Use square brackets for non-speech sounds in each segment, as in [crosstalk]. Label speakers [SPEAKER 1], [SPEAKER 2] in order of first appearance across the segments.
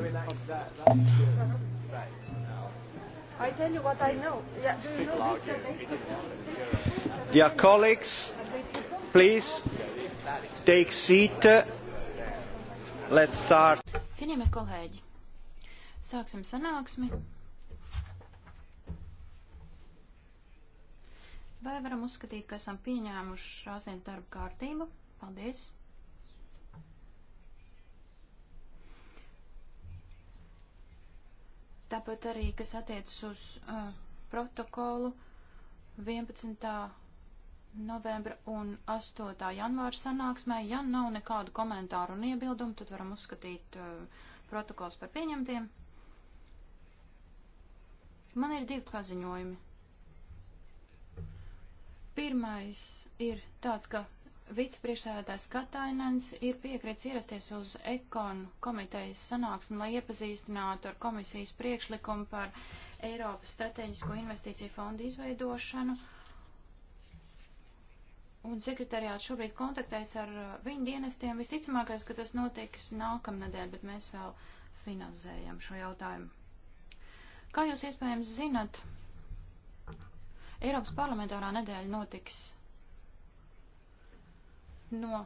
[SPEAKER 1] Relax, that,
[SPEAKER 2] that's good. Thanks.
[SPEAKER 1] I tell you what I know. Yeah, do you know
[SPEAKER 2] this? Dear colleagues, please take seat. Let's start.
[SPEAKER 1] Cienījamie kolēģi, sāksim sanāksmi. Vai varam uzskatīt, ka esam pieņēmuši šās dienas darba kārtību? Paldies! Tāpat arī, kas attiecas uz uh, protokolu 11. novembra un 8. janvāra sanāksmē, ja nav nekādu komentāru un iebildumu, tad varam uzskatīt uh, protokols par pieņemtiem. Man ir divi paziņojumi. Pirmais ir tāds, ka vicepriekšsēdētājs Katainens ir piekrits ierasties uz ekonu komitejas sanāksmi, lai iepazīstinātu ar komisijas priekšlikumu par Eiropas strateģisko investīciju fondu izveidošanu. Un sekretariāts šobrīd kontaktēs ar uh, viņu dienestiem. Visticamākais, ka tas notiks nākamnedēļ, bet mēs vēl finansējam šo jautājumu. Kā jūs iespējams zinat, Eiropas parlamentārā nedēļa notiks no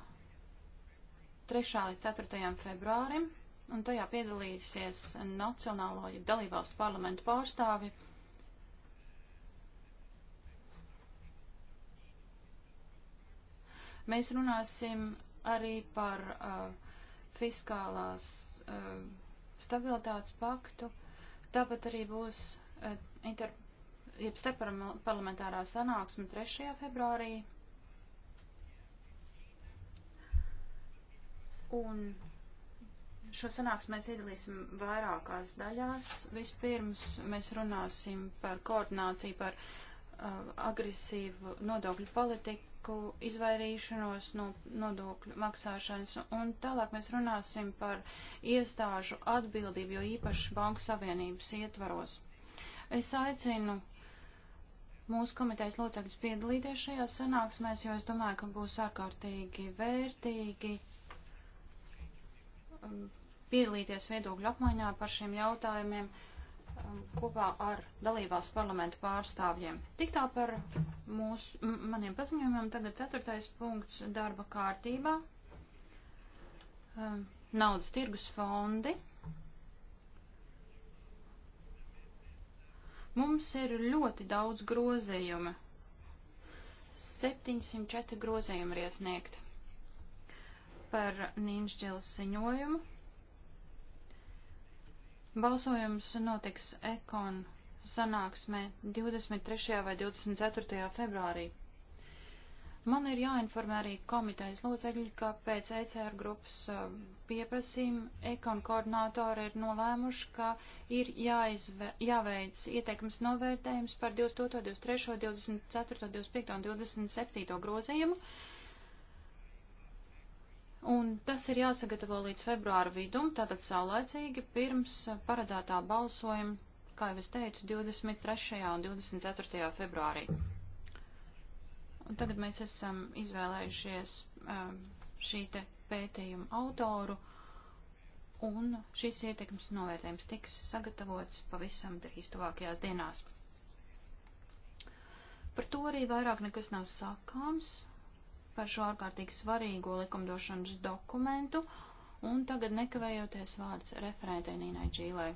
[SPEAKER 1] 3. līdz 4. februārim, un tajā piedalīsies Nacionālo dalībvalstu parlamentu pārstāvi. Mēs runāsim arī par uh, fiskālās uh, stabilitātes paktu. Tāpat arī būs uh, inter, jeb starpparlamentārā sanāksme 3. februārī Un šo sanāksmu mēs iedalīsim vairākās daļās. Vispirms mēs runāsim par koordināciju, par uh, agresīvu nodokļu politiku, izvairīšanos no nodokļu maksāšanas, un tālāk mēs runāsim par iestāžu atbildību, jo īpaši Banku Savienības ietvaros. Es aicinu mūsu komitejas locekļus piedalīties šajās sanāksmēs, jo es domāju, ka būs ārkārtīgi vērtīgi Um, piedalīties viedokļu apmaiņā par šiem jautājumiem um, kopā ar dalībās parlamenta pārstāvjiem. Tik tā par mūsu, maniem paziņojumiem. Tagad ceturtais punkts darba kārtībā. Um, naudas tirgus fondi. Mums ir ļoti daudz grozījumi. 704 grozījumi ir iesniegti par Nīņšķils ziņojumu. Balsojums notiks Ekon sanāksmē 23. vai 24. februārī. Man ir jāinformē arī komitejas locekļi, ka pēc ECR grupas uh, pieprasījuma ekon koordinātori ir nolēmuši, ka ir jāizve, jāveic ieteikums novērtējums par 22, 23, 24, 25 un 27 grozījumu un tas ir jāsagatavo līdz februāra vidum, tātad saulēcīgi pirms paredzētā balsojuma, kā jau es teicu, 23. un 24. februārī. Un tagad mēs esam izvēlējušies um, šī te pētījuma autoru, un šis ietekmes novērtējums tiks sagatavots pavisam drīz tuvākajās dienās. Par to arī vairāk nekas nav sakāms, par šo ārkārtīgi svarīgo likumdošanas dokumentu, un tagad nekavējoties vārds referētē Nīnai Džīlai.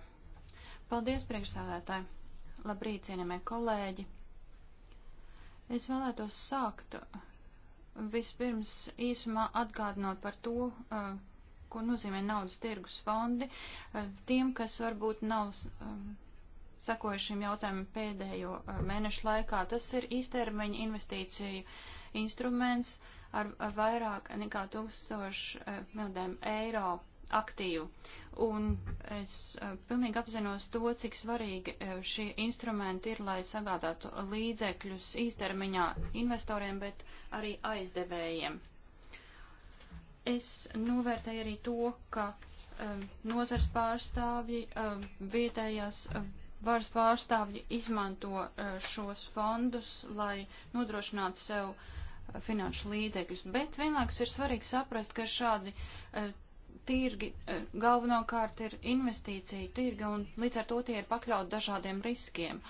[SPEAKER 1] Paldies, priekšsādātāji! Labrīt, cienījamie kolēģi! Es vēlētos sākt uh, vispirms īsumā atgādinot par to, uh, ko nozīmē naudas tirgus fondi. Uh, tiem, kas varbūt nav um, sekojuši šim jautājumam pēdējo mēnešu laikā, tas ir īstermiņa investīciju instruments. Uh, ar vairāk nekā tūkstošu eh, miljardiem eiro aktīvu. Un es eh, pilnīgi apzinos to, cik svarīgi eh, šie instrumenti ir, lai sagādātu līdzekļus īstermiņā investoriem, bet arī aizdevējiem. Es novērtēju arī to, ka um, nozars pārstāvji, um, vietējās um, varas pārstāvji izmanto uh, šos fondus, lai nodrošinātu sev uh, finanšu līdzekļus, bet vienlaikus ir svarīgi saprast, ka šādi uh, tirgi uh, galvenokārt ir investīcija tirga un līdz ar to tie ir pakļaut dažādiem riskiem.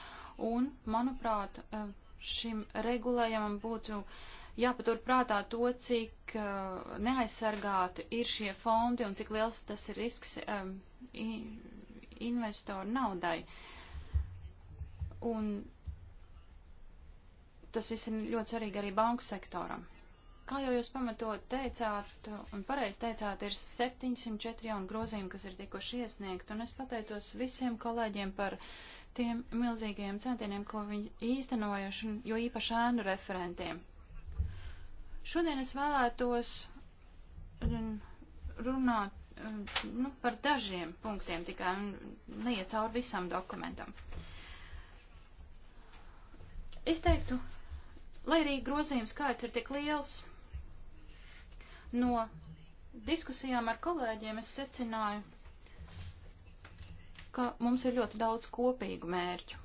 [SPEAKER 1] Un, manuprāt, uh, šim regulējumam būtu jāpatur prātā to, cik neaizsargāti ir šie fondi un cik liels tas ir risks investoru naudai. Un tas viss ir ļoti svarīgi arī banku sektoram. Kā jau jūs pamatot teicāt, un pareizi teicāt, ir 704 jauni grozījumi, kas ir tikuši iesniegt, un es pateicos visiem kolēģiem par tiem milzīgajiem centieniem, ko viņi īstenojuši, jo īpaši ēnu referentiem. Šodien es vēlētos um, runāt um, nu, par dažiem punktiem tikai un neiet cauri visam dokumentam. Es teiktu, Lai arī grozījums skaits ir tik liels, no diskusijām ar kolēģiem es secināju, ka mums ir ļoti daudz kopīgu mērķu.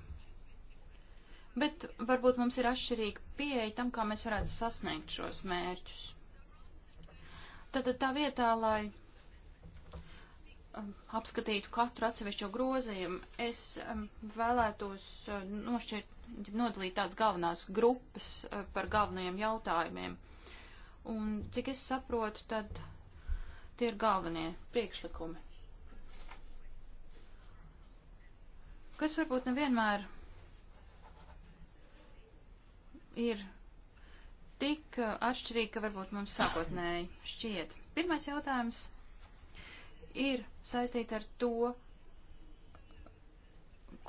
[SPEAKER 1] Bet varbūt mums ir atšķirīga pieeja tam, kā mēs varētu sasniegt šos mērķus. Tad tā vietā, lai Um, apskatītu katru atsevišķo grozījumu, es um, vēlētos uh, nošķirt, nodalīt tādas galvenās grupas uh, par galvenajiem jautājumiem. Un cik es saprotu, tad tie ir galvenie priekšlikumi. Kas varbūt nevienmēr ir tik uh, atšķirīgi, ka varbūt mums sākotnēji šķiet. Pirmais jautājums ir saistīts ar to,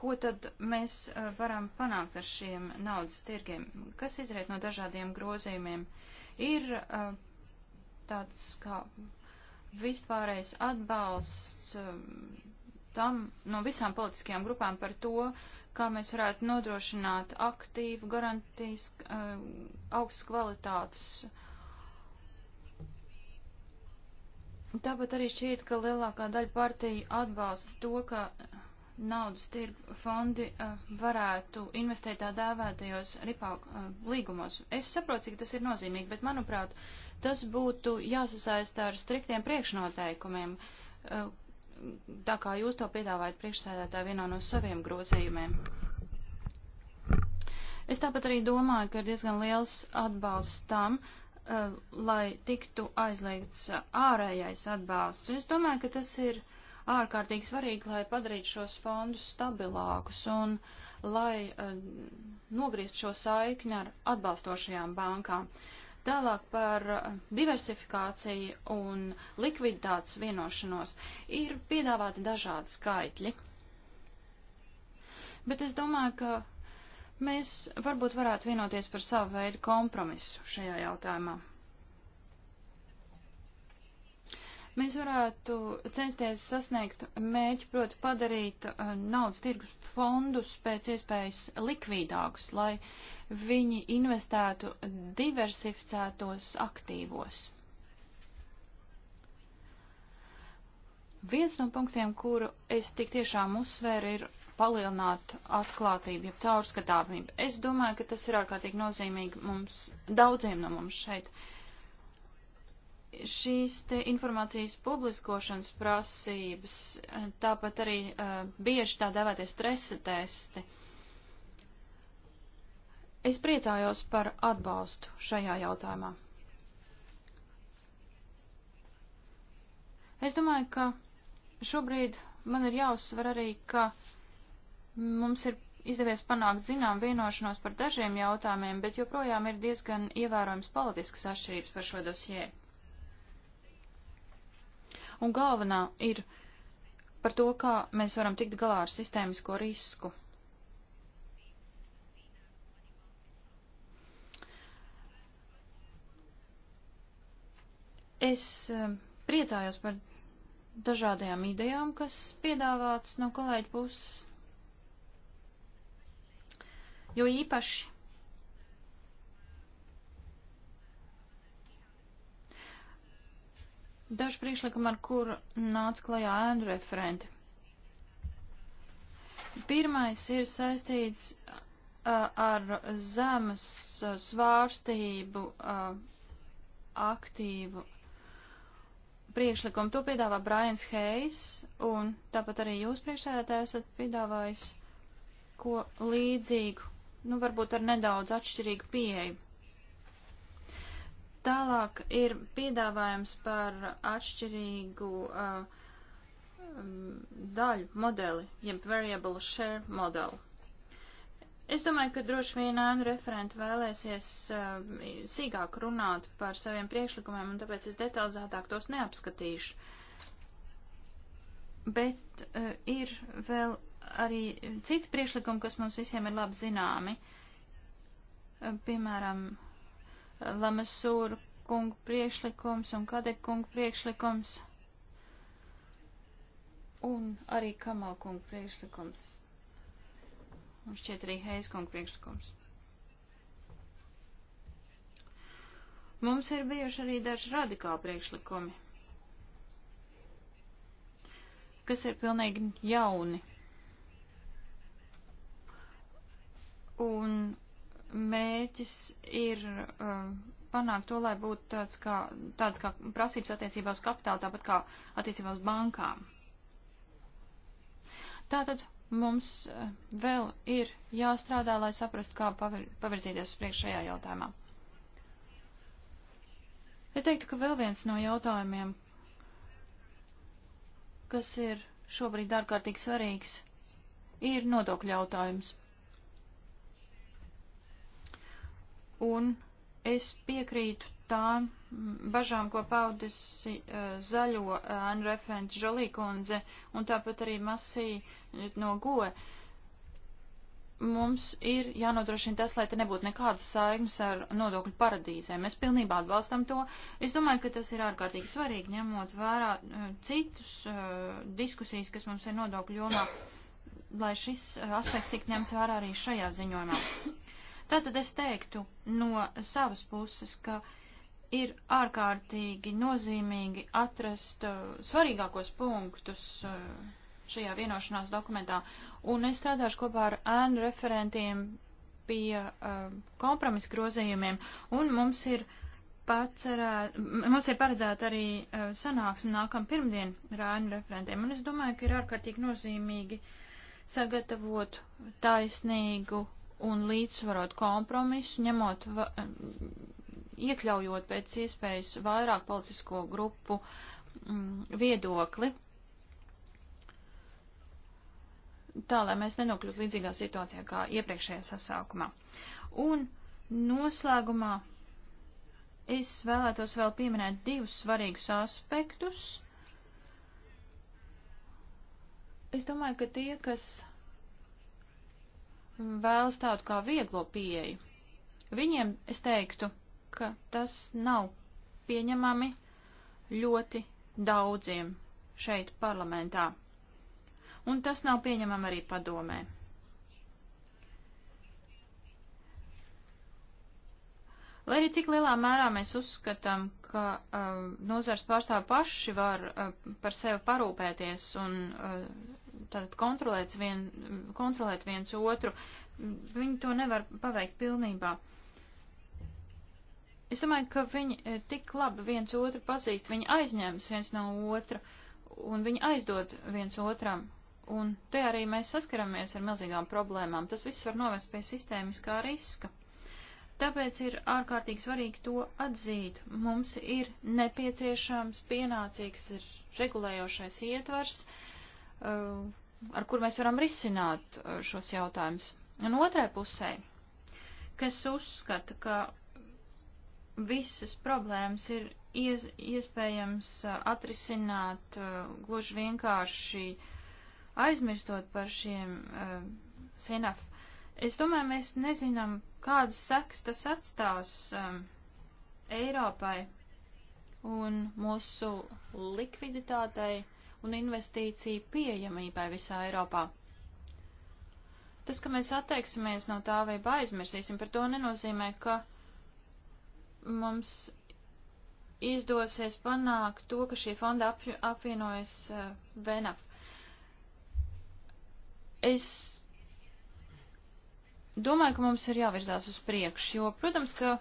[SPEAKER 1] ko tad mēs varam panākt ar šiem naudas tirgiem, kas izriet no dažādiem grozījumiem. Ir tāds kā vispārējais atbalsts tam no visām politiskajām grupām par to, kā mēs varētu nodrošināt aktīvu garantijas augstas kvalitātes uh, Tāpat arī šķiet, ka lielākā daļa partiju atbalsta to, ka naudas tirgu fondi uh, varētu investēt tā dēvētajos ripāk uh, eh, līgumos. Es saprotu, cik tas ir nozīmīgi, bet manuprāt, tas būtu jāsasaista ar striktiem priekšnoteikumiem, uh, tā kā jūs to piedāvājat priekšsēdētā vienā no saviem grozījumiem. Es tāpat arī domāju, ka ir diezgan liels atbalsts tam, uh, Eh, lai tiktu aizliegts ārējais atbalsts. Es domāju, ka tas ir ārkārtīgi svarīgi, lai padarītu šos fondus stabilākus un lai eh, nogriezt šo saikni ar atbalstošajām bankām. Tālāk par eh, diversifikāciju un likviditātes vienošanos ir piedāvāti dažādi skaitļi. Bet es domāju, ka Mēs varbūt varētu vienoties par savu veidu kompromisu šajā jautājumā. Mēs varētu censties sasniegt mēģi, proti padarīt eh, naudas tirgus fondus pēc iespējas likvīdākus, lai viņi investētu diversificētos aktīvos. Viens no punktiem, kuru es tik tiešām uzsvēru, ir palielināt atklātību, ja caurskatāmību. Es domāju, ka tas ir ārkārtīgi nozīmīgi mums, daudziem no mums šeit. Šīs te informācijas publiskošanas prasības, tāpat arī uh, bieži tā devētie stresa testi. Es priecājos par atbalstu šajā jautājumā. Es domāju, ka šobrīd man ir jāuzsver arī, ka uh, Mums ir izdevies panākt zinām vienošanos par dažiem jautājumiem, bet joprojām ir diezgan ievērojams politiskas atšķirības par šo dosjē. Un galvenā ir par to, kā mēs varam tikt galā ar sistēmisko risku. Es eh, priecājos par dažādajām idejām, kas piedāvāts no kolēģa puses jo īpaši daži priekšlikumi, ar kur nāca klajā ēnu referenti. Pirmais ir saistīts uh, ar zemes uh, svārstību uh, aktīvu priekšlikumu. To piedāvā Brians Heijs, un tāpat arī jūs priekšsēdētāji esat piedāvājis ko līdzīgu nu, varbūt ar nedaudz atšķirīgu pieeju. Tālāk ir piedāvājums par atšķirīgu uh, um, daļu modeli, jeb variable share modeli. Es domāju, ka droši vien ēnu referenti vēlēsies uh, sīkāk runāt par saviem priekšlikumiem, un tāpēc es detalizētāk tos neapskatīšu. Bet uh, ir vēl arī citi priekšlikumi, kas mums visiem ir labi zināmi. Eh, piemēram, Lamasūra kungu priekšlikums un Kadek kungu priekšlikums un arī Kamal kungu priekšlikums. Un šķiet arī Heis kungu priekšlikums. Mums ir bijuši arī daži radikāli priekšlikumi, kas ir pilnīgi jauni Un mēķis ir uh, panākt to, lai būtu tāds kā, tāds kā prasības attiecībā uz kapitālu, tāpat kā attiecībā uz bankām. Tātad mums uh, vēl ir jāstrādā, lai saprastu, kā pavir, pavirzīties uz priekšu šajā jautājumā. Es teiktu, ka vēl viens no jautājumiem, kas ir šobrīd ārkārtīgi svarīgs, ir nodokļu jautājums. un es piekrītu tām bažām, ko paudis uh, zaļo ēnu uh, eh, referents Žolīkundze un tāpat arī masī eh, no goe. Mums ir jānodrošina tas, lai te nebūtu nekādas saignes ar nodokļu paradīzēm. Mēs pilnībā atbalstam to. Es domāju, ka tas ir ārkārtīgi svarīgi, ņemot vērā uh, citus uh, diskusijas, kas mums ir nodokļu jomā, lai šis uh, aspekts tiktu ņemts vērā arī šajā ziņojumā. Tātad es teiktu no savas puses, ka ir ārkārtīgi nozīmīgi atrast uh, svarīgākos punktus uh, šajā vienošanās dokumentā, un es strādāšu kopā ar ēnu referentiem pie uh, kompromisa grozījumiem, un mums ir pacerē, mums ir paredzēta arī uh, sanāksme nākam pirmdien ar ēnu referentiem, un es domāju, ka ir ārkārtīgi nozīmīgi sagatavot taisnīgu un līdzsvarot kompromisu, ņemot, va, iekļaujot pēc iespējas vairāk politisko grupu mm, viedokli, tā lai mēs nenokļūtu līdzīgā situācijā kā iepriekšējā sasaukumā. Un noslēgumā es vēlētos vēl pieminēt divus svarīgus aspektus. Es domāju, ka tie, kas vēlas tādu kā vieglo pieeju. Viņiem es teiktu, ka tas nav pieņemami ļoti daudziem šeit parlamentā. Un tas nav pieņemami arī padomē. Lai arī cik lielā mērā mēs uzskatām, ka um, nozars pārstāv paši var uh, par sevi parūpēties un uh, tātad kontrolēt, vien, kontrolēt viens otru, viņi to nevar paveikt pilnībā. Es domāju, ka viņi eh, tik labi viens otru pazīst, viņi aizņems viens no otra un viņi aizdod viens otram. Un te arī mēs saskaramies ar milzīgām problēmām. Tas viss var novest pie sistēmiskā riska. Tāpēc ir ārkārtīgi svarīgi to atzīt. Mums ir nepieciešams pienācīgs regulējošais ietvars, uh, ar kur mēs varam risināt uh, šos jautājumus. Un otrai pusē, kas uzskata, ka visas problēmas ir ies, iespējams uh, atrisināt gluži vienkārši aizmirstot par šiem senaf Es domāju, mēs nezinām, kādas sekas tas atstās um, Eiropai un mūsu likviditātei un investīciju pieejamībai visā Eiropā. Tas, ka mēs atteiksimies no tā vai aizmirsīsim par to, nenozīmē, ka mums izdosies panākt to, ka šī fonda apvienojas uh, VNF. Es domāju, ka mums ir jāvirzās uz priekšu, jo, protams, ka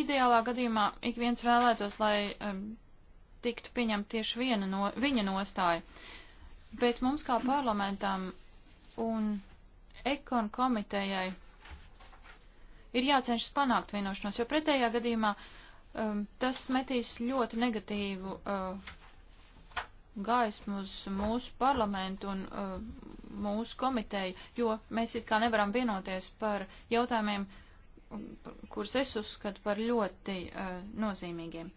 [SPEAKER 1] ideālā gadījumā ik viens vēlētos, lai um, tiktu pieņemt tieši viena no, viņa nostāja. Bet mums kā parlamentam un ekon komitejai ir jācenšas panākt vienošanos, jo pretējā gadījumā um, tas metīs ļoti negatīvu uh, gaismu uz mūsu parlamentu un uh, mūsu komiteju, jo mēs it kā nevaram vienoties par jautājumiem, kurus es uzskatu par ļoti uh, nozīmīgiem.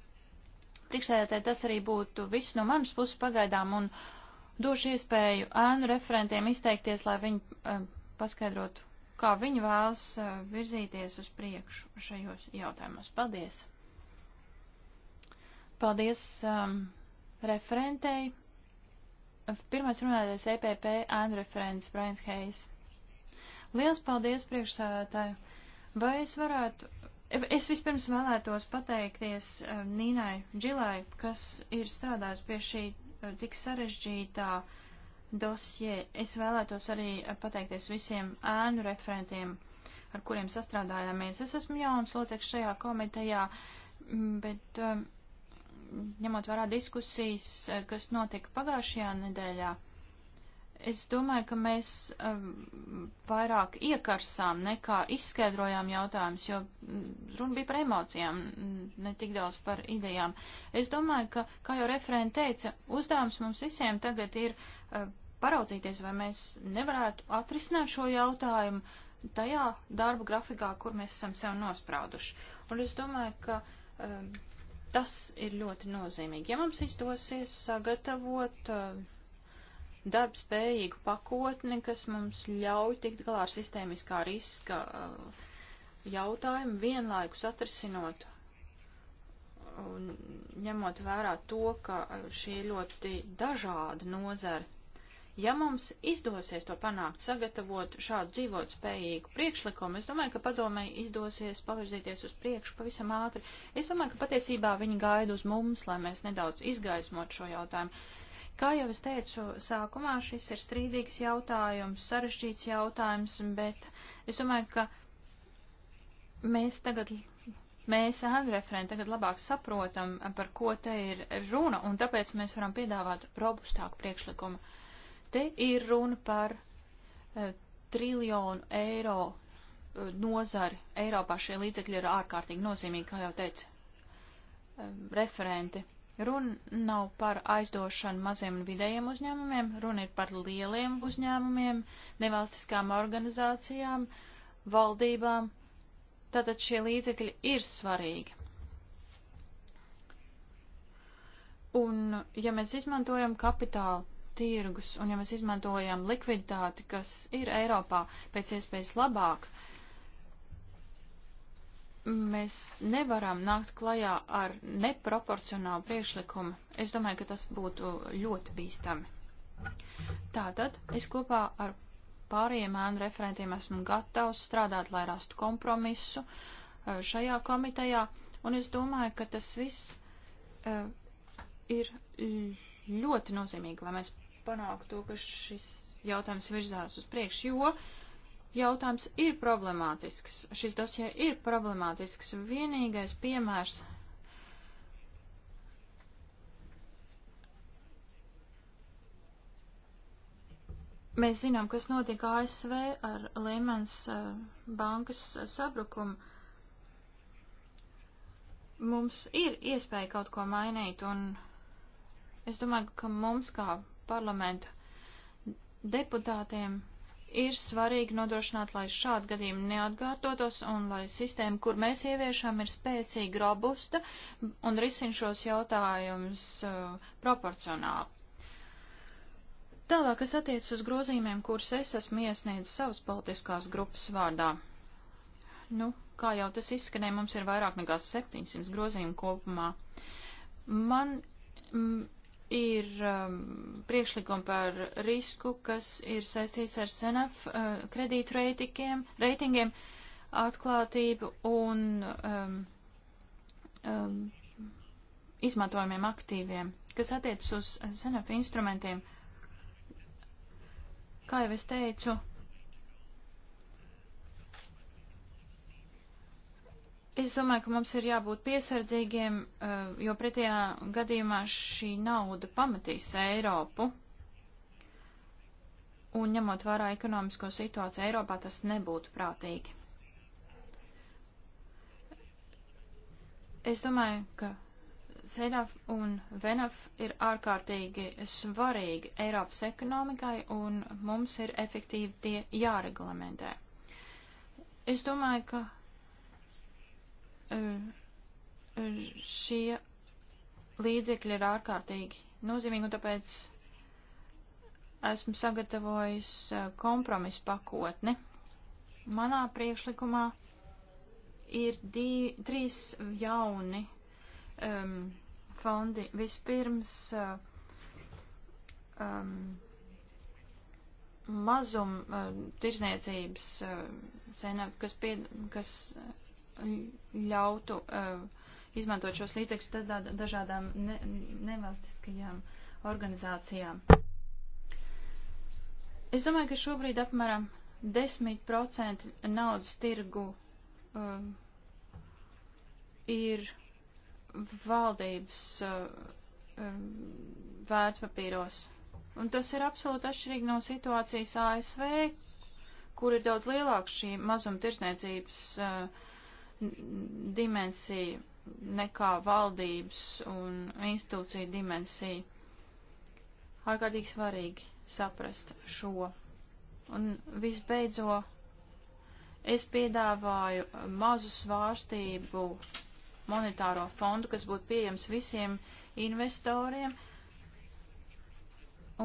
[SPEAKER 1] Priekšsēdētāji, tas arī būtu viss no manas puses pagaidām un došu iespēju ēnu referentiem izteikties, lai viņi uh, paskaidrotu, kā viņi vēlas uh, virzīties uz priekšu šajos jautājumos. Paldies! Paldies! Um, referentei. Pirmais runātais EPP ēnu referents Brian Hayes. Liels paldies priekšsēdētāju. Vai es varētu, es vispirms vēlētos pateikties eh, Nīnai Džilai, kas ir strādājusi pie šī eh, tik sarežģītā dosjē. Es vēlētos arī eh, pateikties visiem ēnu referentiem, ar kuriem sastrādājāmies. Es esmu jauns loceklis šajā komitejā, bet. Um, ņemot vērā diskusijas, eh, kas notika pagājušajā nedēļā, es domāju, ka mēs eh, vairāk iekarsām nekā izskaidrojām jautājumus, jo mm, runa bija par emocijām, mm, ne tik daudz par idejām. Es domāju, ka, kā jau referenta teica, uzdevums mums visiem tagad ir eh, paraudzīties, vai mēs nevarētu atrisināt šo jautājumu tajā darba grafikā, kur mēs esam sev nosprauduši. Un es domāju, ka Tas ir ļoti nozīmīgi. Ja mums izdosies sagatavot uh, darbspējīgu pakotni, kas mums ļauj tikt galā ar sistēmiskā riska uh, jautājumu, vienlaikus atrisinot un ņemot vērā to, ka uh, šī ir ļoti dažāda nozara, Ja mums izdosies to panākt, sagatavot šādu dzīvot spējīgu priekšlikumu, es domāju, ka padomai izdosies pavirzīties uz priekšu pavisam ātri. Es domāju, ka patiesībā viņi gaida uz mums, lai mēs nedaudz izgaismot šo jautājumu. Kā jau es teicu, sākumā šis ir strīdīgs jautājums, sarežģīts jautājums, bet es domāju, ka mēs tagad, mēs ēnreferenti tagad labāk saprotam, par ko te ir runa, un tāpēc mēs varam piedāvāt robustāku priekšlikumu. Te ir runa par uh, triljonu eiro uh, nozari. Eiropā šie līdzekļi ir ārkārtīgi nozīmīgi, kā jau teica um, referenti. Runa nav par aizdošanu maziem un vidējiem uzņēmumiem, runa ir par lieliem uzņēmumiem, nevalstiskām organizācijām, valdībām. Tātad šie līdzekļi ir svarīgi. Un, ja mēs izmantojam kapitālu tirgus, un ja mēs izmantojam likviditāti, kas ir Eiropā pēc iespējas labāk, mēs nevaram nākt klajā ar neproporcionālu priekšlikumu. Es domāju, ka tas būtu ļoti bīstami. Tātad es kopā ar pārējiem ēnu referentiem esmu gatavs strādāt, lai rastu kompromisu eh, šajā komitejā, un es domāju, ka tas viss eh, ir ļoti nozīmīgi, lai mēs panākt to, ka šis jautājums virzās uz priekšu, jo jautājums ir problemātisks. Šis dosie ir problemātisks. Vienīgais piemērs. Mēs zinām, kas notika ASV ar Lehmans eh, bankas sabrukumu. Mums ir iespēja kaut ko mainīt, un es domāju, ka mums kā parlamenta deputātiem ir svarīgi nodrošināt, lai šādi gadījumi neatkārtotos un lai sistēma, kur mēs ieviešam, ir spēcīga, robusta un risina šos jautājumus uh, proporcionāli. Tālāk, kas attiecas uz grozījumiem, kurus es esmu iesniedzis savas politiskās grupas vārdā. Nu, kā jau tas izskanēja, mums ir vairāk nekā 700 grozījumu kopumā. Man, ir um, priekšlikumi par risku, kas ir saistīts ar SENAF uh, kredītu reitingiem, atklātību un um, um, izmantojumiem aktīviem, kas attiecas uz SENAF instrumentiem. Kā jau es teicu, Es domāju, ka mums ir jābūt piesardzīgiem, eh, jo pretējā gadījumā šī nauda pamatīs Eiropu. Un ņemot vērā ekonomisko situāciju Eiropā, tas nebūtu prātīgi. Es domāju, ka Zenaf un Venaf ir ārkārtīgi svarīgi Eiropas ekonomikai, un mums ir efektīvi tie jāreglamentē. Es domāju, ka šie līdzekļi ir ārkārtīgi nozīmīgi, un tāpēc esmu sagatavojis kompromisu pakotni. Manā priekšlikumā ir dī, trīs jauni um, fondi. Vispirms uh, um, mazum uh, tirzniecības uh, cena, kas, pie, kas uh, ļautu eh, izmantot šos līdzekļus dažādām ne, nevalstiskajām organizācijām. Es domāju, ka šobrīd apmēram 10% naudas tirgu uh, ir valdības uh, eh, vērtpapīros. Un tas ir absolūti atšķirīgi no situācijas ASV, kur ir daudz lielāka šī mazumtirdzniecības uh, dimensija nekā valdības un institūcija dimensija. Ārkārtīgi svarīgi saprast šo. Un visbeidzo, es piedāvāju mazu svārstību monetāro fondu, kas būtu pieejams visiem investoriem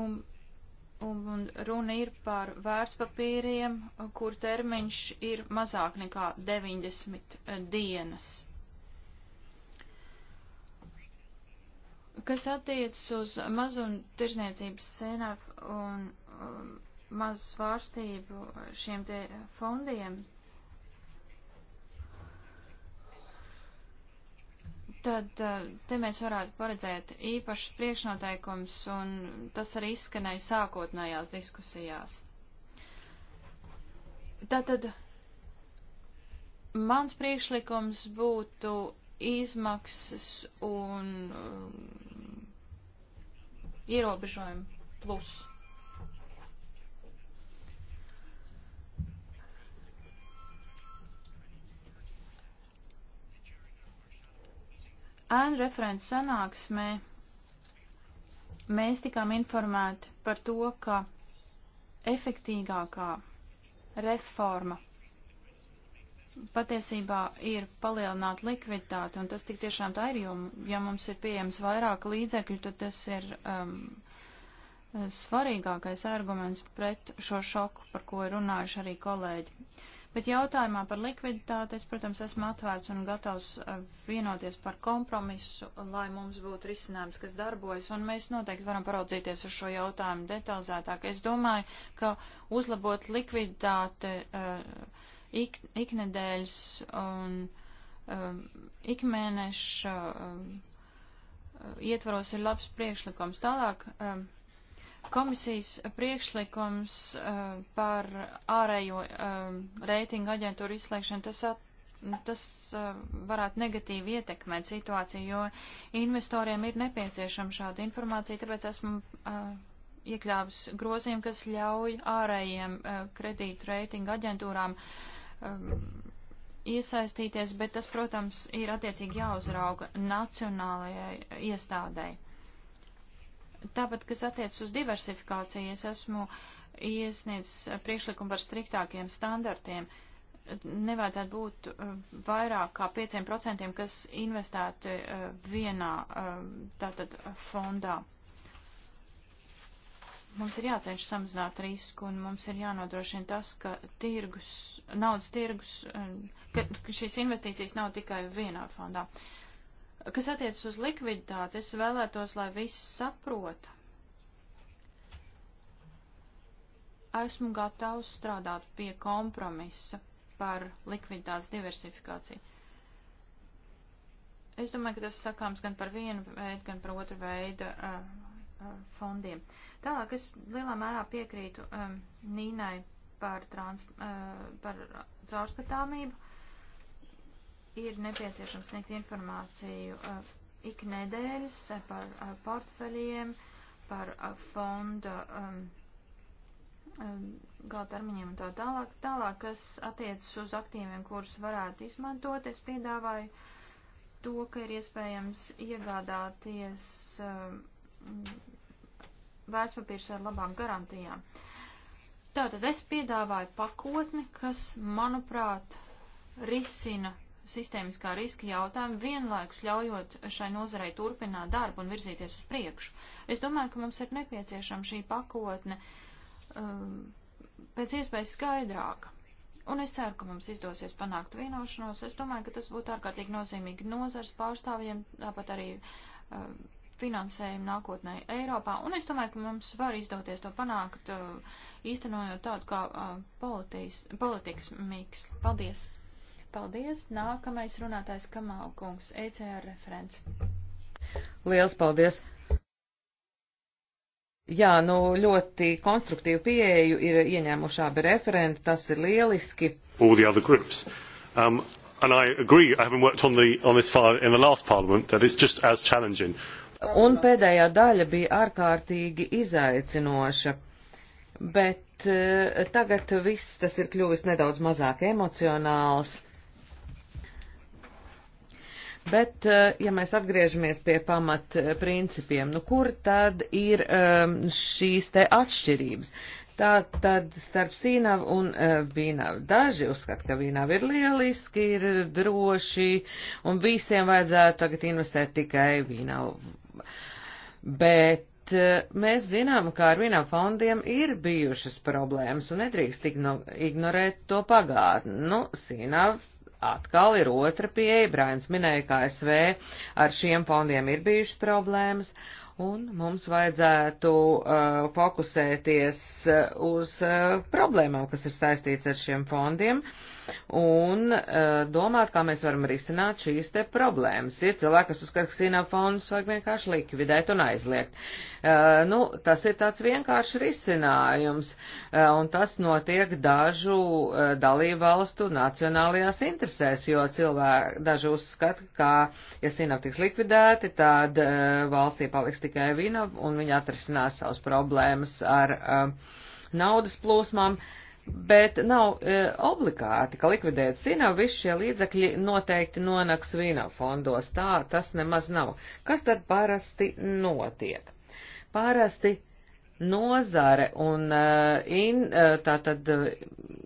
[SPEAKER 1] un Un, un runa ir par vērtspapīriem, kur termiņš ir mazāk nekā 90 eh, dienas. Kas attiecas uz mazumtirdzniecības sēnāf un um, mazu svārstību šiem te fondiem, Tad eh, te mēs varētu paredzēt īpašas priekšnoteikums, un tas arī izskanēja sākotnējās diskusijās. Tātad mans priekšlikums būtu izmaksas un um, ierobežojumi plus. ēnu referents sanāksmē mēs tikām informēti par to, ka efektīgākā reforma patiesībā ir palielināt likviditāti, un tas tik tiešām tā ir, jo, ja mums ir pieejams vairāk līdzekļu, tad tas ir um, svarīgākais arguments pret šo šoku, par ko ir runājuši arī kolēģi. Uh, Bet jautājumā par likviditāti es, protams, esmu atvērts un gatavs eh, vienoties par kompromisu, lai mums būtu risinājums, kas darbojas, un mēs noteikti varam paraudzīties uz šo jautājumu detalizētāk. Es domāju, ka uzlabot likviditāti uh, ik, iknedēļas un um, ikmēneša um, ietvaros ir labs priekšlikums. Tālāk. Um, Komisijas priekšlikums uh, par ārējo uh, reitingu aģentūru izslēgšanu, tas, at, tas uh, varētu negatīvi ietekmēt situāciju, jo investoriem ir nepieciešama šāda informācija, tāpēc esmu uh, iekļāvis grozījumu, kas ļauj ārējiem uh, kredītu reitingu aģentūrām um, iesaistīties, bet tas, protams, ir attiecīgi jāuzrauga nacionālajai iestādēji. Tāpat, kas attiec uz diversifikāciju, es esmu iesniedzis priekšlikumu par striktākiem standartiem. Nevajadzētu būt uh, vairāk kā 5%, kas investēti uh, vienā uh, tātad fondā. Mums ir jācenš samazināt risku un mums ir jānodrošina tas, ka tirgus, naudas tirgus, ka šīs investīcijas nav tikai vienā fondā. Uh, Kas attiecas uz likviditāti, es vēlētos, lai viss saprota. Esmu gatavs strādāt pie kompromisa par likviditātes diversifikāciju. Es domāju, ka tas sakāms gan par vienu veidu, gan par otru veidu uh, uh, fondiem. Tālāk es lielā mērā piekrītu um, Nīnai par, trans, uh, par caurskatāmību ir nepieciešams sniegt informāciju ik nedēļas par portfeļiem, par fonda gala termiņiem un tā tālāk. Tālāk, kas attiecas uz aktīviem, kurus varētu izmantot, es piedāvāju to, ka ir iespējams iegādāties vērtspapīrs ar labām garantijām. Tātad es piedāvāju pakotni, kas, manuprāt, risina sistēmiskā riska jautājumu, vienlaikus ļaujot šai nozarei turpināt darbu un virzīties uz priekšu. Es domāju, ka mums ir nepieciešama šī pakotne um, pēc iespējas skaidrāka. Un es ceru, ka mums izdosies panākt vienošanos. Es domāju, ka tas būtu ārkārtīgi nozīmīgi nozars pārstāvjiem, tāpat arī um, finansējumu nākotnē Eiropā, un es domāju, ka mums var izdoties to panākt, uh, īstenojot tādu kā uh, politijas, politikas miks. Paldies! Paldies. Nākamais runātājs Kamalkungs, ECR referents.
[SPEAKER 3] Liels paldies. Jā, nu ļoti konstruktīvu pieeju ir ieņēmuši abi referenti, tas ir lieliski.
[SPEAKER 4] All the other groups. Um, and I agree, I haven't worked on, the, on this file in the last parliament, that it's just as challenging.
[SPEAKER 3] Un pēdējā daļa bija ārkārtīgi izaicinoša, bet uh, tagad viss tas ir kļuvis nedaudz mazāk emocionāls Bet, eh, ja mēs atgriežamies pie pamat eh, principiem, nu kur tad ir ehm, šīs te atšķirības? Tā tad starp sīnavu un eh, vīnavu. Daži uzskata, ka vīnavu ir lieliski, ir droši, un visiem vajadzētu tagad investēt tikai vīnavu. Bet mēs zinām, ka ar vīnavu fondiem ir bijušas problēmas, un nedrīkst ignorēt to pagātni. Nu, sīnavu atkal ir otra pieeja. Brains minēja, ka ASV ar šiem fondiem ir bijušas problēmas. Un mums vajadzētu uh, fokusēties uh, uz uh, problēmām, kas ir saistīts ar šiem fondiem. Uh, un uh, domāt, kā mēs varam risināt šīs te problēmas. Ir cilvēki, kas uzskata, ka sinafons vajag vienkārši likvidēt un aizliegt. Uh, nu, tas ir tāds vienkāršs risinājums, uh, un tas notiek dažu uh, dalībvalstu nacionālajās interesēs, jo cilvēki daži uzskata, ka, ja sinafi tiks likvidēti, tad uh, valstī paliks tikai vina, un viņi atrisinās savas problēmas ar uh, naudas plūsmām. Uh, bet nav e, obligāti, ka likvidēt Sinavu visi šie līdzekļi noteikti nonāks Sinavu fondos. Tā tas nemaz nav. Kas tad parasti notiek? Parasti nozare un e, in, e, tā tad. E,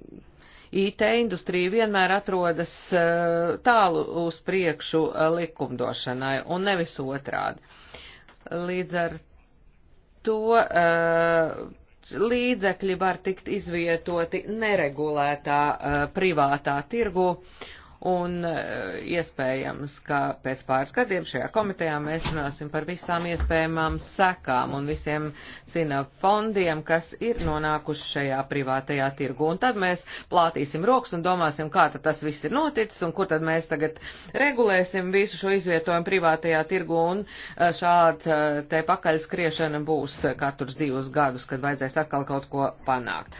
[SPEAKER 3] IT industrija vienmēr atrodas e, tālu uz priekšu e, likumdošanai un nevis otrādi. Līdz ar to e, līdzekļi var tikt izvietoti neregulētā eh, privātā tirgu un e, iespējams, ka pēc pāris gadiem šajā komitejā mēs runāsim par visām iespējamām sekām un visiem sina fondiem, kas ir nonākuši šajā privātajā tirgu. Un tad mēs plātīsim rokas un domāsim, kā tad tas viss ir noticis un kur tad mēs tagad regulēsim visu šo izvietojumu privātajā tirgu un e, šāds e, te pakaļskriešana būs katrs divus gadus, kad vajadzēs atkal kaut ko panākt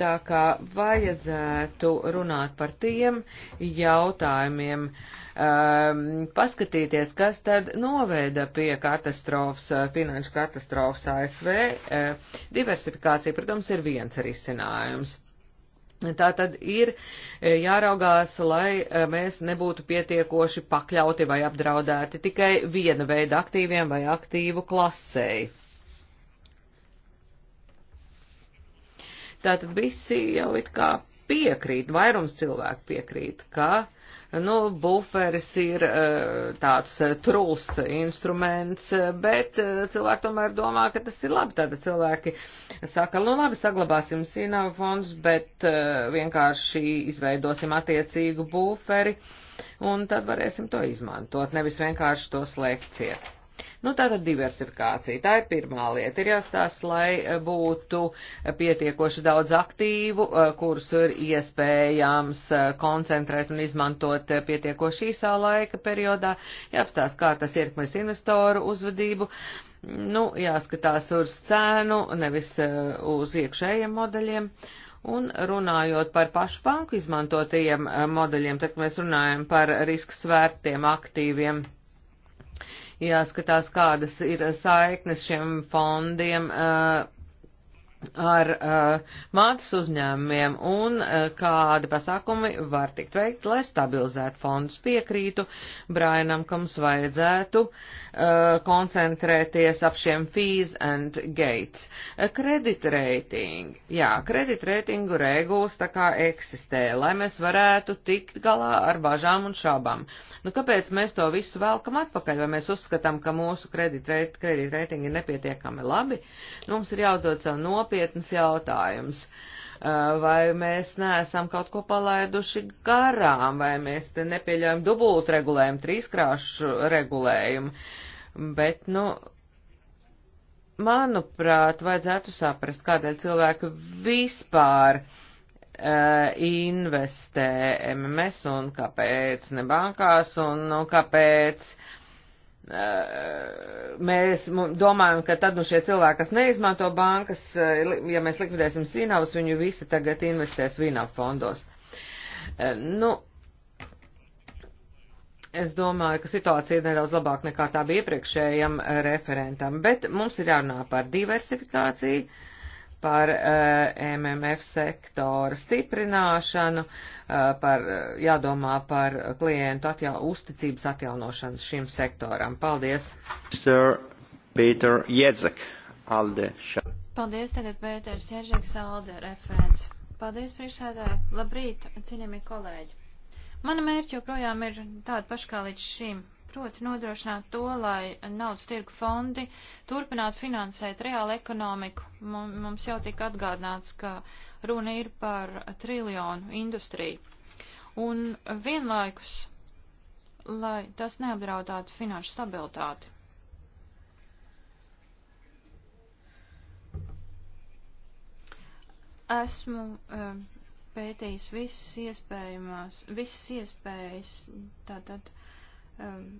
[SPEAKER 3] tā kā vajadzētu runāt par tiem jautājumiem, um, paskatīties, kas tad noveda pie katastrofas, uh, finanšu katastrofas ASV. Uh, diversifikācija, protams, ir viens risinājums. Tā tad ir uh, jāraugās, lai uh, mēs nebūtu pietiekoši pakļauti vai apdraudēti tikai viena veida aktīviem vai aktīvu klasēji. Tātad visi jau it kā piekrīt, vairums cilvēku piekrīt, ka, nu, buferis ir eh, tāds eh, trūls instruments, eh, bet cilvēki tomēr domā, ka tas ir labi. Tātad cilvēki saka, nu, labi, saglabāsim sīnāvu fondus, bet vienkārši izveidosim attiecīgu buferi, un tad varēsim to izmantot, nevis vienkārši to slēgt ciet. Nu, tātad diversifikācija, tā ir pirmā lieta. Ir jāstāsta, lai eh, būtu eh, pietiekoši daudz aktīvu, eh, kurus ir iespējams koncentrēt un izmantot pietiekoši īsā laika periodā. Jāapstāsta, kā tas ietekmēs investoru uzvedību nu, jāskatās uz cēnu, nevis uh, uz iekšējiem modeļiem. Un runājot par pašu banku izmantotajiem modeļiem, tad mēs runājam par riska svērtiem aktīviem jāskatās, kādas ir saiknes šiem fondiem uh, ar uh, mātes uzņēmumiem un uh, kādi pasākumi var tikt veikt, lai stabilizētu fondus piekrītu Brainam, ka mums vajadzētu uh, koncentrēties ap šiem fees and gates. Kreditreitingi. Jā, kreditreitingu regulas tā kā eksistē, lai mēs varētu tikt galā ar bažām un šabām. Nu, kāpēc mēs to visu velkam atpakaļ, vai mēs uzskatām, ka mūsu kreditreit, kreditrētingi ir nepietiekami labi? Nu, mums ir jādod sev nopietni nopietnas jautājums. Uh, vai mēs neesam kaut ko palaiduši garām, vai mēs te nepieļaujam dubultu regulējumu, trīskrāšu regulējumu, bet, nu, manuprāt, vajadzētu saprast, kādēļ cilvēki vispār uh, investē MMS un kāpēc ne bankās un, un nu, kāpēc uh, mēs domājam, ka tad nu šie cilvēki, kas neizmanto bankas, ja mēs likvidēsim Sīnavas, viņu visi tagad investēs Vīnav fondos. Nu, es domāju, ka situācija ir nedaudz labāk nekā tā bija iepriekšējam referentam, bet mums ir jārunā par diversifikāciju par eh, MMF sektora stiprināšanu, eh, par, eh, jādomā par klientu atjau, uzticības atjaunošanu šim sektoram. Paldies!
[SPEAKER 2] Sir Peter Jedzek, Alde.
[SPEAKER 1] Paldies, tagad Pēters Jedzeks, Alde, referents. Paldies, priekšsēdētāji. Labrīt, cienījamie kolēģi. Mana mērķa joprojām ir tāda paša kā līdz šim proti nodrošināt to, lai naudas tirgu fondi turpinātu finansēt reālu ekonomiku. Mums jau tika atgādināts, ka runa ir par triljonu industriju. Un vienlaikus, lai tas neapdraudātu finanšu stabilitāti. Esmu uh, pētījis visas iespējamās, visas iespējas, tātad. Tā, um,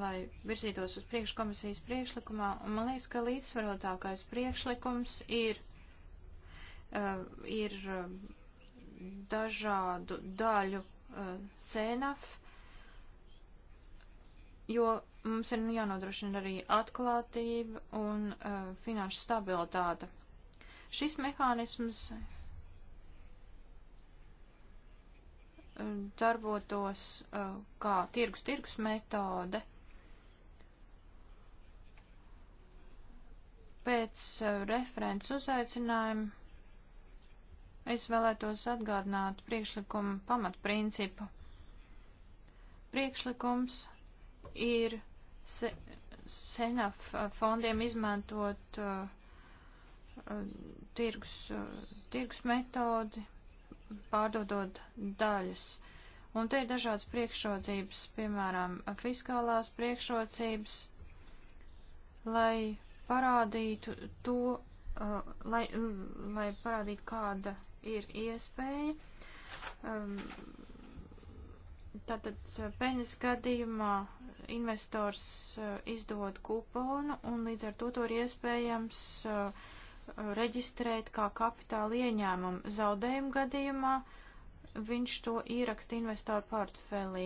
[SPEAKER 1] lai virzītos uz priekškomisijas priekšlikumā. Un man liekas, ka līdzsvarotākais priekšlikums ir, uh, ir um, dažādu daļu uh, cēnaf, jo mums ir nu, jānodrošina arī atklātība un uh, finanšu stabilitāte. Šis mehānisms Eh, darbotos eh, kā tirgus-tirgus metode. Pēc eh, referents uzaicinājuma es vēlētos atgādināt priekšlikuma pamatprincipu. Priekšlikums ir se, senaf fondiem izmantot uh, uh, tirgus, uh, tirgus metodi, pārdodot daļas. Un te ir dažādas priekšrocības, piemēram, fiskālās priekšrocības, lai parādītu to, uh, lai, lai parādītu, kāda ir iespēja. Um, tātad uh, peļņas gadījumā investors uh, izdod kuponu un līdz ar to to ir iespējams uh, reģistrēt kā kapitāla ieņēmumu zaudējumu gadījumā, viņš to ieraksta investoru portfelī.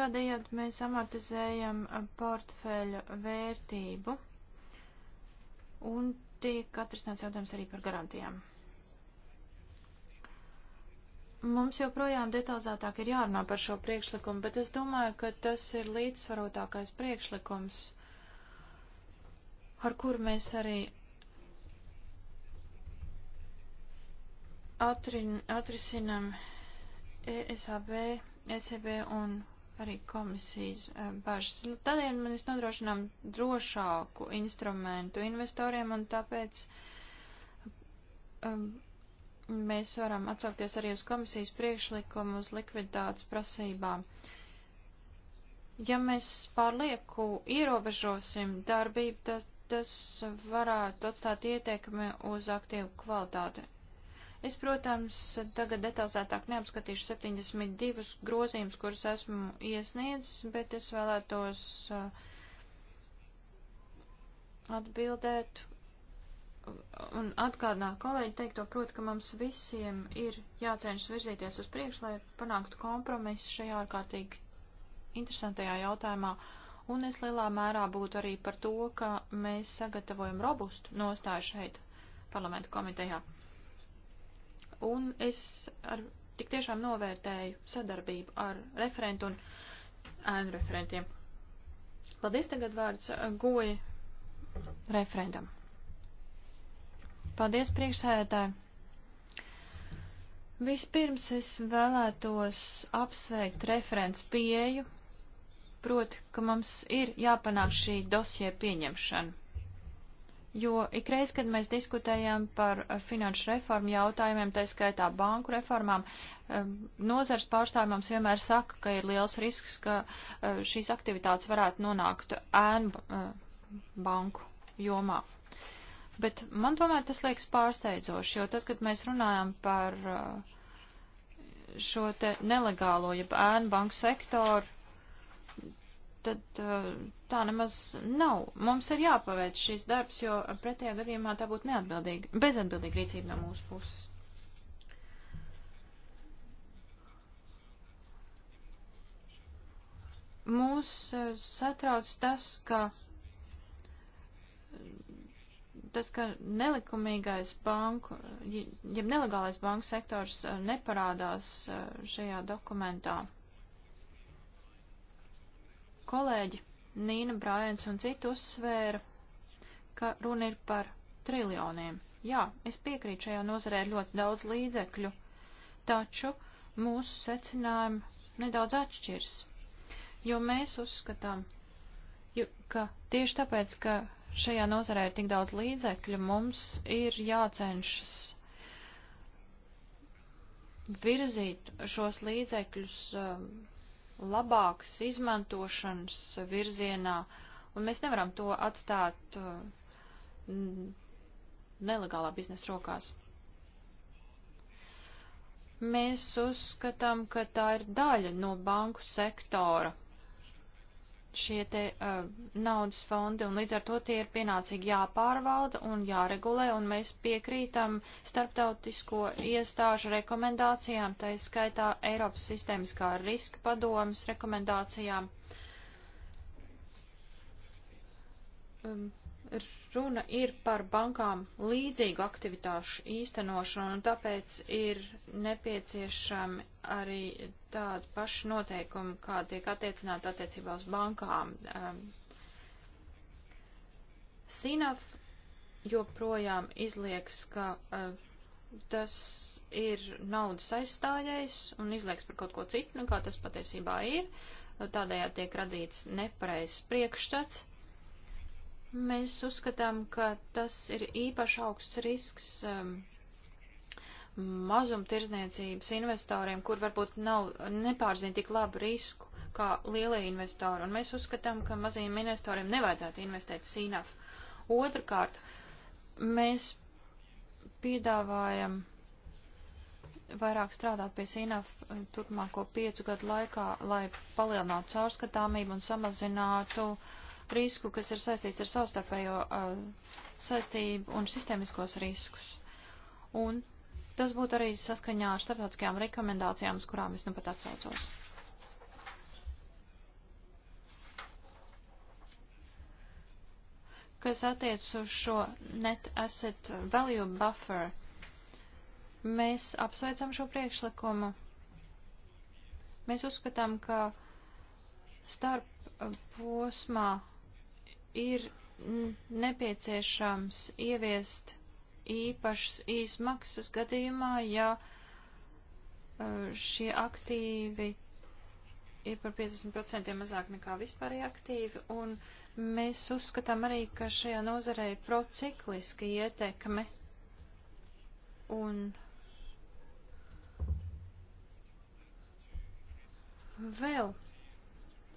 [SPEAKER 1] Tādējādi mēs amortizējam portfeļa vērtību un tiek atrasināts jautājums arī par garantijām. Mums joprojām detalizētāk ir jārunā par šo priekšlikumu, bet es domāju, ka tas ir līdzsvarotākais priekšlikums, ar kur mēs arī atrin, atrisinam ESAB, ECB un arī komisijas e, bažas. Nu, tādēļ mēs nodrošinām drošāku instrumentu investoriem un tāpēc. Um, Mēs varam atsaukties arī uz komisijas priekšlikumu uz likviditātes prasībām. Ja mēs pārlieku ierobežosim darbību, tad tas varētu atstāt ietekmi uz aktīvu kvalitāti. Es, protams, tagad detalizētāk neapskatīšu 72 grozījumus, kurus esmu iesniedzis, bet es vēlētos uh, atbildēt un atgādināt kolēģi teikto, proti, ka mums visiem ir jācenšas virzīties uz priekšu, lai panāktu kompromisu šajā ārkārtīgi interesantajā jautājumā. Un es lielā mērā būtu arī par to, ka mēs sagatavojam robustu nostāju šeit parlamentu komitejā. Un es ar, tik tiešām novērtēju sadarbību ar referentu un ēnu referentiem. Paldies tagad vārds eh, goja referendam. Paldies, priekšsēdētāji! Vispirms es vēlētos apsveikt referents pieeju, proti, ka mums ir jāpanāk šī dosie pieņemšana jo ikreiz, kad mēs diskutējam par finanšu reformu jautājumiem, tā skaitā banku reformām, eh, nozars pārstāvjiem mums vienmēr saka, ka ir liels risks, ka eh, šīs aktivitātes varētu nonākt ēnu eh, banku jomā. Bet man tomēr tas liekas pārsteidzoši, jo tad, kad mēs runājam par uh, šo te nelegālo, jeb ēnu banku sektoru, tad uh, tā nemaz nav. Mums ir jāpaveic šīs darbs, jo pretējā gadījumā tā būtu neatbildīga, bezatbildīga rīcība no mūsu puses. Mūs uh, satrauc tas, ka tas, ka nelikumīgais banku, jeb nelegālais banku sektors uh, neparādās uh, šajā dokumentā. Kolēģi Nīna Brājens un citi uzsvēra, ka runa ir par triljoniem. Jā, es piekrītu, šajā nozarē ir ļoti daudz līdzekļu, taču mūsu secinājumi nedaudz atšķirs, jo mēs uzskatām, jo, ka tieši tāpēc, ka šajā nozarē ir tik daudz līdzekļu, mums ir jācenšas virzīt šos līdzekļus um, labākas izmantošanas virzienā, un mēs nevaram to atstāt uh, nelegālā biznesa rokās. Mēs uzskatām, ka tā ir daļa no banku sektora šie te uh, naudas fondi, un līdz ar to tie ir pienācīgi jāpārvalda un jāregulē, un mēs piekrītam starptautisko iestāžu rekomendācijām, tā skaitā Eiropas sistēmiskā riska padomas rekomendācijām. Um, Runa ir par bankām līdzīgu aktivitāšu īstenošanu, un tāpēc ir nepieciešami arī tādi paši noteikumi, kā tiek attiecināti attiecībā uz bankām. Ehm, SINAF joprojām izlieks, ka eh, tas ir naudas aizstājējs un izlieks par kaut ko citu, nekā nu, tas patiesībā ir. Tādējādi tiek radīts nepareizs priekšstats. Mēs uzskatām, ka tas ir īpaši augsts risks um, mazumtirdzniecības investoriem, kur varbūt nav nepārzina tik labu risku kā lielie investori. Un mēs uzskatām, ka mazajiem investoriem nevajadzētu investēt SINAF. Otrakārt, mēs piedāvājam vairāk strādāt pie SINAF uh, turpmāko piecu gadu laikā, lai palielinātu caurskatāmību un samazinātu uh, risku, kas ir saistīts ar savstarpējo uh, saistību un sistēmiskos riskus. Un tas būtu arī saskaņā ar starptautiskajām rekomendācijām, uz kurām es nu pat atsaucos. Kas attiec uz šo net asset value buffer, mēs apsveicam šo priekšlikumu. Mēs uzskatām, ka starp uh, posmā ir nepieciešams ieviest īpašas izmaksas gadījumā, ja e, šie aktīvi ir par 50% mazāk nekā vispārēji aktīvi, un mēs uzskatām arī, ka šajā nozarē ir procikliska ietekme, un vēl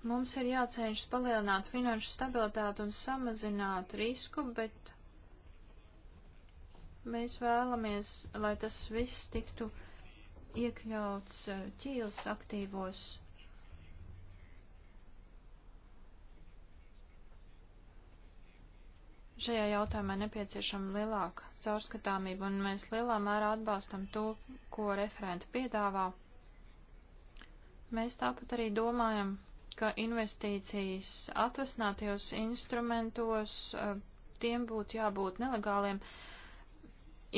[SPEAKER 1] Mums ir jācenšas palielināt finanšu stabilitāti un samazināt risku, bet mēs vēlamies, lai tas viss tiktu iekļauts eh, ķīles aktīvos. Šajā jautājumā nepieciešama lielāka caurskatāmība, un mēs lielā mērā atbalstam to, ko referenti piedāvā. Mēs tāpat arī domājam ka investīcijas atvesinātajos instrumentos eh, tiem būtu jābūt nelegāliem,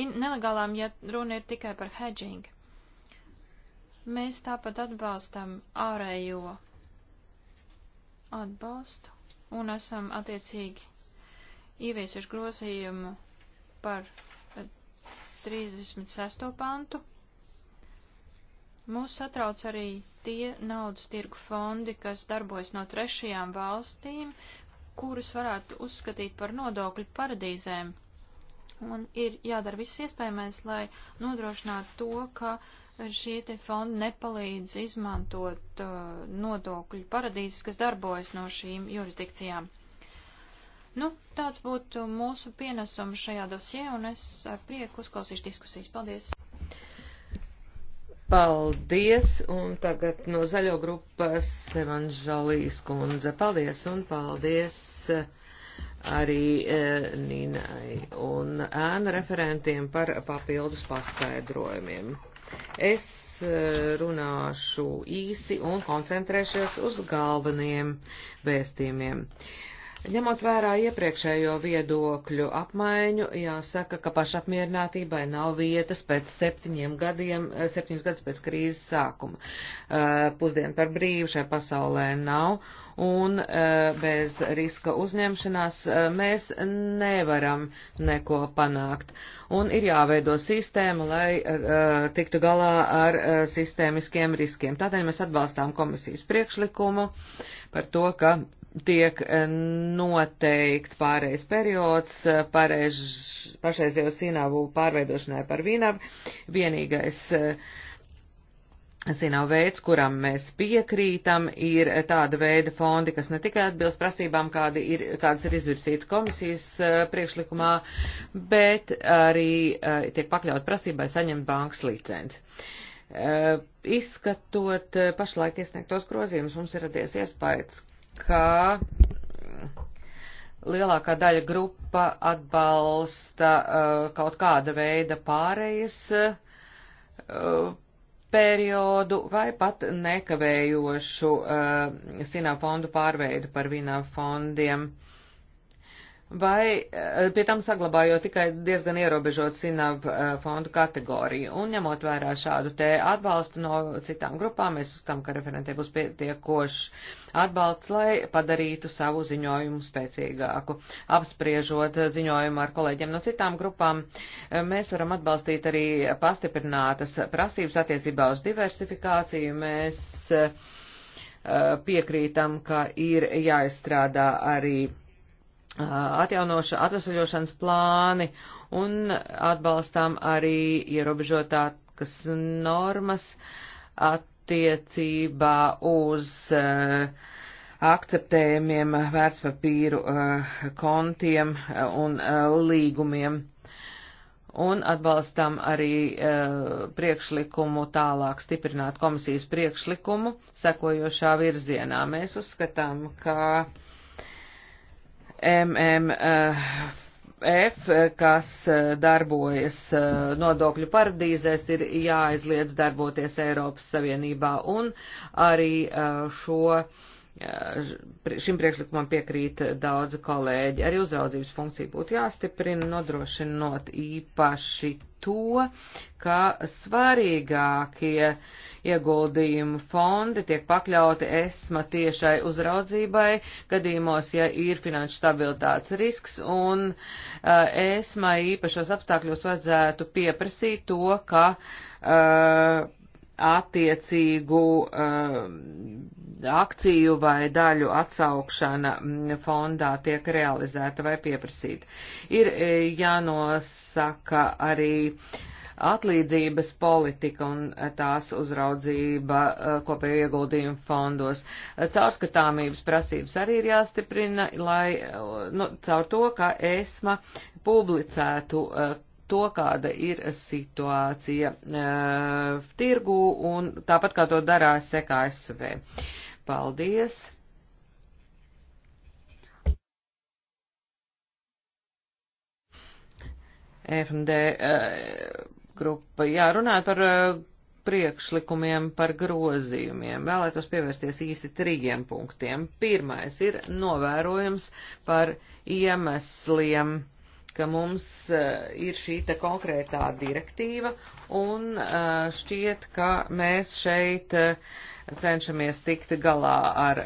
[SPEAKER 1] in, nelegālām, ja runa ir tikai par hedging. Mēs tāpat atbalstam ārējo atbalstu un esam attiecīgi ieviesuši grozījumu par 36. Eh, pantu Mūs satrauc arī tie naudas tirgu fondi, kas darbojas no trešajām valstīm, kurus varētu uzskatīt par nodokļu paradīzēm. Un ir jādara viss iespējamais, lai nodrošinātu to, ka šie te fondi nepalīdz izmantot uh, nodokļu paradīzes, kas darbojas no šīm jurisdikcijām. Nu, tāds būtu mūsu pienesums šajā dosie, un es ar prieku uzklausīšu diskusijas. Paldies!
[SPEAKER 3] Paldies, un tagad no zaļo grupas Evanžalijas kundze. Paldies, un paldies eh, arī e, eh, Nīnai un ēna referentiem par papildus paskaidrojumiem. Es eh, runāšu īsi un koncentrēšos uz galveniem vēstījumiem. E, Ņemot vērā iepriekšējo viedokļu apmaiņu, jāsaka, ka pašapmierinātībai nav vietas pēc septiņiem gadiem, eh, septiņus gadus pēc krīzes sākuma. Eh, pusdienu par brīvu šai pasaulē nav, un eh, bez riska uzņemšanās mēs nevaram neko panākt. Un ir jāveido sistēma, lai tiktu galā ar sistēmiskiem riskiem. Tādēļ mēs atbalstām komisijas priekšlikumu par to, ka tiek e, noteikts pārējais periods e, pārreiz, pašreizējo sīnavu pārveidošanai par vīnavu. Vienīgais e, sīnavu veids, kuram mēs piekrītam, ir tāda veida fondi, kas ne tikai atbilst prasībām, kādi ir, kādas ir izvirsītas komisijas priekšlikumā, bet arī tiek pakļaut prasībai saņemt bankas licenci. Izskatot pašlaik iesniegtos grozījumus, mums ir radies iespējas, ka mm, lielākā daļa grupa atbalsta uh, kaut kāda veida pārējas uh, periodu vai pat nekavējošu uh, sinā fondu pārveidu par vinā fondiem. Uh, vai eh, pie tam saglabājot tikai diezgan ierobežot SINAV eh, fondu kategoriju. Un ņemot vērā šādu te atbalstu no citām grupām, mēs uzskatām, ka referentē būs pietiekošs atbalsts, lai padarītu savu ziņojumu spēcīgāku. Apspriežot ziņojumu ar kolēģiem no citām grupām, eh, mēs varam atbalstīt arī pastiprinātas prasības attiecībā uz diversifikāciju. Mēs piekrītam, ka ir jāizstrādā arī atjaunoša atvesaļošanas plāni un atbalstām arī ierobežotākas normas attiecībā uz akceptējumiem vērtspapīru kontiem un līgumiem un atbalstam arī e, priekšlikumu tālāk stiprināt komisijas priekšlikumu sekojošā virzienā. Mēs uzskatām, ka MMF, kas eh, darbojas eh, nodokļu paradīzēs, ir jāaizliedz darboties Eiropas Savienībā un arī eh, šo Šim priekšlikumam piekrīt daudzi kolēģi. Arī uzraudzības funkcija būtu jāstiprina, nodrošinot īpaši to, ka svarīgākie ieguldījumu fondi tiek pakļauti ESMA tiešai uzraudzībai gadījumos, ja ir finanšu stabilitātes risks, un uh, ESMA īpašos apstākļos vajadzētu pieprasīt to, ka uh, attiecīgu uh, akciju vai daļu atsaukšana mm, fondā tiek realizēta vai pieprasīta. Ir uh, jānosaka arī atlīdzības politika un tās uzraudzība uh, e, kopēju ieguldījumu fondos. E, caurskatāmības prasības arī ir jāstiprina, lai nu, caur to, ka ESMA publicētu to, kāda ir situācija uh, tirgu un tāpat kā to darā SKSV. Paldies! FND uh, e, grupa. Jā, runāt par uh, priekšlikumiem, par grozījumiem. Vēlētos pievērsties īsi trījiem punktiem. Pirmais ir novērojums par iemesliem. Uh, ka mums uh, ir šī te konkrētā direktīva, un uh, šķiet, ka mēs šeit uh, cenšamies tikt galā ar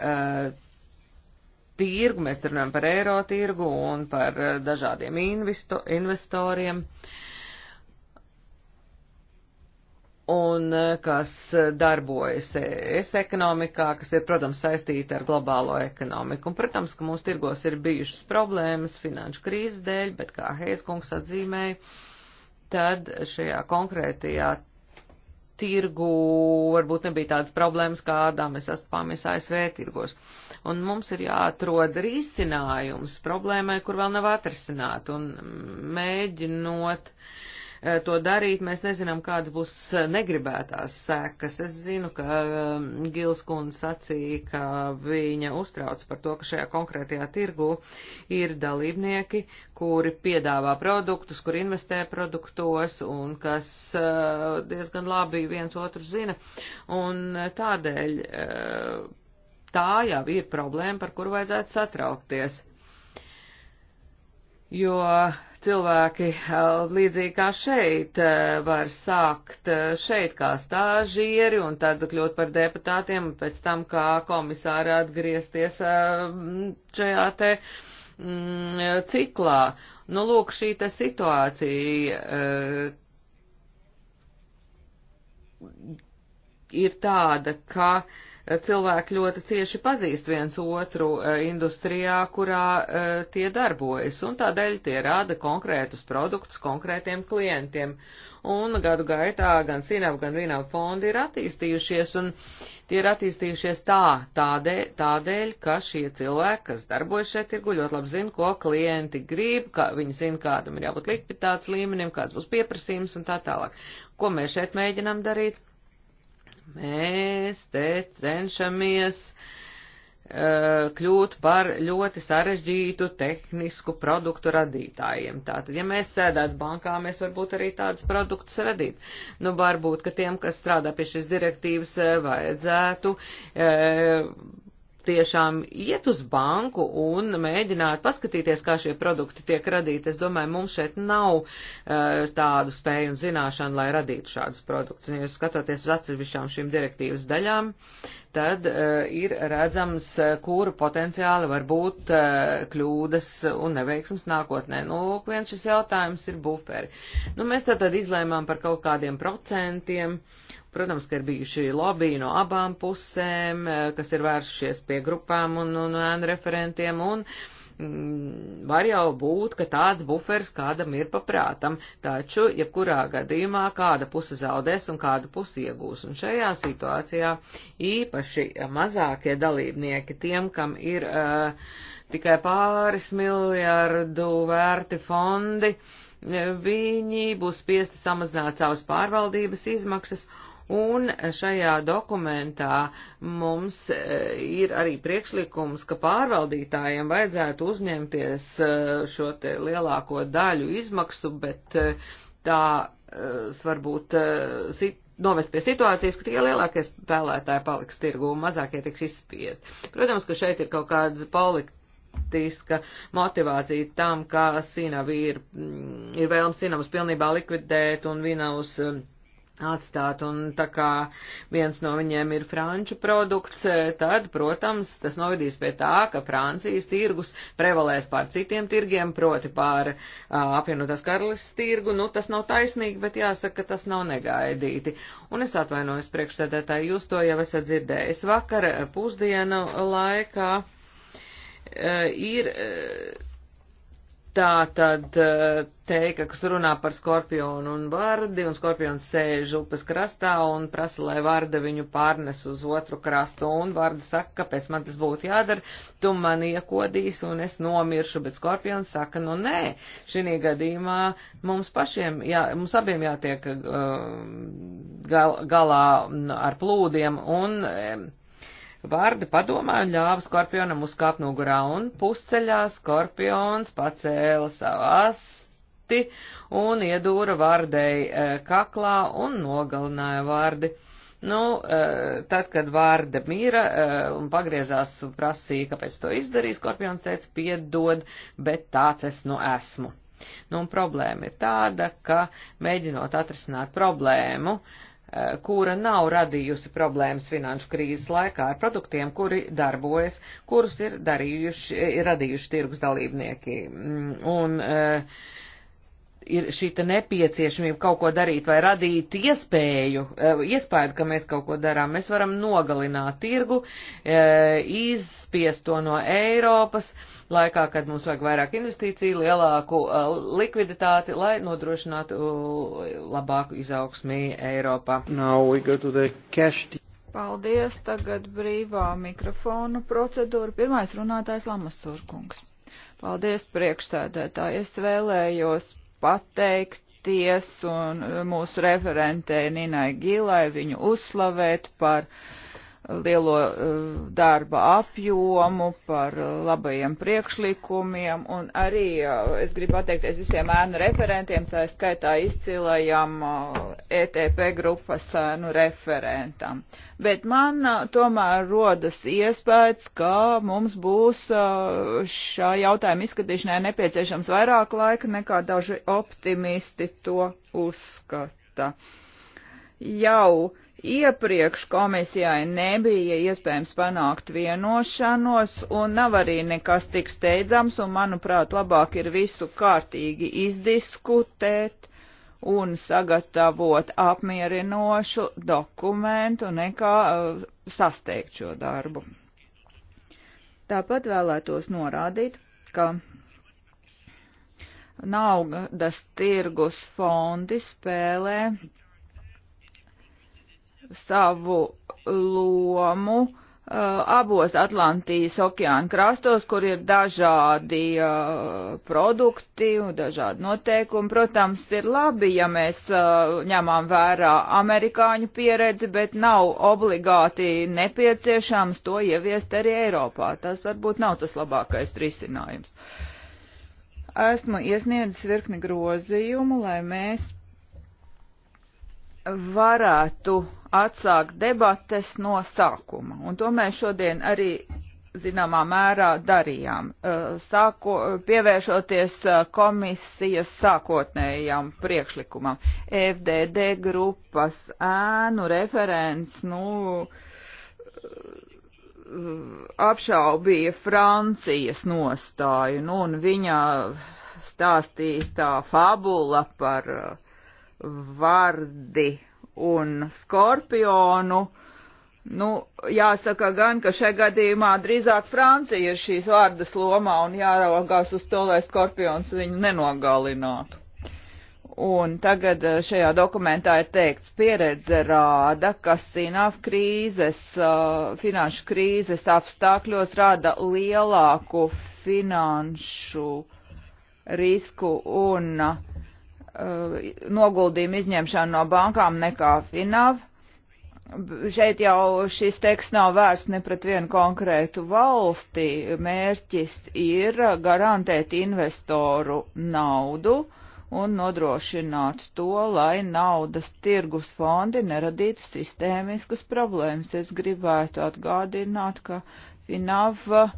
[SPEAKER 3] tirgu, mēs runājam par eiro tirgu un par dažādiem investo, investoriem. Uh, un eh, kas eh, darbojas es ekonomikā, kas ir, protams, saistīta ar globālo ekonomiku. Un, protams, ka mūsu tirgos ir bijušas problēmas finanšu krīzes dēļ, bet kā Heiskungs atzīmēja, tad šajā konkrētajā tirgu varbūt nebija tādas problēmas, kādām mēs astapāmies ASV tirgos. Un mums ir jāatrod risinājums problēmai, kur vēl nav atrisināta, un mm, mēģinot uh, Eh, to darīt. Mēs nezinām, kādas būs eh, negribētās sekas. Es zinu, ka eh, Gils kundze sacīja, ka viņa uztrauc par to, ka šajā konkrētajā tirgu ir dalībnieki, kuri piedāvā produktus, kur investē produktos un kas diezgan labi viens otru zina. Un tādēļ tā jau ir problēma, par kuru vajadzētu satraukties. Jo cilvēki eh, līdzīgi kā šeit eh, var sākt eh, šeit kā stāžieri un tad kļūt par deputātiem un pēc tam kā komisāri atgriezties šajā te mm, ciklā. Nu, lūk, šī te situācija ir tāda, ka cilvēki ļoti cieši pazīst viens otru e, industrijā, kurā e, tie darbojas, un tādēļ tie rāda konkrētus produktus konkrētiem klientiem. Un gadu gaitā gan Sinam, gan Vinam fondi ir attīstījušies, un tie ir attīstījušies tā, tādēļ, tādēļ ka šie cilvēki, kas darbojas šeit tirgu, ļoti labi zina, ko klienti grib, ka viņi zina, kādam ir jābūt likviditātes līmenim, kāds būs pieprasījums un tā tālāk. Ko mēs šeit mēģinām darīt? Mēs te cenšamies uh, kļūt par ļoti sarežģītu tehnisku produktu radītājiem. Tātad, ja mēs sēdētu bankā, mēs varbūt arī tādus produktus radīt. Nu, varbūt, ka tiem, kas strādā pie šīs direktīvas, eh, vajadzētu uh, tiešām iet uz banku un mēģināt paskatīties, kā šie produkti tiek radīti. Es domāju, mums šeit nav uh, tādu spēju un zināšanu, lai radītu šādus produktus. Un, ja skatāties uz atsevišķām šīm direktīvas daļām, tad uh, ir redzams, eh, kuru potenciāli var būt uh, kļūdas un neveiksmes nākotnē. Nu, lūk, viens šis jautājums ir buferi. Nu, mēs tad, tad izlēmām par kaut kādiem procentiem. Uh, Protams, ka ir bijuši lobby no abām pusēm, eh, kas ir vērsušies pie grupām un, un, un referentiem, un mm, var jau būt, ka tāds bufers kādam ir paprātam, taču, jebkurā gadījumā, kāda puse zaudēs un kāda puse iegūs. Un šajā situācijā īpaši mazākie dalībnieki tiem, kam ir uh, tikai pāris miljardu vērti fondi, eh, viņi būs spiesti samazināt savas pārvaldības izmaksas Un šajā dokumentā mums e, ir arī priekšlikums, ka pārvaldītājiem vajadzētu uzņemties e, šo te lielāko daļu izmaksu, bet e, tā varbūt novest pie situācijas, ka tie lielākie spēlētāji paliks tirgu un mazākie tiks izspiest. Protams, ka šeit ir kaut kādas politiska motivācija tam, kā Sinavi ir, mm, ir vēlams Sinavus pilnībā likvidēt un Vinavus. Um, mm, atstāt, un tā kā viens no viņiem ir franču produkts, tad, protams, tas novedīs pie tā, ka Francijas tirgus prevalēs pār citiem tirgiem, proti pār apvienotās karalistas tirgu, nu tas nav taisnīgi, bet jāsaka, ka tas nav negaidīti. Un es atvainojos priekšsēdētāji, jūs to jau esat dzirdējis vakar pusdienu laikā. Ir Tā tad eh, teika, kas runā par skorpionu un vārdi, un skorpions sēž upes krastā un prasa, lai vārda viņu pārnes uz otru krastu, un vārda saka, kāpēc man tas būtu jādara, tu mani iekodīs un es nomiršu, bet skorpions saka, nu nē, šī gadījumā mums pašiem, jā, mums abiem jātiek uh, gal, galā ar plūdiem, un. Uh, vārdu padomāja un ļāva skorpionam uzkāpt mugurā, un pusceļā skorpions pacēla savu asti un iedūra vārdei e, kaklā un nogalināja vārdi. Nu, e, tad, kad vārda mīra e, un pagriezās un prasīja, kāpēc to izdarīja, skorpions teica, piedod, bet tāds es nu esmu. Nu, un problēma ir tāda, ka mēģinot atrisināt problēmu, uh, Eh, kura nav radījusi problēmas finanšu krīzes laikā ar produktiem, kuri darbojas, kurus ir, darījuši, ir radījuši tirgus dalībnieki. Mm, un, uh, ir šī nepieciešamība kaut ko darīt vai radīt iespēju, eh, iespēju, ka mēs kaut ko darām. Mēs varam nogalināt tirgu, eh, izspiest to no Eiropas, laikā, kad mums vajag vairāk investīciju, lielāku eh, likviditāti, lai nodrošinātu labāku izaugsmī Eiropā.
[SPEAKER 5] Paldies, tagad brīvā mikrofonu procedūra. Pirmais runātājs Lamasurkungs. Paldies, priekšsēdētāji. Es vēlējos pateikties un e, mūsu referentē Ninai Gilai viņu uzslavēt par uh, lielo eh, darba apjomu, par eh, labajiem priekšlikumiem, un arī eh, es gribu pateikties visiem ēnu referentiem, tā skaitā izcilajam ETP e grupas ēnu referentam. Bet man tomēr rodas iespējas, ka mums būs šā jautājuma izskatīšanai nepieciešams vairāk laika, nekā daži optimisti to uzskata. Jau Iepriekš komisijai nebija iespējams panākt vienošanos, un nav arī nekas tik steidzams, un manuprāt, labāk ir visu kārtīgi izdiskutēt un sagatavot apmierinošu dokumentu, nekā uh, sasteigt šo darbu. Tāpat vēlētos norādīt, ka naudas tirgus fondi spēlē savu lomu uh, abos Atlantijas okeāna krastos, kur ir dažādi uh, produkti un dažādi noteikumi. Protams, ir labi, ja mēs uh, ņemam vērā amerikāņu pieredzi, bet nav obligāti nepieciešams to ieviest arī Eiropā. Tas varbūt nav tas labākais risinājums. Esmu iesniedzis virkni grozījumu, lai mēs varētu uh, atsākt debates no sākuma. Un to mēs šodien arī zināmā mērā darījām, uh, sāko, pievēršoties uh, komisijas sākotnējām priekšlikumam. FDD grupas ēnu referents, nu, uh, apšaubīja Francijas nostāju, nu, un viņa stāstītā fabula par vardi un skorpionu. Nu, jāsaka gan, ka šajā gadījumā drīzāk Francija ir šīs vārdas lomā un jāraugās uz to, lai skorpions viņu nenogalinātu. Un tagad eh, šajā dokumentā ir teikts, pieredze rāda, ka SINAF krīzes, eh, finanšu krīzes apstākļos rada lielāku finanšu risku un uh, uh, noguldījumu izņemšanu no bankām nekā FINAV. Šeit jau šis teksts nav vērsts ne pret vienu konkrētu valsti. Mērķis ir garantēt investoru naudu un nodrošināt to, lai naudas tirgus fondi neradītu sistēmiskas problēmas. Es gribētu atgādināt, ka FINAV uh,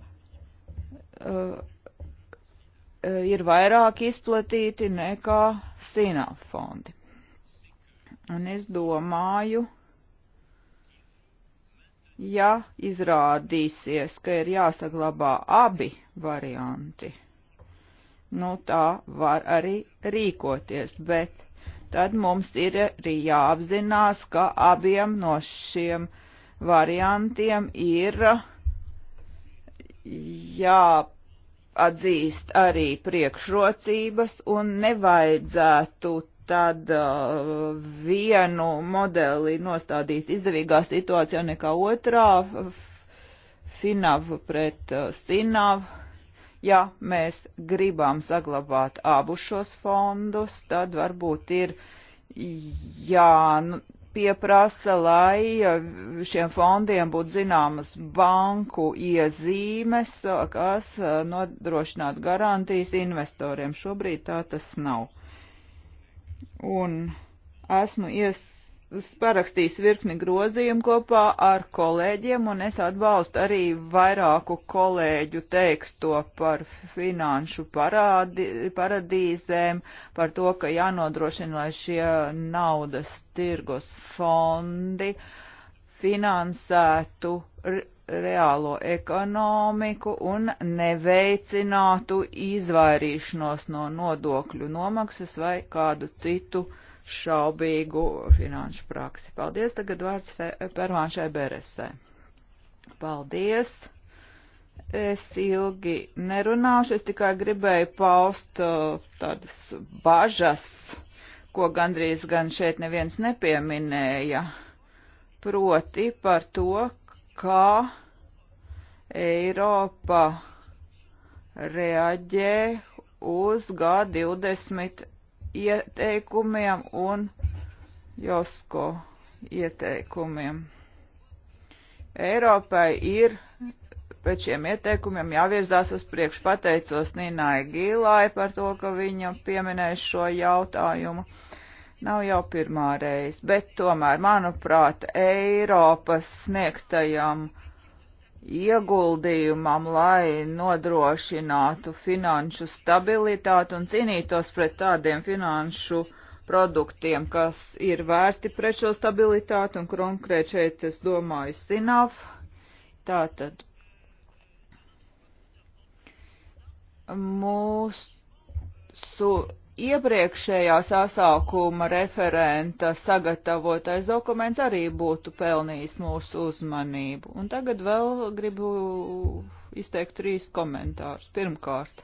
[SPEAKER 5] uh ir vairāk izplatīti nekā zināma fondi. Un es domāju, ja izrādīsies, ka ir jāsaglabā abi varianti, nu tā var arī rīkoties, bet tad mums ir arī jāapzinās, ka abiem no šiem variantiem ir jāpārādās atzīst arī priekšrocības un nevajadzētu tad uh, vienu modeli nostādīt izdevīgā situācijā nekā otrā, finav pret uh, sinav. Ja mēs gribam saglabāt abus šos fondus, tad varbūt ir jā, nu, pieprasa, lai uh, šiem fondiem būtu zināmas banku iezīmes, uh, kas uh, nodrošinātu garantijas investoriem. Šobrīd tā tas nav. Un esmu ies parakstījis virkni grozījumu kopā ar kolēģiem, un es atbalstu arī vairāku kolēģu teikto par finanšu parādi, paradīzēm, par to, ka jānodrošina, lai šie naudas tirgus fondi finansētu reālo ekonomiku un neveicinātu izvairīšanos no nodokļu nomaksas vai kādu citu uh, šaubīgu finanšu praksi. Paldies, tagad vārds Pervāņšai Beresē. Paldies! Es ilgi nerunāšu, es tikai gribēju paust uh, tādas bažas, ko gandrīz gan šeit neviens nepieminēja, proti par to, kā Eiropa reaģē uz G20 ieteikumiem un Josko ieteikumiem. Eiropai ir pēc šiem ieteikumiem jāvirzās uz priekšu. Pateicos Nīnai Gīlai par to, ka viņa pieminēs šo jautājumu. Nav jau pirmā reize, bet tomēr, manuprāt, Eiropas sniegtajam uh, ieguldījumam, lai nodrošinātu finanšu stabilitāti un cīnītos pret tādiem finanšu produktiem, kas ir vērsti pret šo stabilitāti, un konkrēt šeit es domāju SINAF. Tātad mūsu iepriekšējā sasākuma referenta sagatavotais dokuments arī būtu pelnījis mūsu uzmanību. Un tagad vēl gribu izteikt trīs komentārus. Pirmkārt,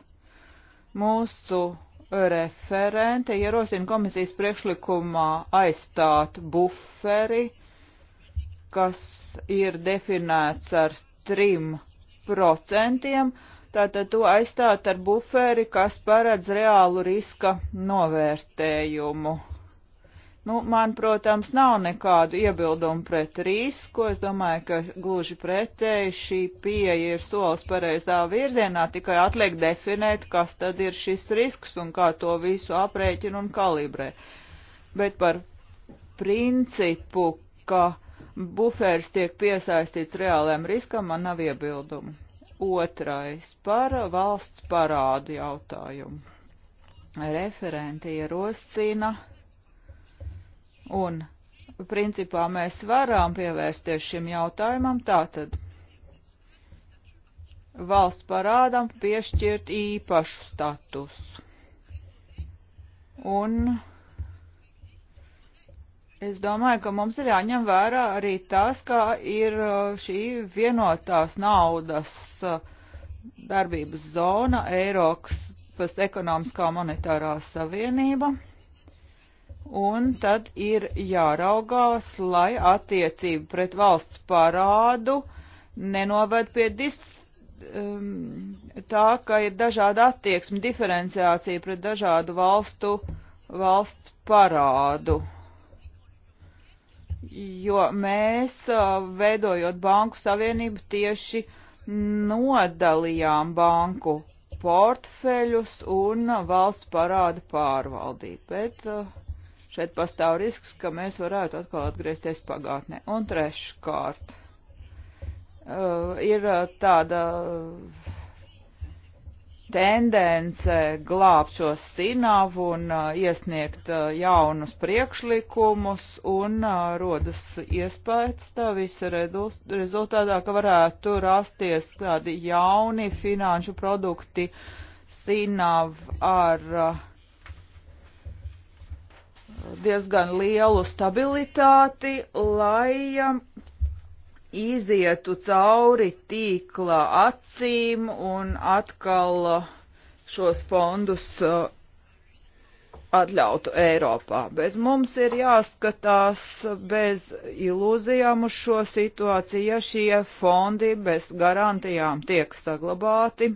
[SPEAKER 5] mūsu referente ierosina komisijas priekšlikumā aizstāt buferi, kas ir definēts ar trim procentiem, uh, Tātad to aizstāt ar buferi, kas paredz reālu riska novērtējumu. Nu, man, protams, nav nekādu iebildumu pret risku. Es domāju, ka gluži pretēji šī pieeja ir solis pareizā virzienā, tikai atliek definēt, kas tad ir šis risks un kā to visu aprēķina un kalibrē. Bet par principu, ka buferis tiek piesaistīts reālajam riskam, man nav iebildumu. Otrais par valsts parādu jautājumu. Referenti ierosina un principā mēs varam pievērsties šim jautājumam tātad. Valsts parādam piešķirt īpašu statusu. Un Es domāju, ka mums ir jāņem vērā arī tas, kā ir uh, šī vienotās naudas uh, darbības zona Eiropas ekonomiskā monetārā savienība. Un tad ir jāraugās, lai attiecība pret valsts parādu nenoved pie dis, um, tā, ka ir dažāda attieksme, diferenciācija pret dažādu valstu valsts parādu jo mēs, veidojot banku savienību, tieši nodalījām banku portfeļus un valsts parādu pārvaldību. Bet šeit pastāv risks, ka mēs varētu atkal atgriezties pagātnē. Un treškārt. Uh, ir tāda tendence glābt šo sinavu un uh, iesniegt uh, jaunus priekšlikumus un uh, rodas iespējas tā visa rezultātā, ka varētu rasties kādi jauni finanšu produkti sinav ar diezgan lielu stabilitāti, lai um, izietu cauri tīkla acīm un atkal uh, šos fondus uh, atļautu Eiropā. Bet mums ir jāskatās bez ilūzijām uz šo situāciju, ja šie fondi bez garantijām tiek saglabāti.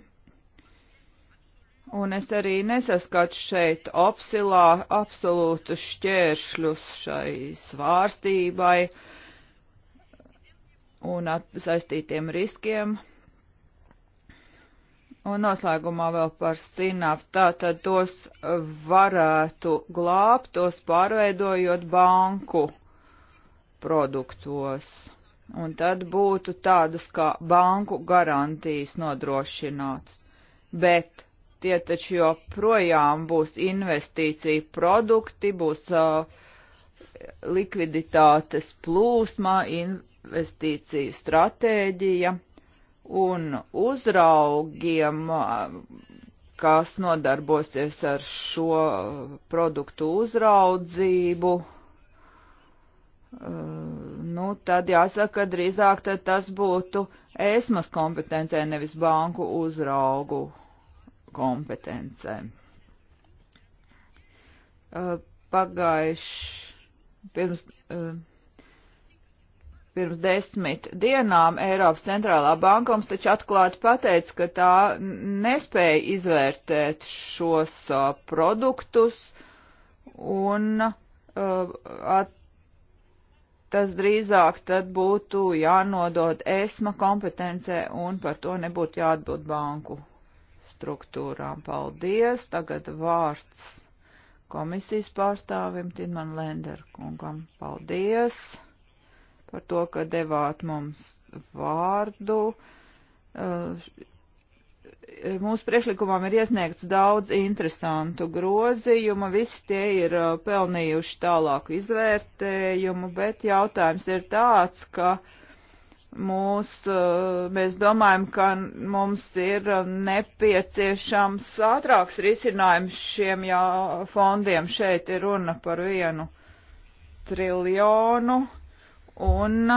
[SPEAKER 5] Un es arī nesaskatu šeit opsilā absolūtus šķēršļus šai svārstībai. Uh, un saistītiem riskiem. Un noslēgumā vēl par sinafu. Tātad tos varētu glābt, tos pārveidojot banku produktos. Un tad būtu tādas kā banku garantijas nodrošinātas. Bet tie taču joprojām būs investīcija produkti, būs uh, likviditātes plūsma, in, investīciju stratēģija un uzraugiem, kas nodarbosies ar šo produktu uzraudzību. Nu, tad jāsaka, drīzāk tad tas būtu ESMAS kompetencē, nevis banku uzraugu kompetencē. Pagājuši pirms pirms desmit dienām Eiropas centrālā banka mums taču atklāti pateica, ka tā nespēja izvērtēt šos uh, produktus un uh, at, tas drīzāk tad būtu jānodod ESMA kompetencē un par to nebūtu jāatbild banku struktūrām. Paldies! Tagad vārds komisijas pārstāvim Tinman Lenderkungam. Paldies! par to, ka devāt mums vārdu. Uh, mūsu priekšlikumam ir iesniegts daudz interesantu grozījumu, visi tie ir uh, pelnījuši tālāku izvērtējumu, bet jautājums ir tāds, ka mūs, uh, mēs domājam, ka mums ir nepieciešams ātrāks risinājums šiem jā, fondiem. Šeit ir runa par vienu triljonu un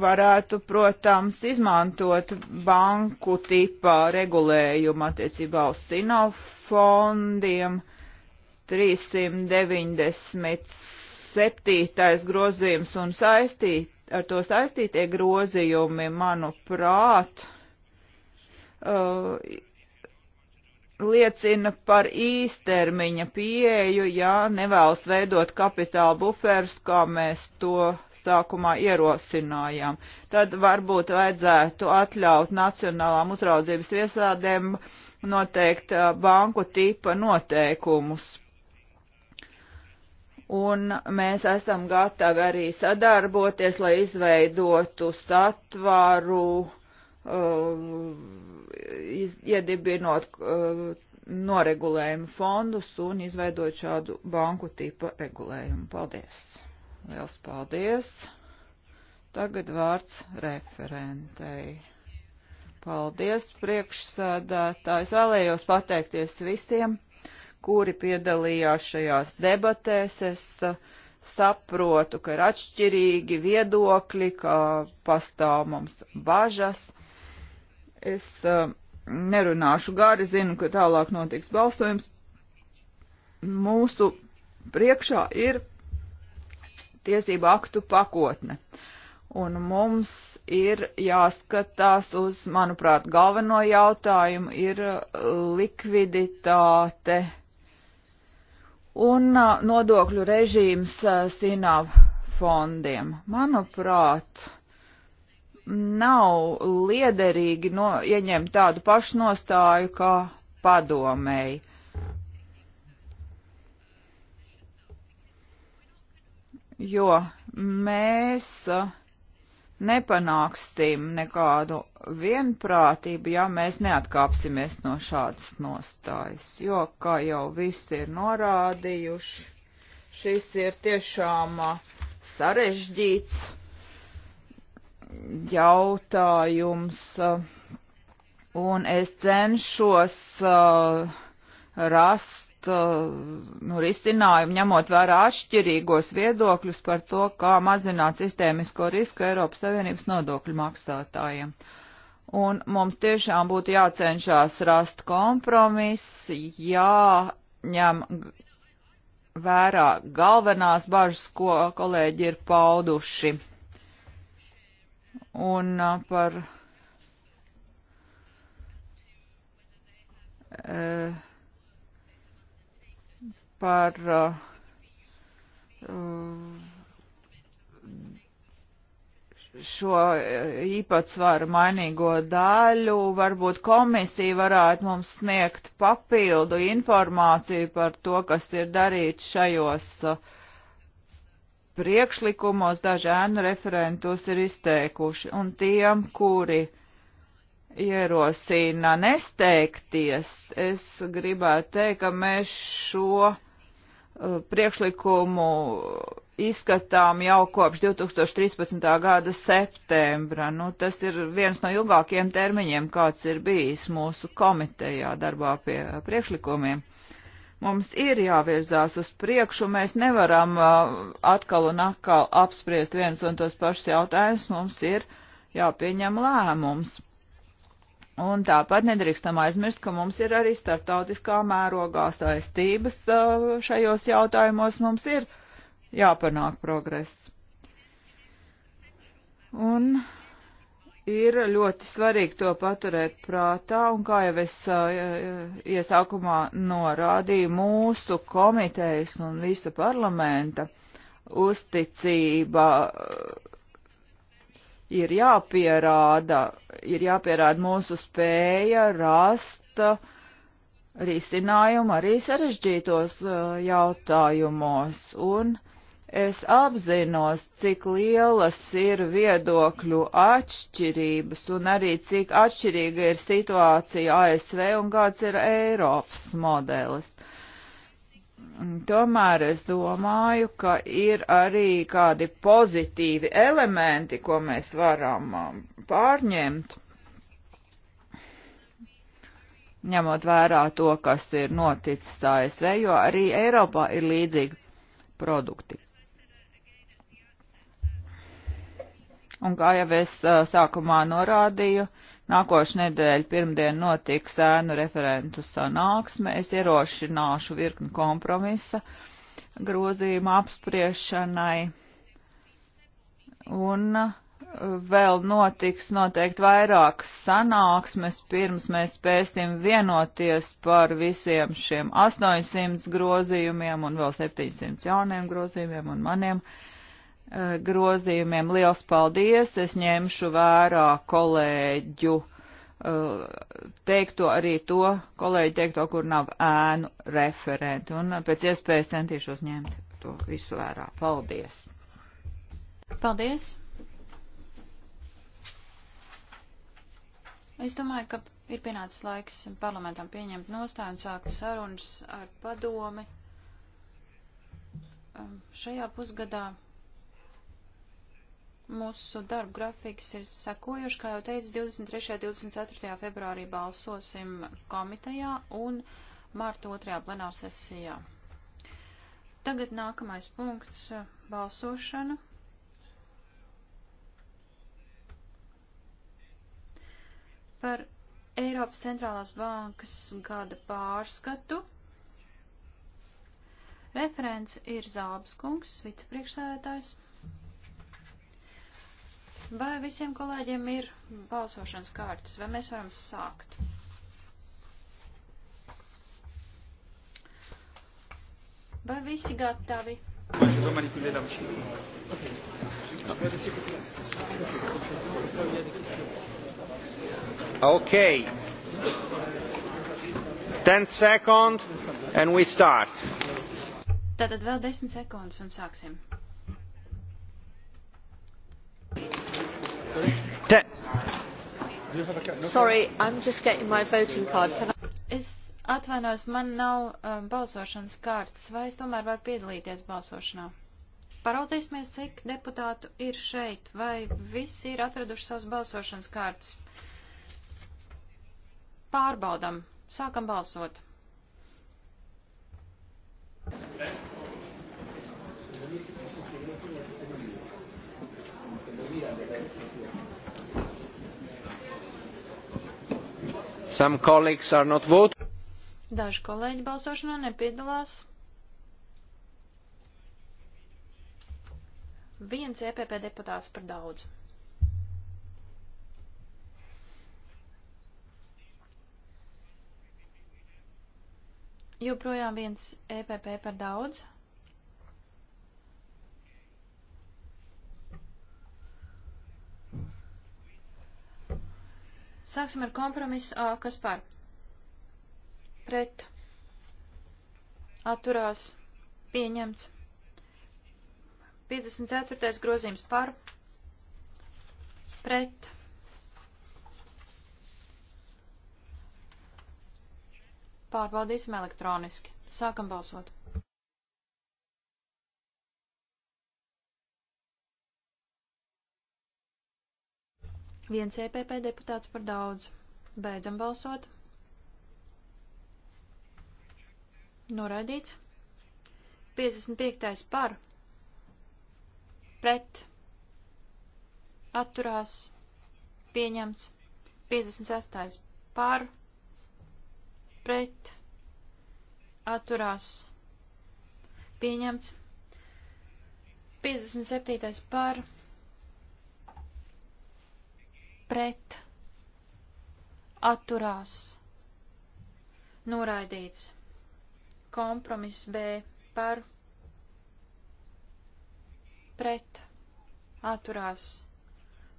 [SPEAKER 5] varētu, protams, izmantot banku tipā regulējumu attiecībā uz sinofondiem 397. grozījums un saistīt, ar to saistītie grozījumi, manuprāt, uh, liecina par īstermiņa pieeju, ja nevēlas veidot kapitāla buferus, kā mēs to sākumā ierosinājām. Tad varbūt vajadzētu atļaut nacionālām uzraudzības iestādēm noteikt banku tipa noteikumus. Un mēs esam gatavi arī sadarboties, lai izveidotu satvaru, uh, Um, iedibinot uh, noregulējumu fondus un izveidot šādu banku tipa regulējumu. Paldies! Liels paldies! Tagad vārds referentei. Paldies, priekšsēdētājs. Vēlējos pateikties visiem, kuri piedalījās šajās debatēs. Es uh, saprotu, ka ir atšķirīgi viedokļi, ka pastāv mums bažas Es uh, nerunāšu gari, zinu, ka tālāk notiks balsojums. Mūsu priekšā ir tiesību aktu pakotne. Un mums ir jāskatās uz, manuprāt, galveno jautājumu ir uh, likviditāte un uh, nodokļu režīms uh, SINAV fondiem. Manuprāt, nav liederīgi no, ieņemt tādu pašu nostāju kā padomēji. Jo mēs uh, nepanāksim nekādu vienprātību, ja mēs neatkāpsimies no šādas nostājas, jo, kā jau visi ir norādījuši, šis ir tiešām uh, sarežģīts jautājums, uh, un es cenšos uh, rast uh, nu, risinājumu, ņemot vērā atšķirīgos viedokļus par to, kā mazināt sistēmisko risku Eiropas Savienības nodokļu maksātājiem. Un mums tiešām būtu jācenšas rast kompromiss, jāņem vērā galvenās bažas, ko kolēģi ir pauduši un uh, par uh, par uh, šo īpatsvaru mainīgo daļu. Varbūt komisija varētu mums sniegt papildu informāciju par to, kas ir darīts šajos uh, priekšlikumos daži ēnu referentos ir izteikuši, un tiem, kuri ierosina nesteigties, es gribētu teikt, ka mēs šo uh, priekšlikumu izskatām jau kopš 2013. gada septembra. Nu, tas ir viens no ilgākiem termiņiem, kāds ir bijis mūsu komitejā darbā pie priekšlikumiem. Mums ir jāvirzās uz priekšu, mēs nevaram uh, atkal un atkal apspriest viens un tos pašus jautājumus, mums ir jāpieņem lēmums. Un tāpat nedrīkstam aizmirst, ka mums ir arī starptautiskā mērogā saistības uh, šajos jautājumos, mums ir jāpanāk progress. Un ir ļoti svarīgi to paturēt prātā, un kā jau es iesākumā norādīju, mūsu komitejas un visa parlamenta uzticība ir jāpierāda, ir jāpierāda mūsu spēja rast risinājumu arī sarežģītos jautājumos, un uh, Es apzinos, cik lielas ir viedokļu atšķirības un arī cik atšķirīga ir situācija ASV un kāds ir Eiropas modelis. Tomēr es domāju, ka ir arī kādi pozitīvi elementi, ko mēs varam um, pārņemt, ņemot vērā to, kas ir noticis ASV, jo arī Eiropā ir līdzīgi produkti. Un kā jau es sākumā norādīju, nākošu nedēļu pirmdien notiks ēnu referentu sanāksme. Es ierošināšu virkni kompromisa grozījuma apspriešanai. Un vēl notiks noteikti vairākas sanāksmes, pirms mēs spēsim vienoties par visiem šiem 800 grozījumiem un vēl 700 jauniem grozījumiem un maniem grozījumiem grozījumiem. Liels paldies! Es ņemšu vērā kolēģu eh, teikto arī to kolēģi teikto, kur nav ēnu referenti. Un pēc iespējas centīšos ņemt to visu vērā. Paldies!
[SPEAKER 1] Paldies! Es domāju, ka ir pienācis laiks parlamentam pieņemt nostāju un sākt sarunas ar padomi. Ehm, šajā pusgadā Mūsu darba grafiks ir sekojuši, kā jau teicu, 23. un 24. februārī balsosim komitejā un mārta 2. plenārsesijā. Tagad nākamais punkts - balsošana. Par Eiropas centrālās bankas gada pārskatu. Referents ir Zābas kungs, vicepriekšsēdētājs. Vai visiem kolēģiem ir balsošanas kārtas, vai mēs varam sākt? Vai visi gatavi?
[SPEAKER 2] Okay. Ten second and we start.
[SPEAKER 1] Tātad vēl desmit sekundes un sāksim.
[SPEAKER 6] Te. Sorry, I'm just getting my voting card. Can I...
[SPEAKER 1] Es atvainojos, man nav um, balsošanas kārtas, vai es tomēr varu piedalīties balsošanā? Paraudzīsimies, cik deputātu ir šeit, vai visi ir atraduši savus balsošanas kārtas. Pārbaudam, sākam balsot.
[SPEAKER 4] Okay.
[SPEAKER 2] Some colleagues are not voting.
[SPEAKER 1] Daži kolēģi balsošanā nepiedalās. Viens EPP deputāts par daudz. Joprojām viens EPP par daudz. Sāksim ar kompromisu A, kas par pret atturās pieņemts. 54. grozījums par pret pārbaudīsim elektroniski. Sākam balsot. Viens EPP deputāts par daudz. Beidzam balsot. Noraidīts. 55. par. Pret. Atturās. Pieņemts. 56. par. Pret. Atturās. Pieņemts. 57. par pret, atturās, noraidīts. Kompromiss B par, pret, atturās,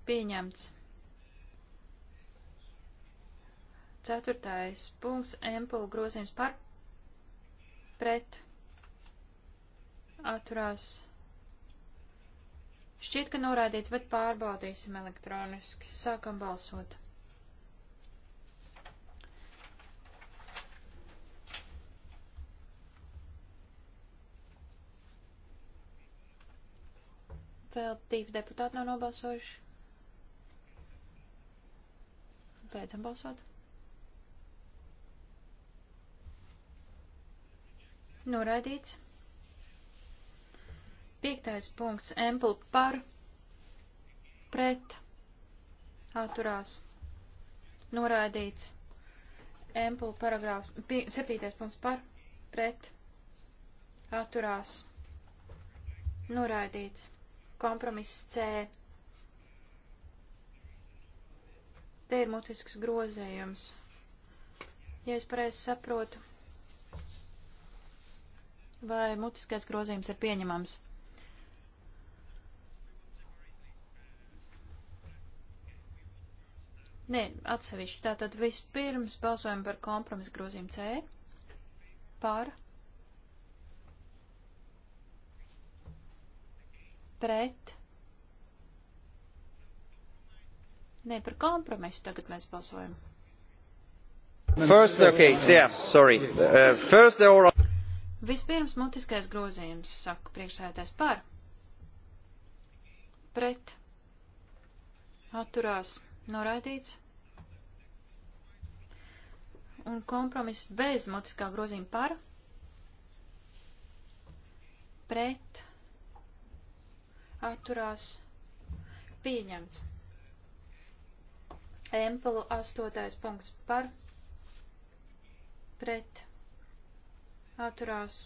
[SPEAKER 1] pieņemts. Ceturtais punkts empulu grozījums par, pret, atturās, pieņemts Šķiet, ka norādīts, bet pārbaudīsim elektroniski. Sākam balsot. Vēl divi deputāti nav nobalsojuši. Beidzam balsot. Noraidīts. Piektais punkts Empl par pret atturās noraidīts. Empl paragrāfs 7. punkts par pret atturās noraidīts. Kompromiss C. Te ir mutisks grozējums. Ja es pareizi saprotu, vai mutiskais grozījums ir pieņemams? Nē, atsevišķi. Tātad vispirms balsojam par kompromisu grozījumu C. Par. Pret. Nē, par kompromisu tagad mēs balsojam.
[SPEAKER 2] First, okay, yes, sorry. Uh, first the oral...
[SPEAKER 1] Vispirms mutiskais grozījums, saka priekšsēdētājs par. Pret. Atturās noraidīts. Un kompromiss bez mutiskā grozījuma par, pret, atturās, pieņemts. Empelu astotais punkts par, pret, atturās,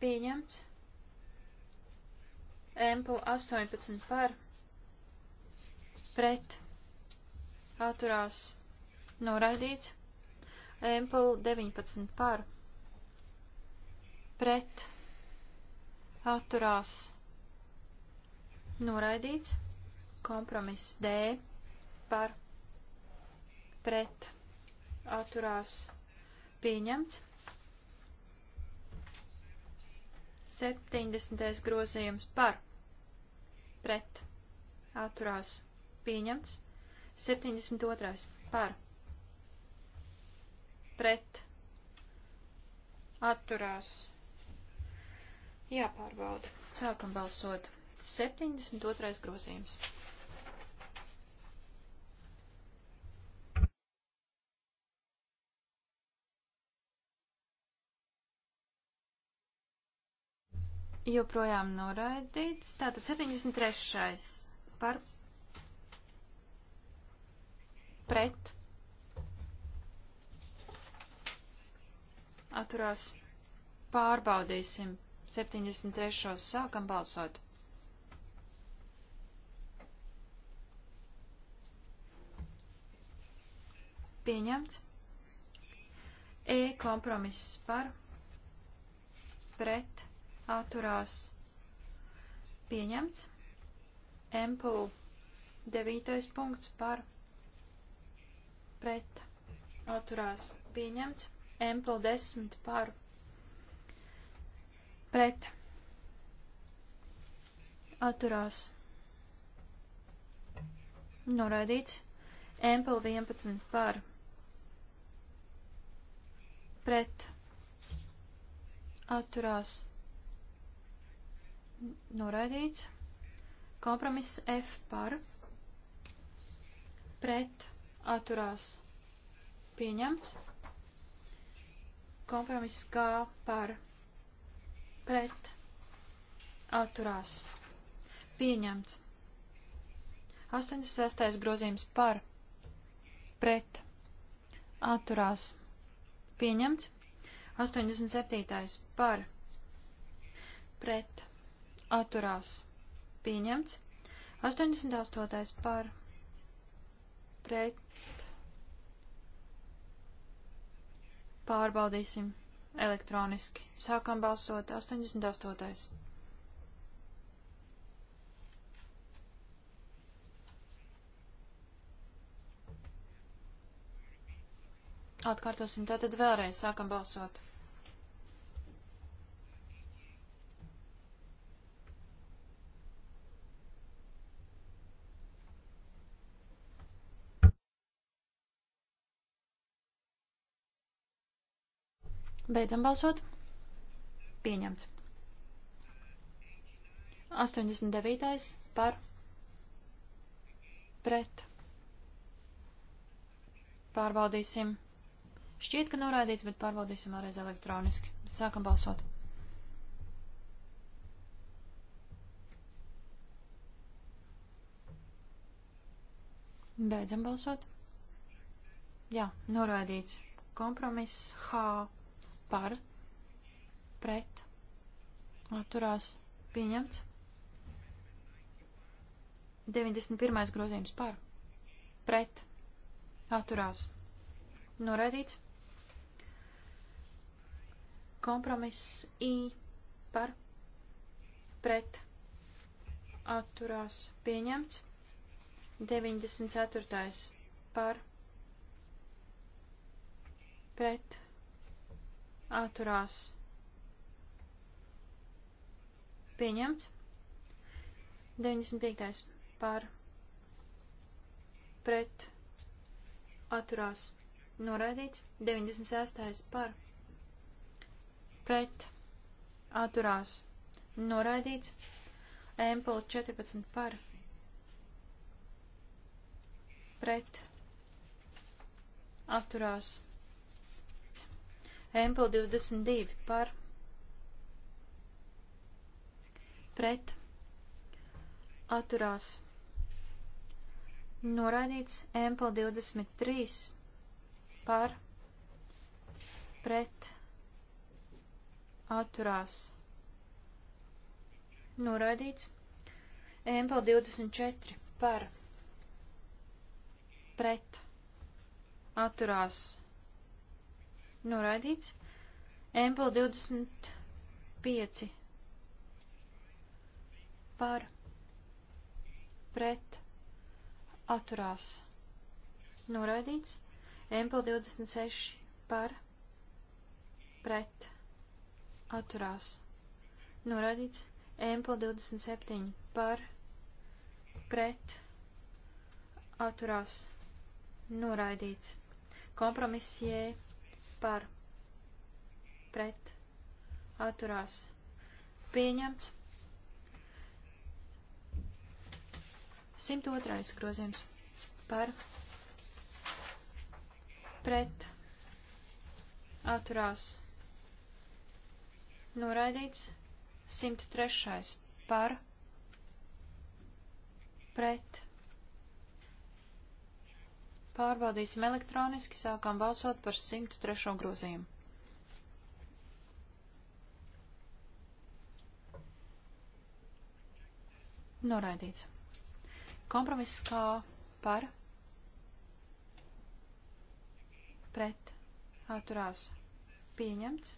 [SPEAKER 1] pieņemts. Empelu 18 par, pret pret, atturās, noraidīts, Empul 19 par, pret, atturās, noraidīts, kompromiss D par, pret, atturās, pieņemts. 70. grozījums par, pret, atturās, pieņemts. 72. par pret atturās jāpārbauda. Sākam balsot. 72. grozījums. Joprojām noraidīts. Tātad 73. par pret atturās pārbaudīsim 73. sākam balsot. Pieņemts. E kompromiss par pret atturās pieņemts. Empul 9. punkts par pret pret atturās pieņemts, Empel 10 par pret atturās noraidīts, Empel 11 par pret atturās noraidīts, kompromiss F par pret atturās atturās pieņemts. Kompromiss G par pret atturās pieņemts. 86. grozījums par pret atturās pieņemts. 87. par pret atturās pieņemts. 88. par pret pret. Pārbaudīsim elektroniski. Sākam balsot 88. Atkārtosim tātad vēlreiz sākam balsot. Beidzam balsot. Pieņemts. 89. par pret. Pārbaudīsim. Šķiet, ka norādīts, bet pārbaudīsim vēlreiz elektroniski. Sākam balsot. Beidzam balsot. Jā, norādīts. Kompromiss H par pret atturās pieņemts. 91. grozījums par pret atturās noraidīts. Kompromiss I par pret atturās pieņemts. 94. par pret atturās pieņemts. 95. par pret atturās noraidīts. 96. par pret atturās noraidīts. Empel 14 par pret atturās noraidīts Empel 22 par pret atturās noraidīts Empel 23 par pret atturās noraidīts Empel 24 par pret atturās noraidīts noraidīts. Empel 25 par pret atturās noraidīts. Empel 26 par pret atturās noraidīts. Empel 27 par pret atturās noraidīts. Kompromiss jēga par pret atturās pieņemts. 102. grozījums par pret atturās noraidīts. 103. par pret Pārbaudīsim elektroniski, sākam balsot par 103. grozījumu. Noraidīts. Kompromiss kā par, pret, atturās, pieņemts.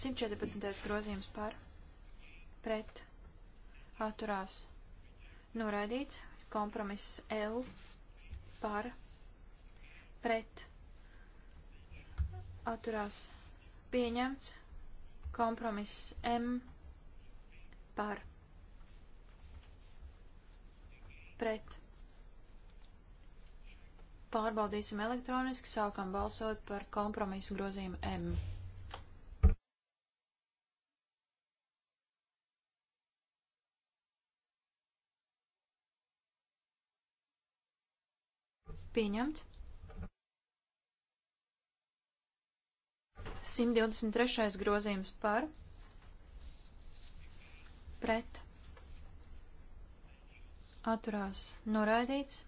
[SPEAKER 1] 114. grozījums par, pret, atturās, noraidīts. Kompromiss L par pret atturās pieņemts. Kompromiss M par pret. Pārbaudīsim elektroniski, sākam balsot par kompromisu grozījumu M. Pieņemts. 123. grozījums par pret atturās noraidīts.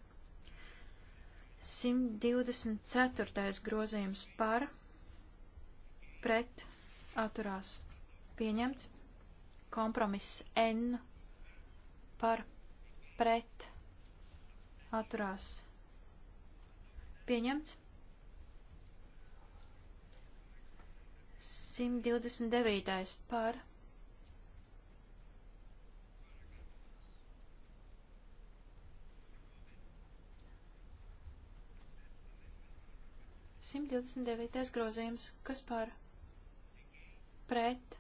[SPEAKER 1] 124. grozījums par pret atturās pieņemts. Kompromiss N par pret atturās pieņemts Pieņemts. 129. par. Simt divdesmit devītais grozījums. Kas par? Pret.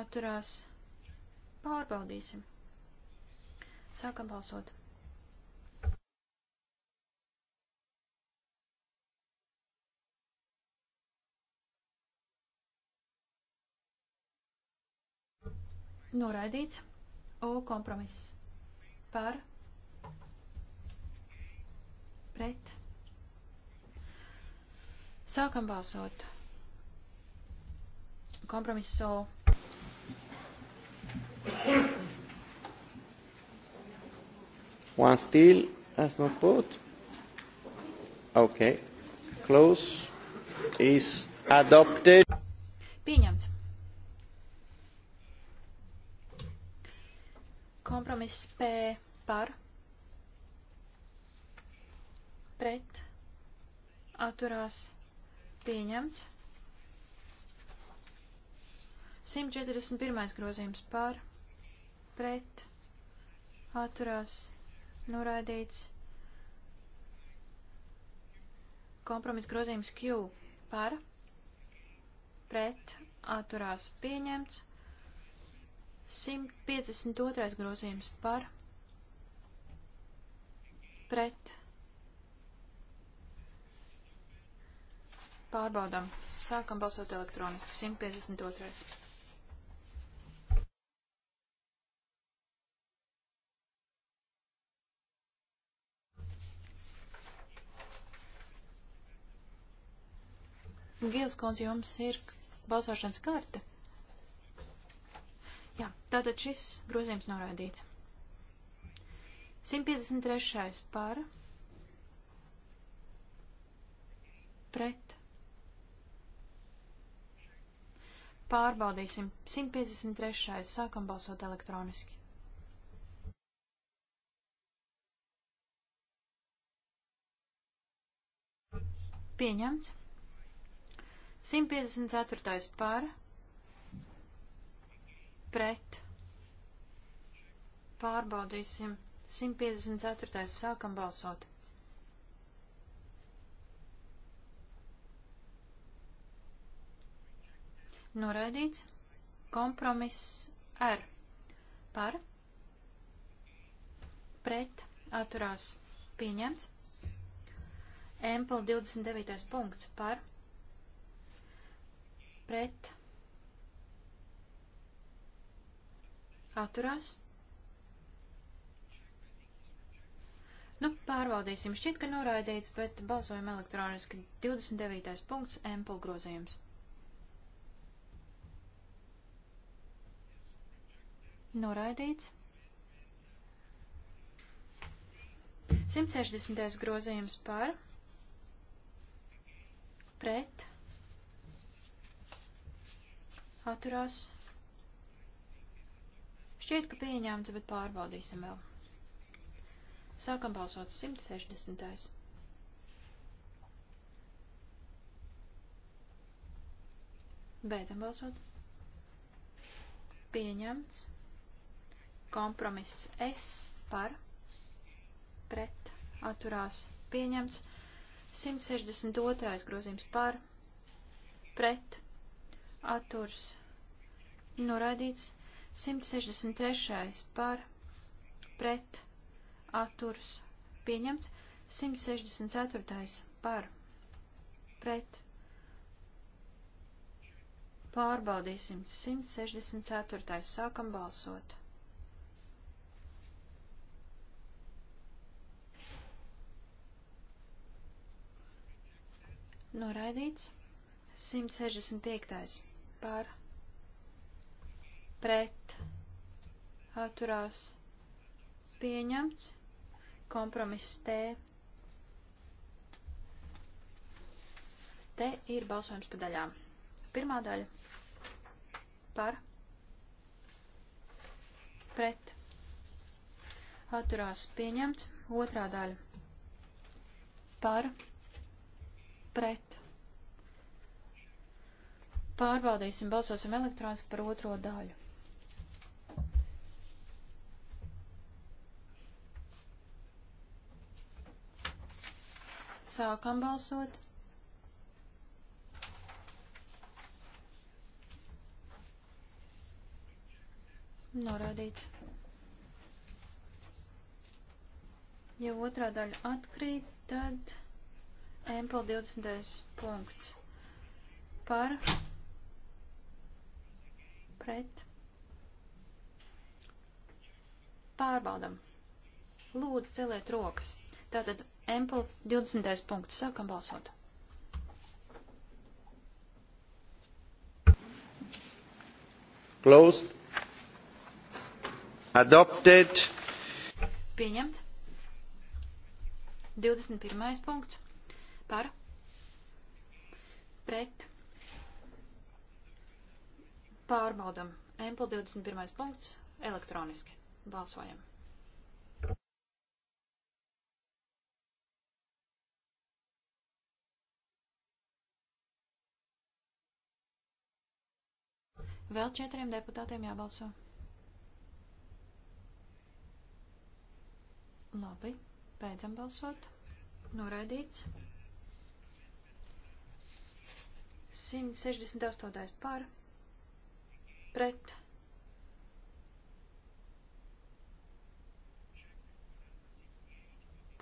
[SPEAKER 1] Atturās. Pārbaudīsim. Sākam balsot. Noraidīts. O kompromiss. Par. Pret. Sākam balsot. Kompromiss O.
[SPEAKER 2] One still has not voted. Okay. Close is adopted.
[SPEAKER 1] Kompromiss P par pret atturās pieņemts. 141. grozījums par pret atturās norādīts. Kompromiss grozījums Q par pret atturās pieņemts. 152. grozījums par pret pārbaudām. Sākam balsot elektroniski. 152. Gils kundze, jums ir balsošanas karte. Jā, tātad šis grozījums noraidīts. 153. par pret pārbaudīsim 153. sākam balsot elektroniski. Pieņemts. 154. par pret. Pārbaudīsim. 154. sākam balsot. Noraidīts. Kompromiss R. Par. Pret. Atturās. Pieņemts. Empel 29. punkts. Par. Pret. atturās. Nu, pārbaudīsim. Šķiet, ka noraidīts, bet balsojam elektroniski. 29. punkts, MPL grozījums. Noraidīts. 160. grozījums par, pret, atturās, Šķiet, ka pieņemts, bet pārbaudīsim vēl. Sākam balsot 160. Beidzam balsot. Pieņemts. Kompromiss S par pret atturās pieņemts. 162. grozījums par pret atturs noraidīts. 163. par pret atturs pieņemts. 164. par pret. Pārbaudīsim 164. sākam balsot. Noraidīts 165. par pret atturās pieņemts. Kompromiss T. Te ir balsojums pa daļām. Pirmā daļa par pret atturās pieņemts. Otrā daļa par pret. Pārbaudīsim, balsosim elektroniski par otro daļu. Sākam balsot. Norādīts. Ja otrā daļa atkrīt, tad MPL 20. punkts par pret pārbaudam. Lūdzu, celiet rokas. Tātad Empel 20. punkts. Sākam balsot.
[SPEAKER 2] Closed. Adopted.
[SPEAKER 1] Pieņemt. 21. punkts. Par. Pret. Pārbaudam. Empel 21. punkts. Elektroniski. Balsojam. Vēl četriem deputātiem jābalso. Labi, beidzam balsot. Noraidīts. 168. par. Pret.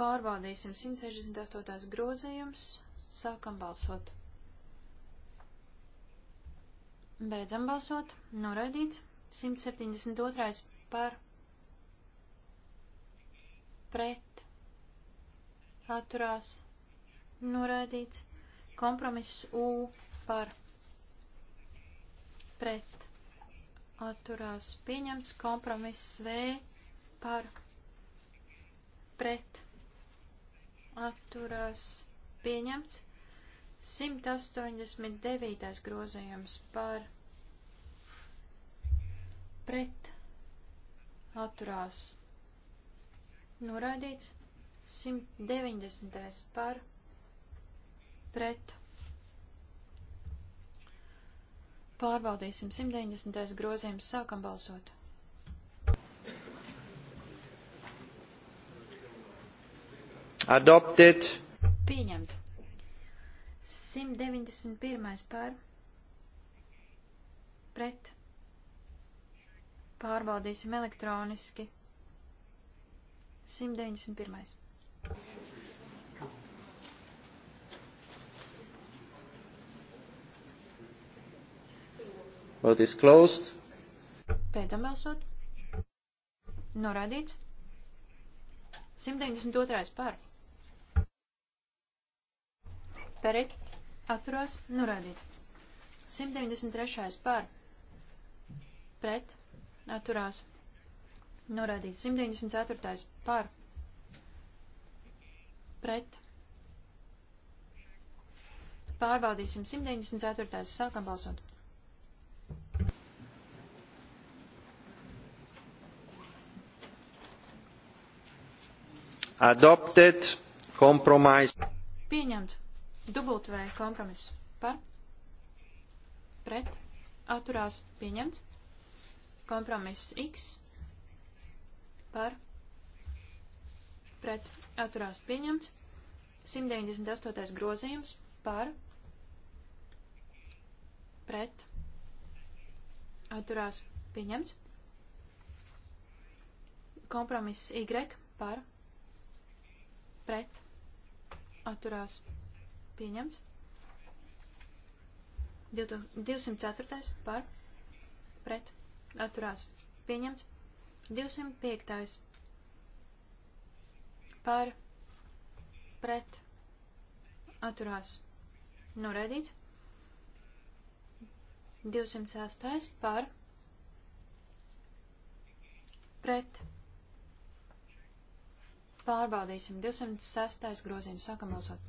[SPEAKER 1] Pārbaudīsim 168. grozījums. Sākam balsot. Beidzam balsot. Noraidīts. 172. par pret atturās. Noraidīts. Kompromiss U par pret atturās. Pieņemts. Kompromiss V par pret atturās. Pieņemts. 189. grozījums par pret atturās norādīts 190. par pret pārbaudīsim 190. grozījums sākam balsot.
[SPEAKER 2] Adopted.
[SPEAKER 1] Pieņemt. 191. par pret. Pārbaudīsim elektroniski. 191.
[SPEAKER 2] Vote is closed.
[SPEAKER 1] Beidzam balsot. Norādīts. 192. par. Pret atturās norādīts. 193. par pret atturās norādīts. 194. par pret. Pārbaudīsim 194. sākam balsot.
[SPEAKER 2] Adopted compromise.
[SPEAKER 1] Pieņemts. Dubult vai kompromiss par, pret, atturās pieņemts. Kompromiss X par, pret, atturās pieņemts. 198. grozījums par, pret, atturās pieņemts. Kompromiss Y par, pret, atturās pieņemts pieņemts. 204. par pret atturās pieņemts. 205. par pret atturās noraidīts. 206. par pret pārbaudīsim 206. grozījumu. Sākam
[SPEAKER 2] balsot.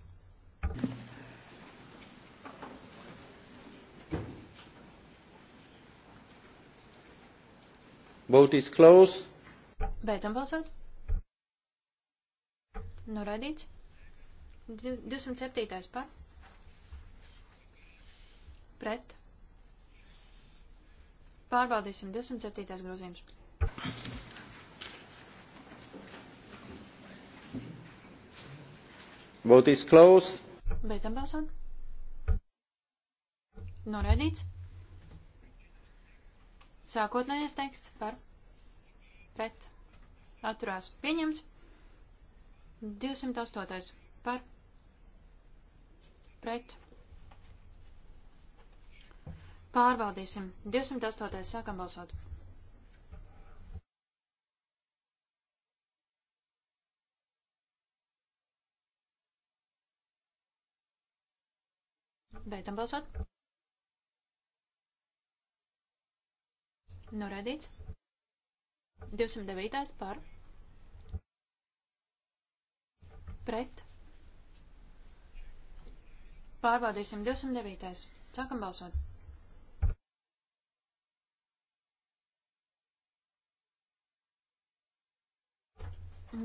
[SPEAKER 2] Vote is closed.
[SPEAKER 1] Beidzam balsot. Noraidīts. 207. par. Pret. Pārbaudīsim 207. grozījums.
[SPEAKER 2] Vote is closed.
[SPEAKER 1] Beidzam balsot. Noraidīts. Sākotnējais teksts par pret atturās pieņemts. 208. par pret. Pārbaudīsim. 208. sākam balsot. Beidzam balsot. Noraidīts. 209. par. Pret. Pārbaudīsim 209. Sākam balsot.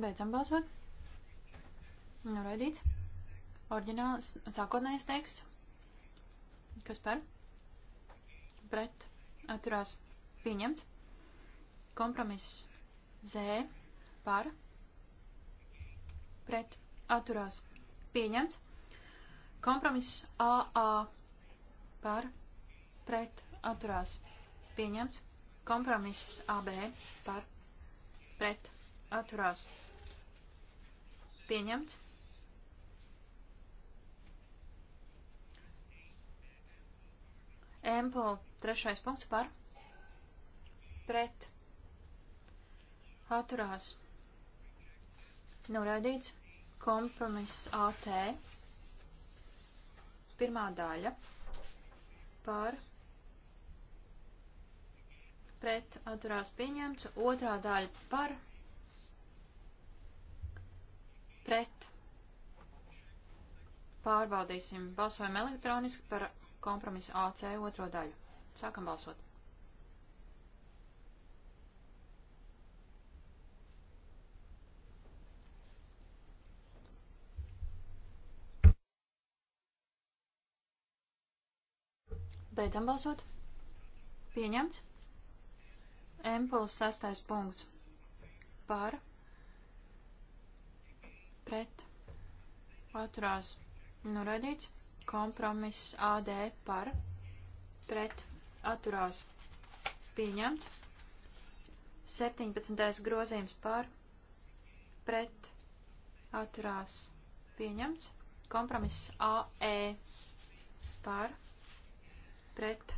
[SPEAKER 1] Beidzam balsot. Noraidīts. Orģināls sākotnējais teksts. Kas par? Pret. Atturās. Pieņemts. Kompromiss Z par pret atturās. Pieņemts. Kompromiss AA par pret atturās. Pieņemts. Kompromiss AB par pret atturās. Pieņemts. Empel trešais punkts par pret pret, atturās, norādīts, kompromiss AC, pirmā daļa, par, pret, atturās, pieņemts, otrā daļa par, pret, pārbaudīsim, balsojam elektroniski par kompromisu AC otro daļu. Sākam balsot. Beidzam balsot. Pieņemts. Empuls sastais punkts. Par. Pret. Atturās. Noraidīts. Kompromiss AD par. Pret. Atturās. Pieņemts. 17. grozījums par. Pret. Atturās. Pieņemts. Kompromiss AE par pret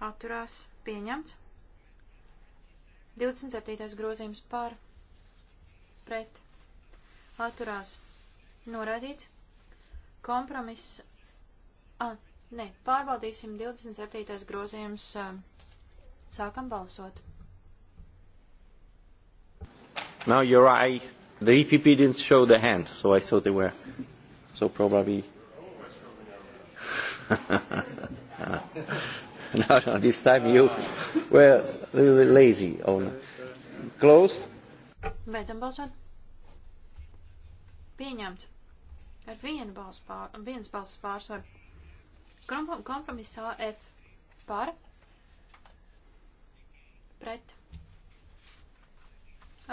[SPEAKER 1] atturās pieņemts. 27. grozījums par pret atturās noraidīts. Kompromiss. A, nē, pārbaudīsim 27. grozījums. Sākam balsot.
[SPEAKER 2] Now you're right. The EPP didn't show the hand, so I thought they were. So probably [laughs] no, no, this time you were a little lazy on closed.
[SPEAKER 1] Beidzam balsot. Pieņemts. Ar vienu balsu pār, vienas balsas pārsvaru. Kompromiss AF par. Pret.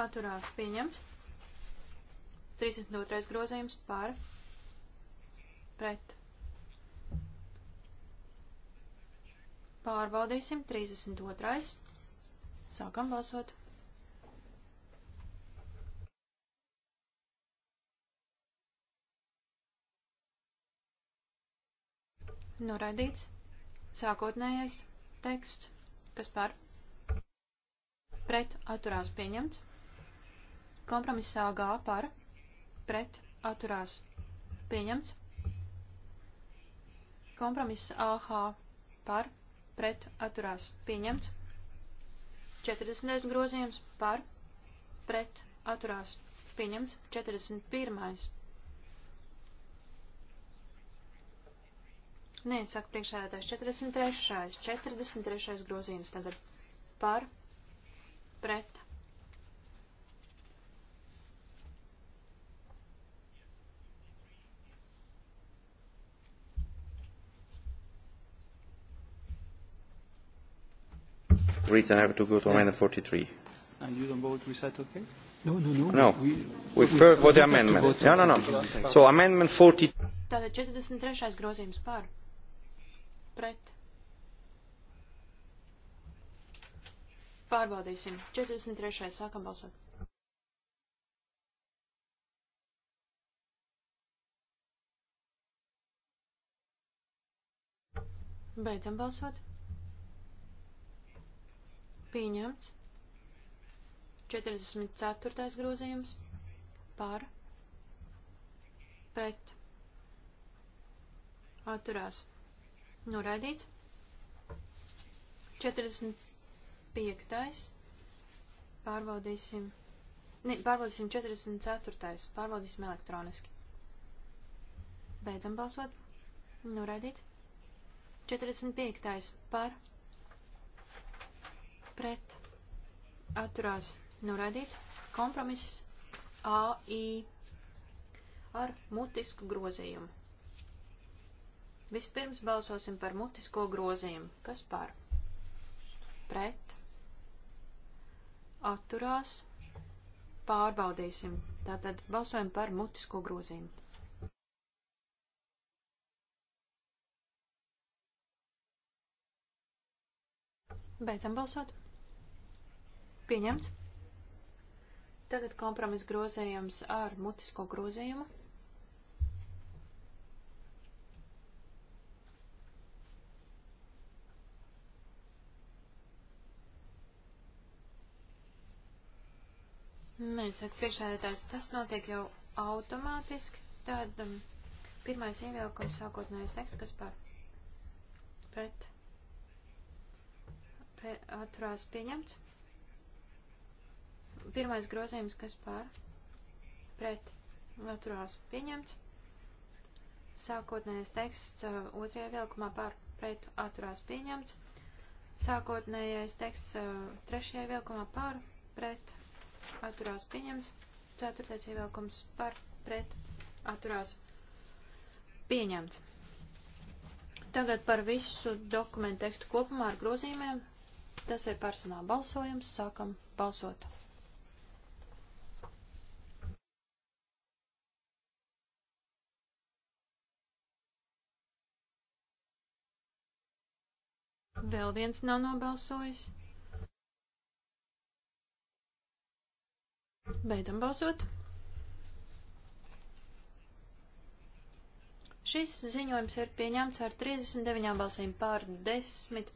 [SPEAKER 1] Atturās pieņemts. 32. grozījums par. Pret Pārbaudīsim 32. Sākam balsot. Noraidīts. Sākotnējais teksts. Kas par? Pret atturās pieņemts. Kompromiss AG par. Pret atturās pieņemts. Kompromiss AH par pret atturās pieņemts. 40. grozījums par pret atturās pieņemts. 41. Nē, saka priekšsēdētājs 43. 43. grozījums tagad par pret
[SPEAKER 2] read, I have to go to amendment 43. And you don't vote recital K? No, no, no. No. We, we first vote the amendment. No, no, no. So amendment 40.
[SPEAKER 1] Tātad 43. grozījums pār. Pret. Pārbaudīsim. 43. sākam balsot. Beidzam balsot. Pieņemts. 44. grozījums par pret atturās noraidīts. 45. pārbaudīsim. Ne, pārbaudīsim 44. pārbaudīsim elektroniski. Beidzam balsot. Noraidīts. 45. par pret pret atturās norādīts kompromiss AI ar mutisku grozījumu. Vispirms balsosim par mutisko grozījumu. Kas par? Pret. Atturās. Pārbaudīsim. Tātad balsojam par mutisko grozījumu. Beidzam balsot. Pieņemts. Tagad kompromis grozējums ar mutisko grozījumu. Nē, saka priekšsēdētājs, tas notiek jau automātiski. Tad um, pirmais ievilkums sākotnējais teksts, kas par pret, pret atturās pieņemts. Pirmais grozījums, kas pār pret atturās pieņemts. Sākotnējais teksts uh, otrajā vilkumā pār pret atturās pieņemts. Sākotnējais teksts uh, trešajā vilkumā pār pret atturās pieņemts. Ceturtais ievilkums par pret atturās pieņemts. Tagad par visu dokumentu tekstu kopumā ar grozījumiem. Tas ir personāla balsojums. Sākam balsot. Vēl viens nav nobalsojis. Beidzam balsot. Šis ziņojums ir pieņemts ar 39 balsīm pār 10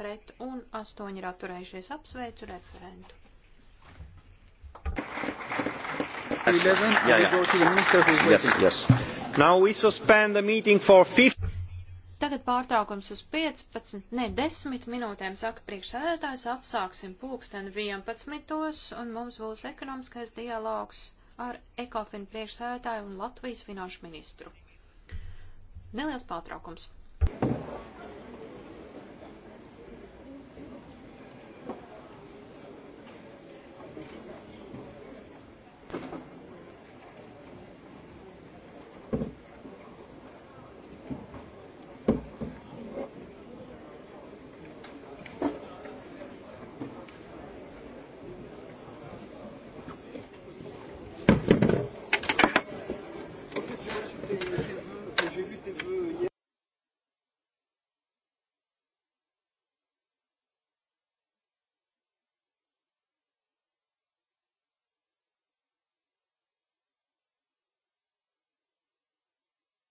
[SPEAKER 1] pret un 8 ir atturējušies. Apsveicu referentu.
[SPEAKER 4] Yeah, yeah. Yes, yes.
[SPEAKER 2] Now we suspend the meeting for 15.
[SPEAKER 1] Tagad pārtraukums uz 15, ne 10 minūtēm, saka priekšsēdētājs, atsāksim pulksten 11. un mums būs ekonomiskais dialogs ar Ekofin priekšsēdētāju un Latvijas finanšu ministru. Neliels pārtraukums.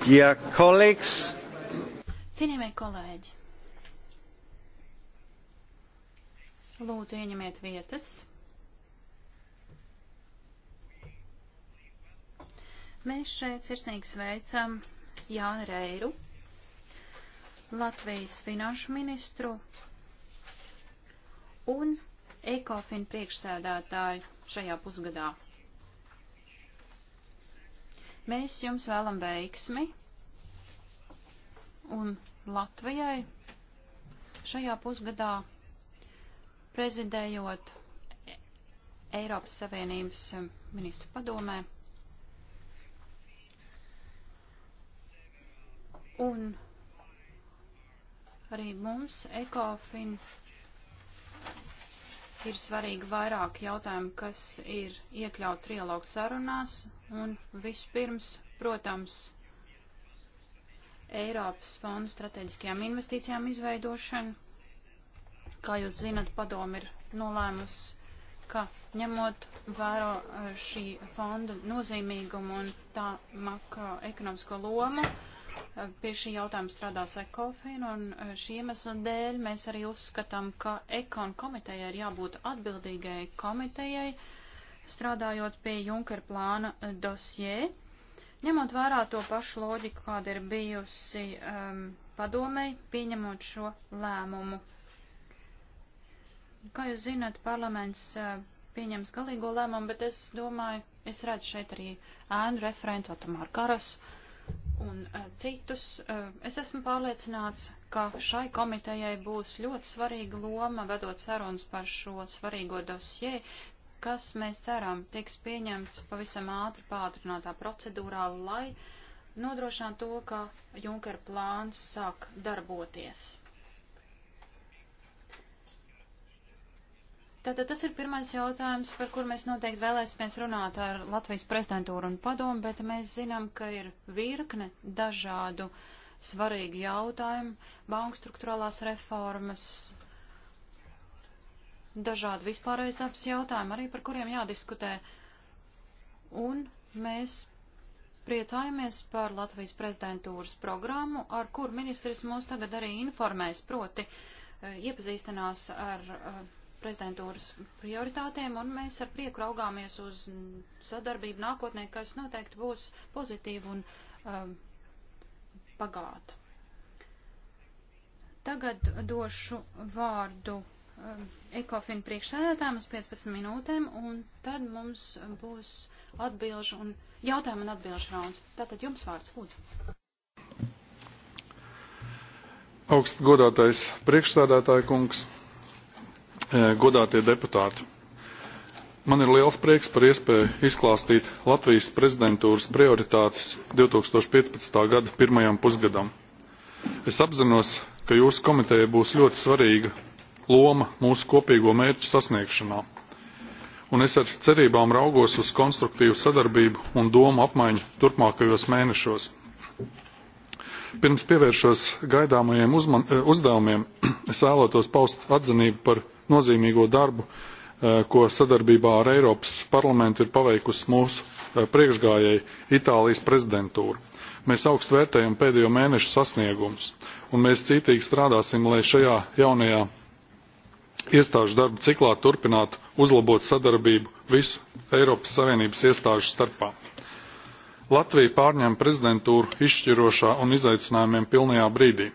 [SPEAKER 2] Dear colleagues,
[SPEAKER 1] Cienījamie kolēģi, lūdzu ieņemiet vietas. Mēs šeit sirsnīgi sveicam Jānu Reiru, Latvijas finanšu ministru un ECOFIN priekšsēdētāju šajā pusgadā. Mēs jums vēlam veiksmi un Latvijai šajā pusgadā prezidējot Eiropas Savienības ministru padomē. Un arī mums ECOFIN ir svarīgi vairāk jautājumu, kas ir iekļaut trialogu sarunās. Un vispirms, protams, Eiropas fonda strateģiskajām investīcijām izveidošana. Kā jūs zinat, padomi ir nolēmusi, ka ņemot vēro eh, šī fonda nozīmīgumu un tā makroekonomisko lomu, Pie šī jautājuma strādās ECOFIN, un e, šī iemesla dēļ mēs arī uzskatām, ka ECON komitejai ir jābūt atbildīgai komitejai, strādājot pie Junker plāna e, dosjē. Ņemot vērā to pašu loģiku, kāda ir bijusi um, padomei, pieņemot šo lēmumu. Kā jūs zināt, parlaments uh, pieņems galīgo lēmumu, bet es domāju, es redzu šeit arī ēnu referentu Otamāru Karas. Uh, un uh, citus. Uh, es esmu pārliecināts, ka šai komitejai būs ļoti svarīga loma vedot sarunas par šo svarīgo dosie, kas, mēs ceram, tiks pieņemts pavisam ātri pātrinātā procedūrā, lai nodrošinātu to, ka Junker plāns sāk darboties. Tātad tas ir pirmais jautājums, par kur mēs noteikti vēlēsimies runāt ar Latvijas prezidentūru un padomu, bet mēs zinām, ka ir virkne dažādu svarīgu jautājumu, banku struktūrālās reformas, dažādi vispārējais dabas jautājumi, arī par kuriem jādiskutē. Un mēs priecājamies par Latvijas prezidentūras programmu, ar kur ministrs mūs tagad arī informēs, proti eh, iepazīstinās ar. Uh, prezidentūras prioritātēm, un mēs ar prieku raugāmies uz sadarbību nākotnē, kas noteikti būs pozitīva un um, pagāta. Tagad došu vārdu um, ECOFIN priekšsēdētājiem uz 15 minūtēm, un tad mums būs atbilžu un jautājumu un atbilžu rauns. Tātad jums vārds, lūdzu.
[SPEAKER 6] Augstgodātais priekšsēdētāja kungs, Eh, godātie deputāti! Man ir liels prieks par iespēju izklāstīt Latvijas prezidentūras prioritātes 2015. gada pirmajam pusgadam. Es apzinos, ka jūsu komiteja būs ļoti svarīga loma mūsu kopīgo mērķu sasniegšanā, un es ar cerībām raugos uz konstruktīvu sadarbību un domu apmaiņu turpmākajos mēnešos. Pirms pievēršos gaidāmajiem eh, uzdevumiem, [clears throat] es vēlētos paust atzinību par nozīmīgo darbu, eh, ko sadarbībā ar Eiropas parlamentu ir paveikusi mūsu eh, priekšgājēji Itālijas prezidentūra. Mēs augstu vērtējam pēdējo mēnešu sasniegumus, un mēs cītīgi strādāsim, lai šajā jaunajā iestāžu darba ciklā turpinātu uzlabot sadarbību visu Eiropas Savienības iestāžu starpā. Latvija pārņem prezidentūru izšķirošā un izaicinājumiem pilnajā brīdī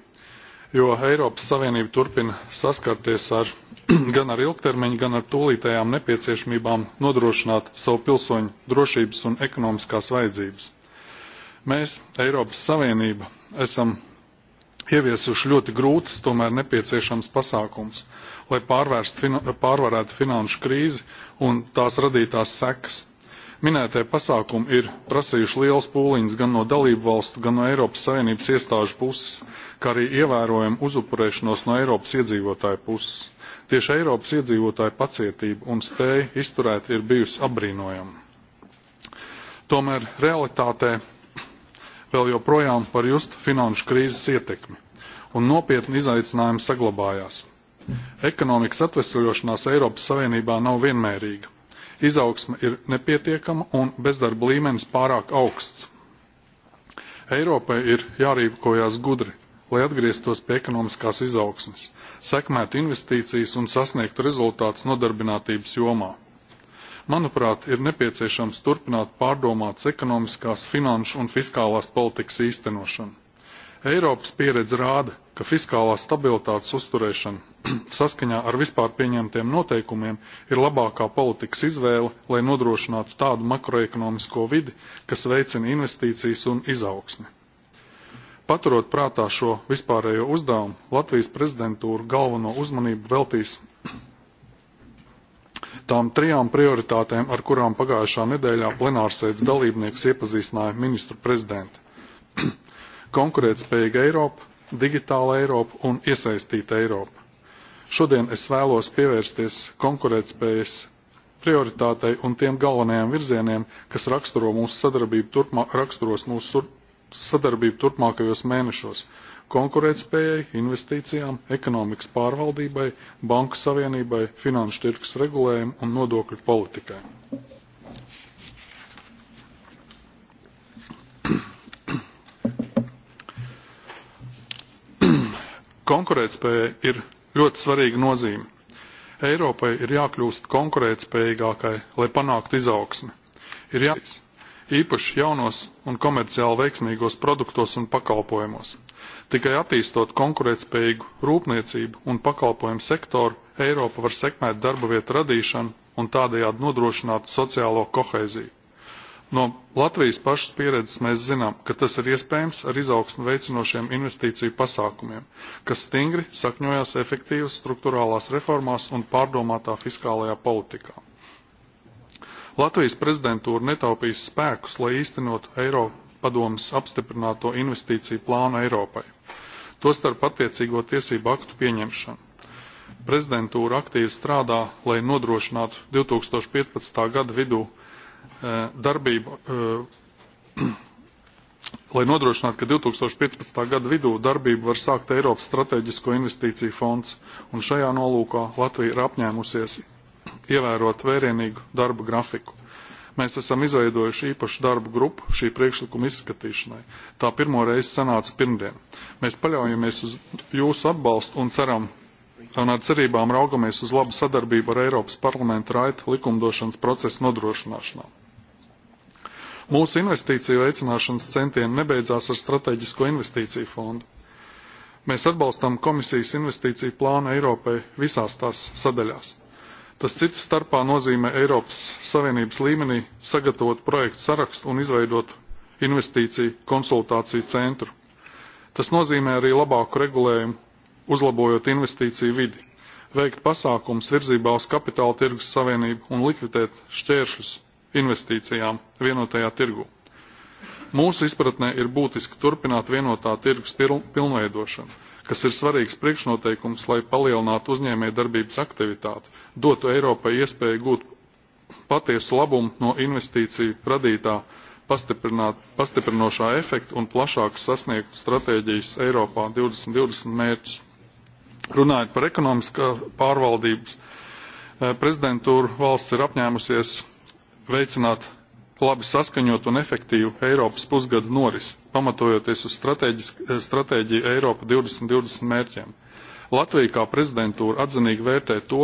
[SPEAKER 6] jo Eiropas Savienība turpina saskarties ar [clears throat] gan ar ilgtermiņu, gan ar tūlītējām nepieciešamībām nodrošināt savu pilsoņu drošības un ekonomiskās vajadzības. Mēs, Eiropas Savienība, esam ieviesuši ļoti grūtas, tomēr nepieciešams pasākums, lai pārvērst, pārvarētu finanšu krīzi un tās radītās sekas Minētie pasākumi ir prasījuši liels pūliņus gan no dalību valstu, gan no Eiropas Savienības iestāžu puses, kā arī ievērojumu uzupurēšanos no Eiropas iedzīvotāju puses. Tieši Eiropas iedzīvotāju pacietība un spēja izturēt ir bijusi apbrīnojama. Tomēr realitātē vēl joprojām var just finanšu krīzes ietekmi, un nopietni izaicinājumi saglabājās. Ekonomikas atvesļošanās Eiropas Savienībā nav vienmērīga Izaugsme ir nepietiekama un bezdarba līmenis pārāk augsts. Eiropai ir jārīkojās gudri, lai atgrieztos pie ekonomiskās izaugsmes, sekmētu investīcijas un sasniegtu rezultātus nodarbinātības jomā. Manuprāt, ir nepieciešams turpināt pārdomāts ekonomiskās, finanšu un fiskālās politikas īstenošanu. Eiropas pieredze rāda, ka fiskālās stabilitātes uzturēšana [clears throat] saskaņā ar vispār pieņemtiem noteikumiem ir labākā politikas izvēle, lai nodrošinātu tādu makroekonomisko vidi, kas veicina investīcijas un izaugsmi. Paturot prātā šo vispārējo uzdevumu, Latvijas prezidentūra galveno uzmanību veltīs [clears throat] tām trijām prioritātēm, ar kurām pagājušā nedēļā plenārsēdes dalībnieks iepazīstināja ministru prezidenti. [clears throat] Konkurētspējīga Eiropa, digitāla Eiropa un iesaistīta Eiropa. Šodien es vēlos pievērsties konkurētspējas prioritātei un tiem galvenajiem virzieniem, kas raksturo mūsu sadarbību, turpmā, raksturos mūsu sadarbību turpmākajos mēnešos - konkurētspējai, investīcijām, ekonomikas pārvaldībai, banku savienībai, finanšu tirkus regulējumu un nodokļu politikai. Konkurētspēja ir ļoti svarīga nozīme. Eiropai ir jākļūst konkurētspējīgākai, lai panāktu izaugsmi. Ir jāizsaka īpaši jaunos un komerciāli veiksmīgos produktos un pakalpojumos. Tikai attīstot konkurētspējīgu rūpniecību un pakalpojumu sektoru, Eiropa var sekmēt darba vietu radīšanu un tādējādi nodrošināt sociālo koheiziju. No Latvijas pašas pieredzes mēs zinām, ka tas ir iespējams ar izaugsmu veicinošiem investīciju pasākumiem, kas stingri sakņojās efektīvas struktūrālās reformās un pārdomātā fiskālajā politikā. Latvijas prezidentūra netaupīs spēkus, lai īstenotu Eiropadomas apstiprināto investīciju plānu Eiropai, tostarp attiecīgo tiesību aktu pieņemšanu prezidentūra aktīvi strādā, lai nodrošinātu 2015. gada vidū darbību, [clears throat] lai nodrošinātu, ka 2015. gada vidū darbību var sākt Eiropas strateģisko investīciju fonds, un šajā nolūkā Latvija ir apņēmusies ievērot vērienīgu darbu grafiku. Mēs esam izveidojuši īpašu darbu grupu šī priekšlikuma izskatīšanai. Tā pirmo reizi sanāca pirmdien. Mēs paļaujamies uz jūsu atbalstu un ceram, un ar cerībām raugamies uz labu sadarbību ar Eiropas parlamentu raita likumdošanas procesu nodrošināšanā. Mūsu investīciju veicināšanas centieni nebeidzās ar strateģisko investīciju fondu. Mēs atbalstam komisijas investīciju plānu Eiropai visās tās sadaļās. Tas citas starpā nozīmē Eiropas Savienības līmenī sagatavot projektu sarakstu un izveidot investīciju konsultāciju centru. Tas nozīmē arī labāku regulējumu uzlabojot investīciju vidi, veikt pasākums virzībā uz kapitāla tirgus savienību un likvidēt šķēršļus investīcijām vienotajā tirgu. Mūsu izpratnē ir būtiski turpināt vienotā tirgus pilnveidošanu, kas ir svarīgs priekšnoteikums, lai palielinātu uzņēmē darbības aktivitāti, dotu Eiropai iespēju gūt patiesu labumu no investīciju radītā pastiprinošā efekta un plašāk sasniegt stratēģijas Eiropā 2020 mērķus. Runājot par ekonomiskā pārvaldības eh, prezidentūru, valsts ir apņēmusies veicināt labi saskaņot un efektīvu Eiropas pusgada noris, pamatojoties uz eh, stratēģiju Eiropa 2020 mērķiem. Latvija kā prezidentūra atzinīgi vērtē to,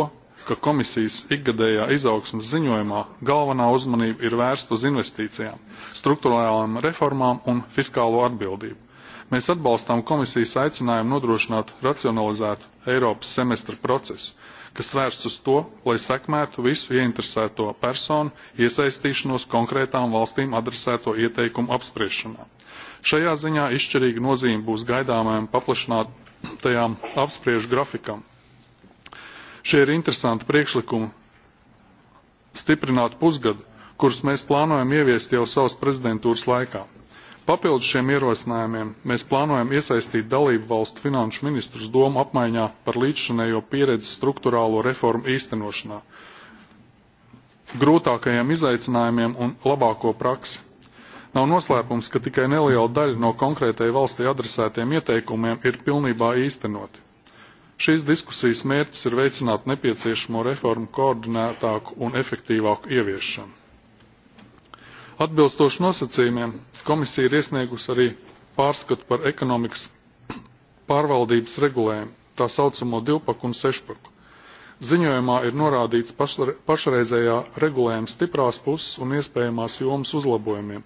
[SPEAKER 6] ka komisijas ikgadējā izaugsmas ziņojumā galvenā uzmanība ir vērsta uz investīcijām, struktūrālām reformām un fiskālo atbildību. Mēs atbalstām komisijas aicinājumu nodrošināt racionalizētu Eiropas semestra procesu, kas vērsts uz to, lai sekmētu visu ieinteresēto personu iesaistīšanos konkrētām valstīm adresēto ieteikumu apspriešanā. Šajā ziņā izšķirīga nozīme būs gaidāmajam paplašinātajām apspriežu grafikam. Šie ir interesanti priekšlikumi stiprināt pusgadu, kurus mēs plānojam ieviest jau savas prezidentūras laikā. Papildus šiem ierosinājumiem mēs plānojam iesaistīt dalību valstu finanšu ministrus domu apmaiņā par līdzšanējo pieredzi struktūrālo reformu īstenošanā, grūtākajiem izaicinājumiem un labāko praksi. Nav noslēpums, ka tikai neliela daļa no konkrētai valstī adresētiem ieteikumiem ir pilnībā īstenoti. Šīs diskusijas mērķis ir veicināt nepieciešamo reformu koordinētāku un efektīvāku ieviešanu. Atbilstoši nosacījumiem komisija ir iesniegusi arī pārskatu par ekonomikas pārvaldības regulējumu, tā saucamo divpaku un sešpaku. Ziņojumā ir norādīts pašreizējā regulējuma stiprās puses un iespējamās jomas uzlabojumiem,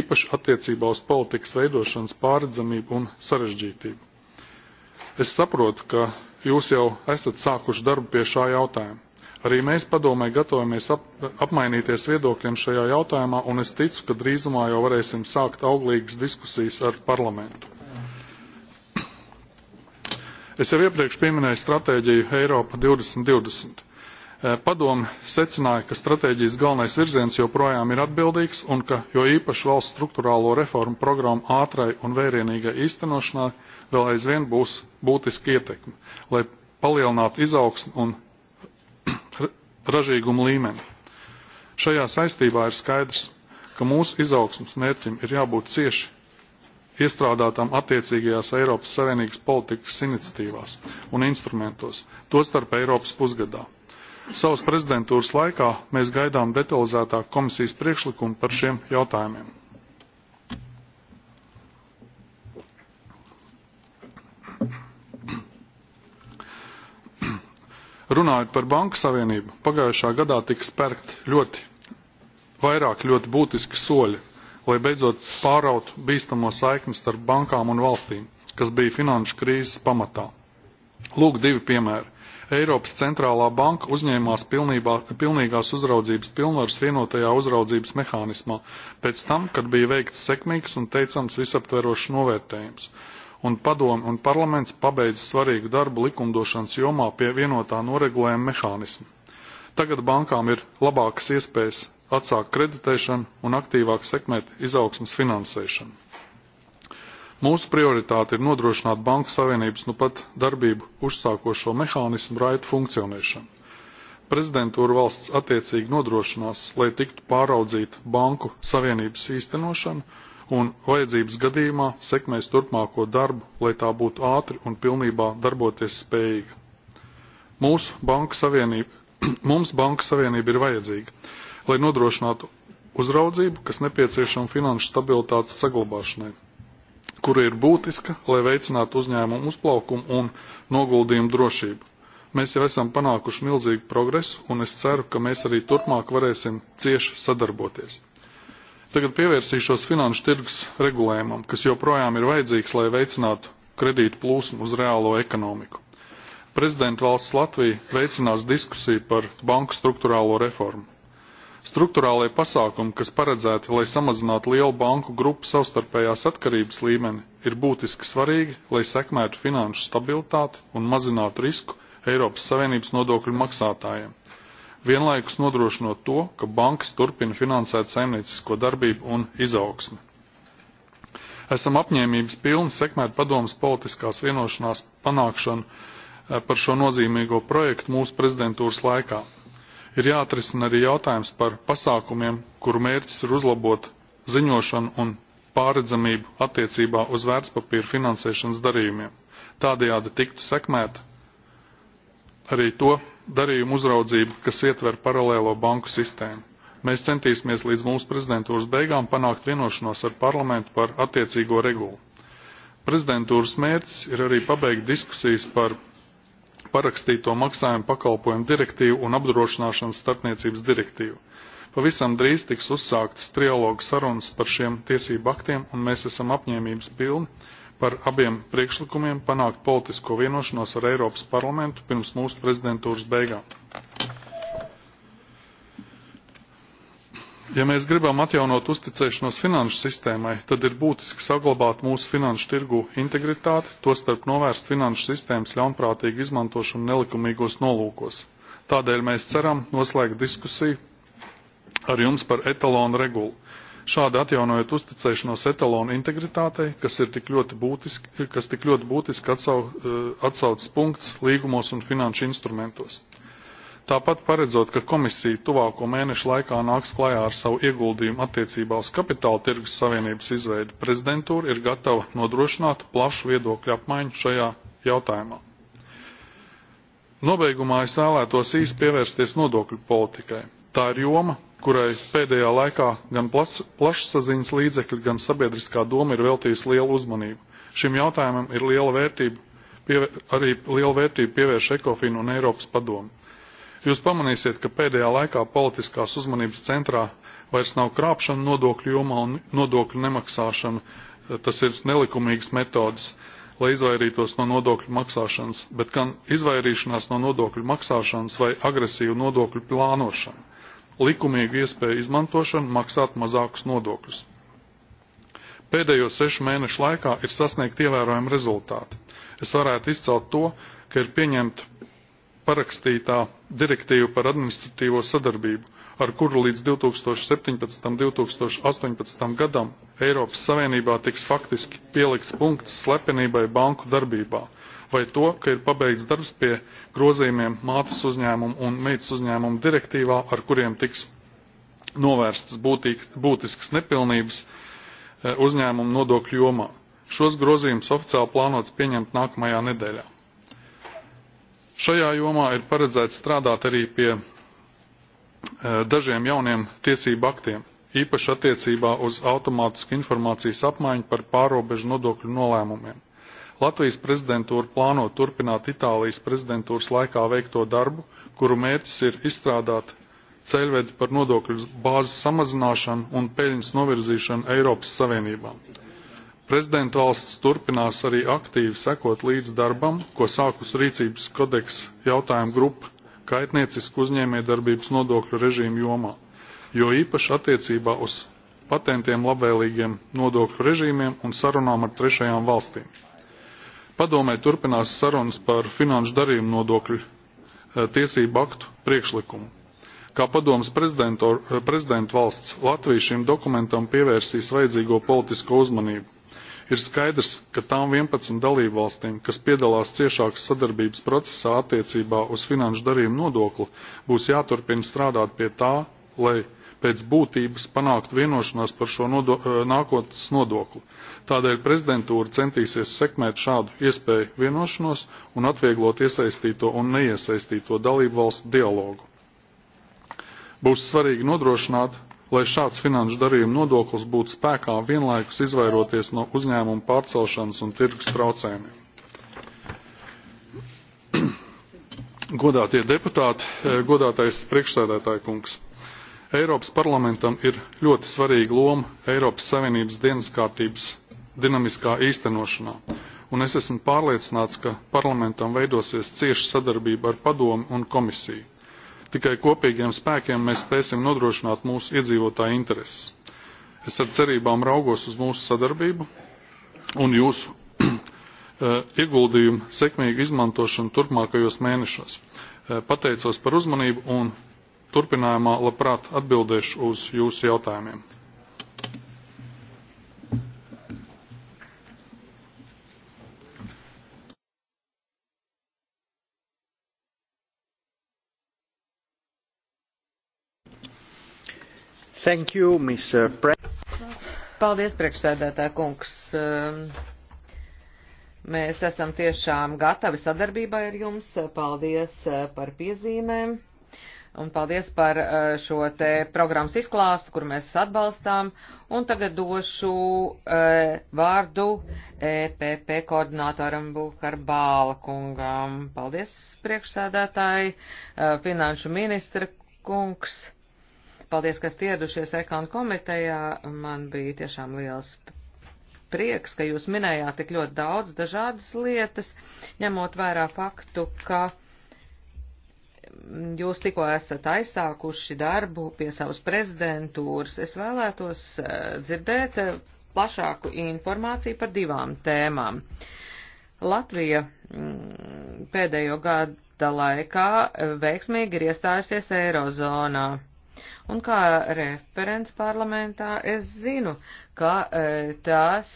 [SPEAKER 6] īpaši attiecībā uz politikas veidošanas pārredzamību un sarežģītību. Es saprotu, ka jūs jau esat sākuši darbu pie šā jautājuma arī mēs padomē gatavojamies ap, apmainīties viedokļiem šajā jautājumā un es ticu ka drīzumā jau varēsim sākt auglīgas diskusijas ar parlamentu. Es jau iepriekš pieminēju stratēģiju Eiropa 2020. Eh, Padomi secināja, ka stratēģijas galvenais virziens joprojām ir atbildīgs un ka, jo īpaši valsts struktūrālo reformu programmu ātrai un vērienīgai īstenošanai, vēl aizvien būs būtiski ietekmi, lai palielinātu izaugsmu un ražīguma līmeni. Šajā saistībā ir skaidrs, ka mūsu izaugsmas mērķim ir jābūt cieši iestrādātām attiecīgajās Eiropas Savienības politikas iniciatīvās un instrumentos, tostarp Eiropas pusgadā. Savas prezidentūras laikā mēs gaidām detalizētāku komisijas priekšlikumu par šiem jautājumiem. Runājot par Banku Savienību, pagājušā gadā tika spērkt ļoti, vairāk ļoti būtiski soļi, lai beidzot pārautu bīstamo saikni starp bankām un valstīm, kas bija finanšu krīzes pamatā. Lūk, divi piemēri. Eiropas centrālā banka uzņēmās pilnībā, pilnīgās uzraudzības pilnvaras vienotajā uzraudzības mehānismā, pēc tam, kad bija veikts sekmīgs un teicams visaptverošs novērtējums un padomi un parlaments pabeidz svarīgu darbu likumdošanas jomā pie vienotā noregulējuma mehānisma. Tagad bankām ir labākas iespējas atsākt kreditēšanu un aktīvāk sekmēt izaugsmas finansēšanu. Mūsu prioritāte ir nodrošināt Banku Savienības nu pat darbību uzsākošo mehānismu raitu funkcionēšanu. Prezidentūra valsts attiecīgi nodrošinās, lai tiktu pāraudzīta Banku Savienības īstenošana un vajadzības gadījumā sekmēs turpmāko darbu, lai tā būtu ātri un pilnībā darboties spējīga. Mūsu banka savienība, [clears throat] mums banka savienība ir vajadzīga, lai nodrošinātu uzraudzību, kas nepieciešama finanšu stabilitātes saglabāšanai, kura ir būtiska, lai veicinātu uzņēmumu uzplaukumu un noguldījumu drošību. Mēs jau esam panākuši milzīgu progresu, un es ceru, ka mēs arī turpmāk varēsim cieši sadarboties. Tagad pievērsīšos finanšu tirgus regulējumam, kas joprojām ir vajadzīgs, lai veicinātu kredītu plūsmu uz reālo ekonomiku. Prezidenta valsts Latvija veicinās diskusiju par banku struktūrālo reformu. Struktūrālie pasākumi, kas paredzēti, lai samazinātu lielu banku grupu savstarpējās atkarības līmeni, ir būtiski svarīgi, lai sekmētu finanšu stabilitāti un mazinātu risku Eiropas Savienības nodokļu maksātājiem vienlaikus nodrošinot to, ka bankas turpina finansēt saimniecisko darbību un izaugsmi. Esam apņēmības pilni sekmēt padomas politiskās vienošanās panākšanu eh, par šo nozīmīgo projektu mūsu prezidentūras laikā. Ir jāatrisina arī jautājums par pasākumiem, kuru mērķis ir uzlabot ziņošanu un pāredzamību attiecībā uz vērtspapīru finansēšanas darījumiem. Tādējādi tiktu sekmēt arī to darījumu uzraudzību, kas ietver paralēlo banku sistēmu. Mēs centīsimies līdz mūsu prezidentūras beigām panākt vienošanos ar parlamentu par attiecīgo regulu. Prezidentūras mērķis ir arī pabeigt diskusijas par parakstīto maksājumu pakalpojumu direktīvu un apdrošināšanas starpniecības direktīvu. Pavisam drīz tiks uzsāktas trialogu sarunas par šiem tiesību aktiem, un mēs esam apņēmības pilni par abiem priekšlikumiem panākt politisko vienošanos ar Eiropas parlamentu pirms mūsu prezidentūras beigām. Ja mēs gribam atjaunot uzticēšanos finanšu sistēmai, tad ir būtiski saglabāt mūsu finanšu tirgu integritāti, tostarp novērst finanšu sistēmas ļaunprātīgu izmantošanu nelikumīgos nolūkos. Tādēļ mēs ceram noslēgt diskusiju ar jums par etalonu regulu šādi atjaunojot uzticēšanos etalonu integritātei, kas ir tik ļoti būtiski, kas tik ļoti būtiski atsau, eh, atsaucas punkts līgumos un finanšu instrumentos. Tāpat paredzot, ka komisija tuvāko mēnešu laikā nāks klajā ar savu ieguldījumu attiecībā uz kapitāla tirgus savienības izveidi, prezidentūra ir gatava nodrošināt plašu viedokļu apmaiņu šajā jautājumā. Nobeigumā es vēlētos īsi pievērsties nodokļu politikai. Tā ir joma, kurai pēdējā laikā gan plašsaziņas līdzekļi, gan sabiedriskā doma ir veltījusi lielu uzmanību. Šim jautājumam ir liela vērtība, pievēr, arī liela vērtība pievērš Ekofinu un Eiropas padomu. Jūs pamanīsiet, ka pēdējā laikā politiskās uzmanības centrā vairs nav krāpšana nodokļu jomā un nodokļu nemaksāšana, tas ir nelikumīgas metodas, lai izvairītos no nodokļu maksāšanas, bet gan izvairīšanās no nodokļu maksāšanas vai agresīvu nodokļu plānošanu likumīgu iespēju izmantošanu maksāt mazākus nodokļus. Pēdējo sešu mēnešu laikā ir sasniegt ievērojami rezultāti. Es varētu izcelt to, ka ir pieņemta parakstītā direktīva par administratīvo sadarbību, ar kuru līdz 2017. un 2018. gadam Eiropas Savienībā tiks faktiski pielikts punkts slepenībai banku darbībā vai to, ka ir pabeigts darbs pie grozījumiem mātes uzņēmumu un meitas uzņēmumu direktīvā, ar kuriem tiks novērstas būtīk, būtiskas nepilnības eh, uzņēmumu nodokļu jomā. Šos grozījumus oficiāli plānots pieņemt nākamajā nedēļā. Šajā jomā ir paredzēts strādāt arī pie eh, dažiem jauniem tiesību aktiem, īpaši attiecībā uz automātisku informācijas apmaiņu par pārobežu nodokļu nolēmumiem. Latvijas prezidentūra plāno turpināt Itālijas prezidentūras laikā veikto darbu, kuru mērķis ir izstrādāt ceļvedi par nodokļu bāzes samazināšanu un peļņas novirzīšanu Eiropas Savienībām. Prezidenta valsts turpinās arī aktīvi sekot līdz darbam, ko sākus rīcības kodeks jautājumu grupa kaitniecisku uzņēmējdarbības nodokļu režīmu jomā, jo īpaši attiecībā uz patentiem labvēlīgiem nodokļu režīmiem un sarunām ar trešajām valstīm. Padomē turpinās sarunas par finanšu darījumu nodokļu eh, tiesību aktu priekšlikumu. Kā padomas prezidenta eh, valsts Latvija šim dokumentam pievērsīs vajadzīgo politisko uzmanību. Ir skaidrs, ka tām 11 dalību valstīm, kas piedalās ciešākas sadarbības procesā attiecībā uz finanšu darījumu nodokli, būs jāturpina strādāt pie tā, lai pēc būtības panākt vienošanos par šo nodo eh, nākotnes nodokli, Tādēļ prezidentūra centīsies sekmēt šādu iespēju vienošanos un atvieglot iesaistīto un neiesaistīto dalību valstu dialogu. Būs svarīgi nodrošināt, lai šāds finanšu darījuma nodoklis būtu spēkā vienlaikus izvairoties no uzņēmumu pārcelšanas un tirgus traucējumiem. [clears throat] Godātie deputāti, godātais priekšsēdētāja kungs. Eiropas parlamentam ir ļoti svarīga loma Eiropas Savienības dienas kārtības dinamiskā īstenošanā, un es esmu pārliecināts, ka parlamentam veidosies cieša sadarbība ar padomu un komisiju. Tikai kopīgiem spēkiem mēs spēsim nodrošināt mūsu iedzīvotāju intereses. Es ar cerībām raugos uz mūsu sadarbību un jūsu [clears throat] eh, ieguldījumu sekmīgu izmantošanu turpmākajos mēnešos. Eh, pateicos par uzmanību un turpinājumā labprāt atbildēšu uz jūsu jautājumiem.
[SPEAKER 2] Thank you, Mr. Pre
[SPEAKER 3] Paldies, priekšsēdētāja kungs. Um, mēs esam tiešām gatavi sadarbībai ar jums. Paldies uh, par piezīmēm un paldies par uh, šo te programmas izklāstu, kur mēs atbalstām. Un tagad došu uh, vārdu EPP koordinātoram Buhar Bāla kungam. Paldies, priekšsēdētāji, finanšu ministra kungs Paldies, kas ieradušies ekonu komitejā. Man bija tiešām liels prieks, ka jūs minējāt tik ļoti daudz dažādas lietas, ņemot vērā faktu, ka jūs tikko esat aizsākuši darbu pie savas prezidentūras. Es vēlētos eh, dzirdēt eh, plašāku informāciju par divām tēmām. Latvija mm, pēdējo gada laikā eh, veiksmīgi ir iestājusies Eirozonā. Un kā referents parlamentā es zinu, ka e, tas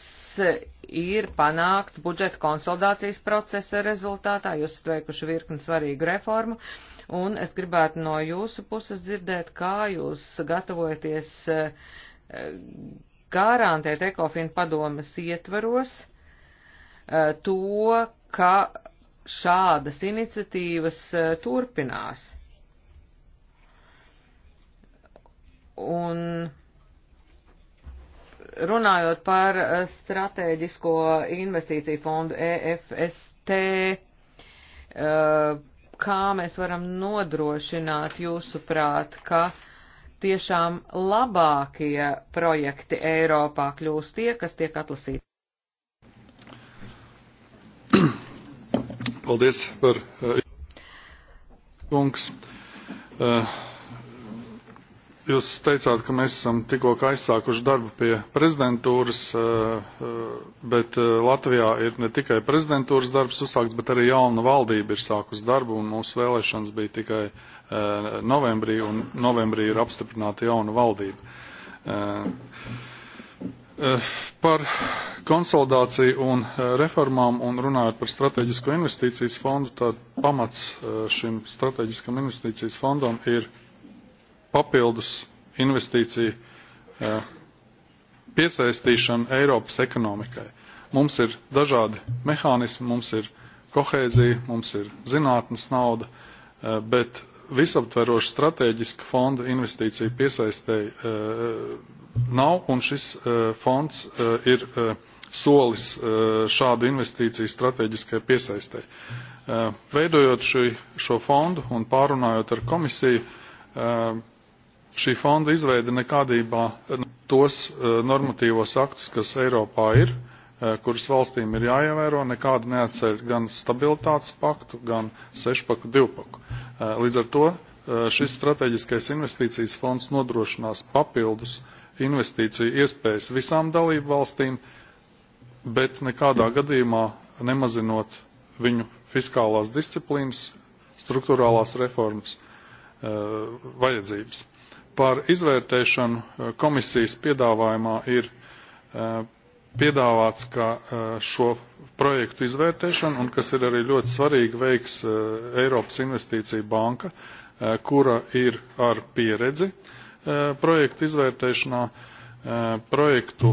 [SPEAKER 3] ir panākts budžeta konsolidācijas procesa rezultātā, jūs esat veikuši virkni svarīgu reformu, un es gribētu no jūsu puses dzirdēt, kā jūs gatavojaties e, e garantēt ekofina padomas ietvaros e, to, ka šādas iniciatīvas e, turpinās. Un runājot par eh, strateģisko investīciju fondu EFST, eh, kā mēs varam nodrošināt jūsuprāt, ka tiešām labākie projekti Eiropā kļūst tie, kas tiek atlasīti?
[SPEAKER 6] Paldies par eh, kungs. Uh, Jūs teicāt, ka mēs esam tikko aizsākuši darbu pie prezidentūras, eh, eh, bet eh, Latvijā ir ne tikai prezidentūras darbs uzsākts, bet arī jauna valdība ir sākus darbu, un mūsu vēlēšanas bija tikai novembrī, un novembrī ir apstiprināta jauna valdība. Par konsolidāciju un reformām un runājot par strateģisko investīcijas fondu, tad pamats šim strateģiskam investīcijas fondam ir papildus investīciju eh, piesaistīšanu Eiropas ekonomikai. Mums ir dažādi mehānismi, mums ir kohēzija, mums ir zinātnes nauda, eh, bet visaptveroša strateģiska fonda investīcija piesaistēji eh, nav, un šis fonds ir solis šādu investīciju strateģiskai piesaistēji. Veidojot šī, šo fondu un pārunājot ar komisiju, šī fonda izveide nekādībā nu, tos eh, normatīvos aktus, kas Eiropā ir, eh, kuras valstīm ir jāievēro, nekādi neatceļ gan stabilitātes paktu, gan sešpaku divpaku. Eh, līdz ar to šis strateģiskais investīcijas fonds nodrošinās papildus investīciju iespējas visām dalību valstīm, bet nekādā gadījumā nemazinot viņu fiskālās disciplīnas, struktūrālās reformas vajadzības. Par izvērtēšanu eh, komisijas piedāvājumā ir eh, piedāvāts, ka eh, šo projektu izvērtēšanu, un kas ir arī ļoti svarīgi, veiks Eiropas investīcija banka, kura ir ar pieredzi projektu izvērtēšanā. Projektu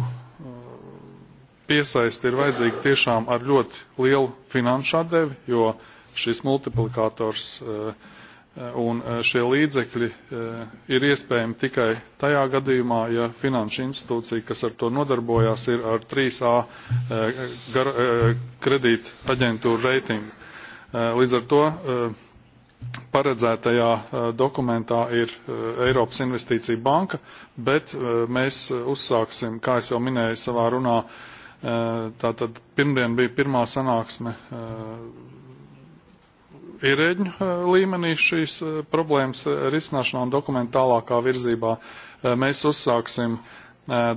[SPEAKER 6] piesaisti ir vajadzīgi tiešām ar ļoti lielu finanšu atdevi, jo šis multiplikators uh, Eh, un eh, šie līdzekļi eh, ir iespējami tikai tajā gadījumā, ja finanšu institūcija, kas ar to nodarbojās, ir ar 3A kredīt aģentūru reitingu. Līdz ar to paredzētajā dokumentā ir Eiropas investīcija banka, bet mēs uzsāksim, kā es jau minēju savā runā, tātad pirmdien bija pirmā sanāksme ierēģu eh, līmenī šīs eh, problēmas eh, risināšanā un dokumentu tālākā virzībā. Mēs uzsāksim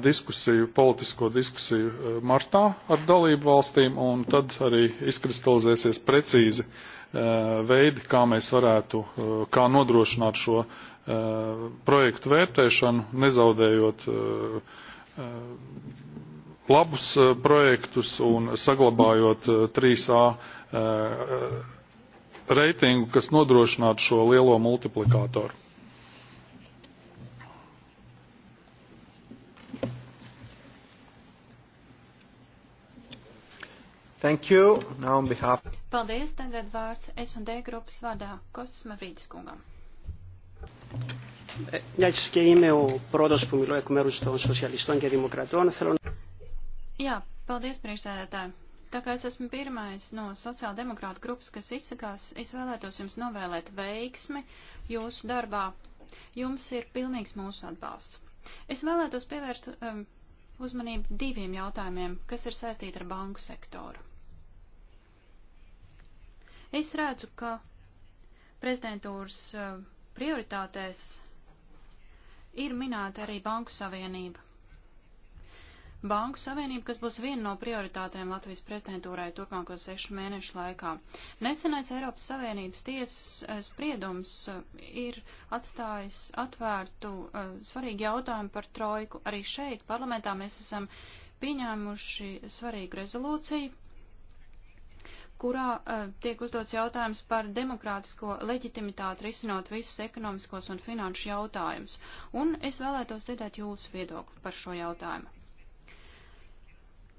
[SPEAKER 6] diskusiju, politisko diskusiju martā ar dalību valstīm, un tad arī izkristalizēsies precīzi veidi, kā mēs varētu, kā nodrošināt šo projektu vērtēšanu, nezaudējot labus projektus un saglabājot 3A reitingu, kas nodrošinātu šo lielo multiplikātoru.
[SPEAKER 2] Thank you. Now on behalf.
[SPEAKER 1] Paldies. Tagad vārds S&D grupas vadā Kostas Mavīdis kungam.
[SPEAKER 4] Μιας και είμαι ο πρώτος που μιλώ εκ μέρους των σοσιαλιστών και δημοκρατών, θέλω να...
[SPEAKER 1] Jā, paldies, priekšsēdētāji. Tā kā es esmu pirmais no sociāldemokrāta grupas, kas izsakās, es vēlētos jums novēlēt veiksmi jūsu darbā. Jums ir pilnīgs mūsu atbalsts. Es vēlētos pievērst um, uzmanību diviem jautājumiem, kas ir saistīti ar banku sektoru. Es redzu, ka prezidentūras uh, prioritātēs ir minēta arī banku savienība. Banku savienību, kas būs viena no prioritātēm Latvijas prezidentūrai turpmāko sešu mēnešu laikā. Nesenais Eiropas Savienības tiesas eh, spriedums eh, ir atstājis atvērtu eh, svarīgu jautājumu par trojku. Arī šeit parlamentā mēs esam pieņēmuši svarīgu rezolūciju kurā uh, tiek uzdots jautājums par demokrātisko leģitimitāti risinot visus ekonomiskos un finanšu jautājumus. Un es vēlētos dzirdēt jūsu viedokli par šo jautājumu.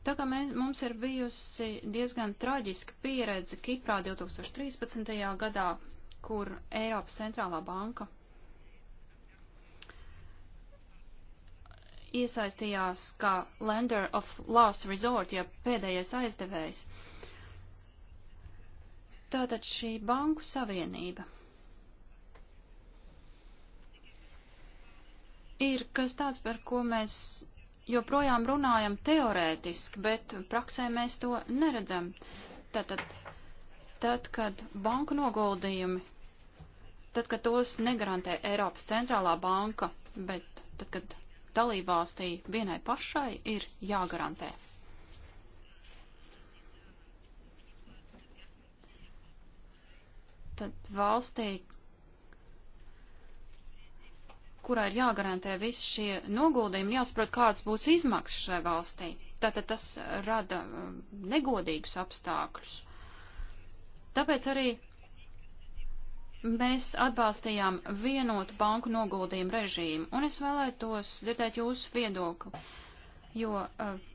[SPEAKER 1] Tā kā mēs, mums ir bijusi diezgan traģiska pieredze Kiprā 2013. gadā, kur Eiropas centrālā banka iesaistījās kā lender of last resort, ja pēdējais aizdevējs. Tātad šī banku savienība ir kas tāds, par ko mēs joprojām runājam teorētiski, bet praksē mēs to neredzam. Tātad, tad, kad banku noguldījumi, tad, kad tos negarantē Eiropas centrālā banka, bet tad, kad dalībvalstī vienai pašai ir jāgarantē. Tad valstī, kurā ir jāgarantē visi šie noguldījumi, jāsaprot, kādas būs izmaksas šai valstī. Tātad tas rada um, negodīgus apstākļus. Tāpēc arī mēs atbalstījām vienotu banku noguldījumu režīmu, un es vēlētos dzirdēt jūsu viedokli, jo uh,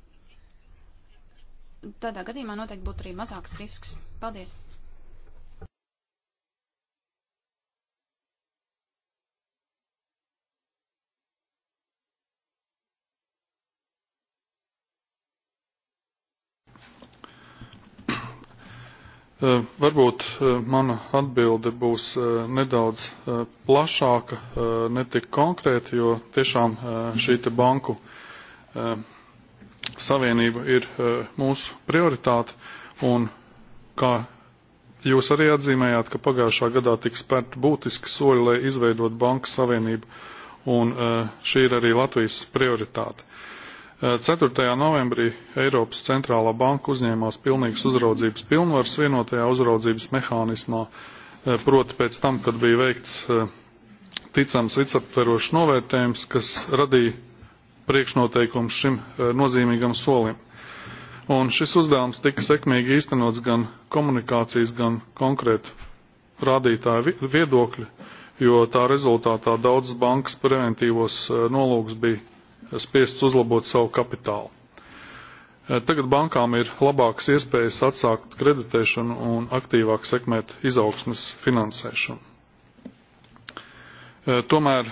[SPEAKER 1] tādā gadījumā noteikti būtu arī mazāks risks. Paldies!
[SPEAKER 6] Eh, varbūt eh, mana atbilde būs eh, nedaudz plašāka, netik konkrēta, jo tiešām šī te banku savienība ir mūsu prioritāte un kā jūs arī atzīmējāt, ka pagājušā gadā tika spērt būtiski soļi, lai izveidot banku savienību un šī ir arī Latvijas prioritāte. 4. novembrī Eiropas centrālā banka uzņēmās pilnīgas uzraudzības pilnvaras vienotajā uzraudzības mehānismā, eh, proti pēc tam, kad bija veikts eh, ticams visaptverošs novērtējums, kas radīja priekšnoteikumus šim eh, nozīmīgam solim. Un šis uzdevums tika sekmīgi īstenots gan komunikācijas, gan konkrētu rādītāju viedokļu, jo tā rezultātā daudzas bankas preventīvos nolūks bija spiests uzlabot savu kapitālu. Eh, tagad bankām ir labākas iespējas atsākt kreditēšanu un aktīvāk sekmēt izaugsmas finansēšanu. Eh, tomēr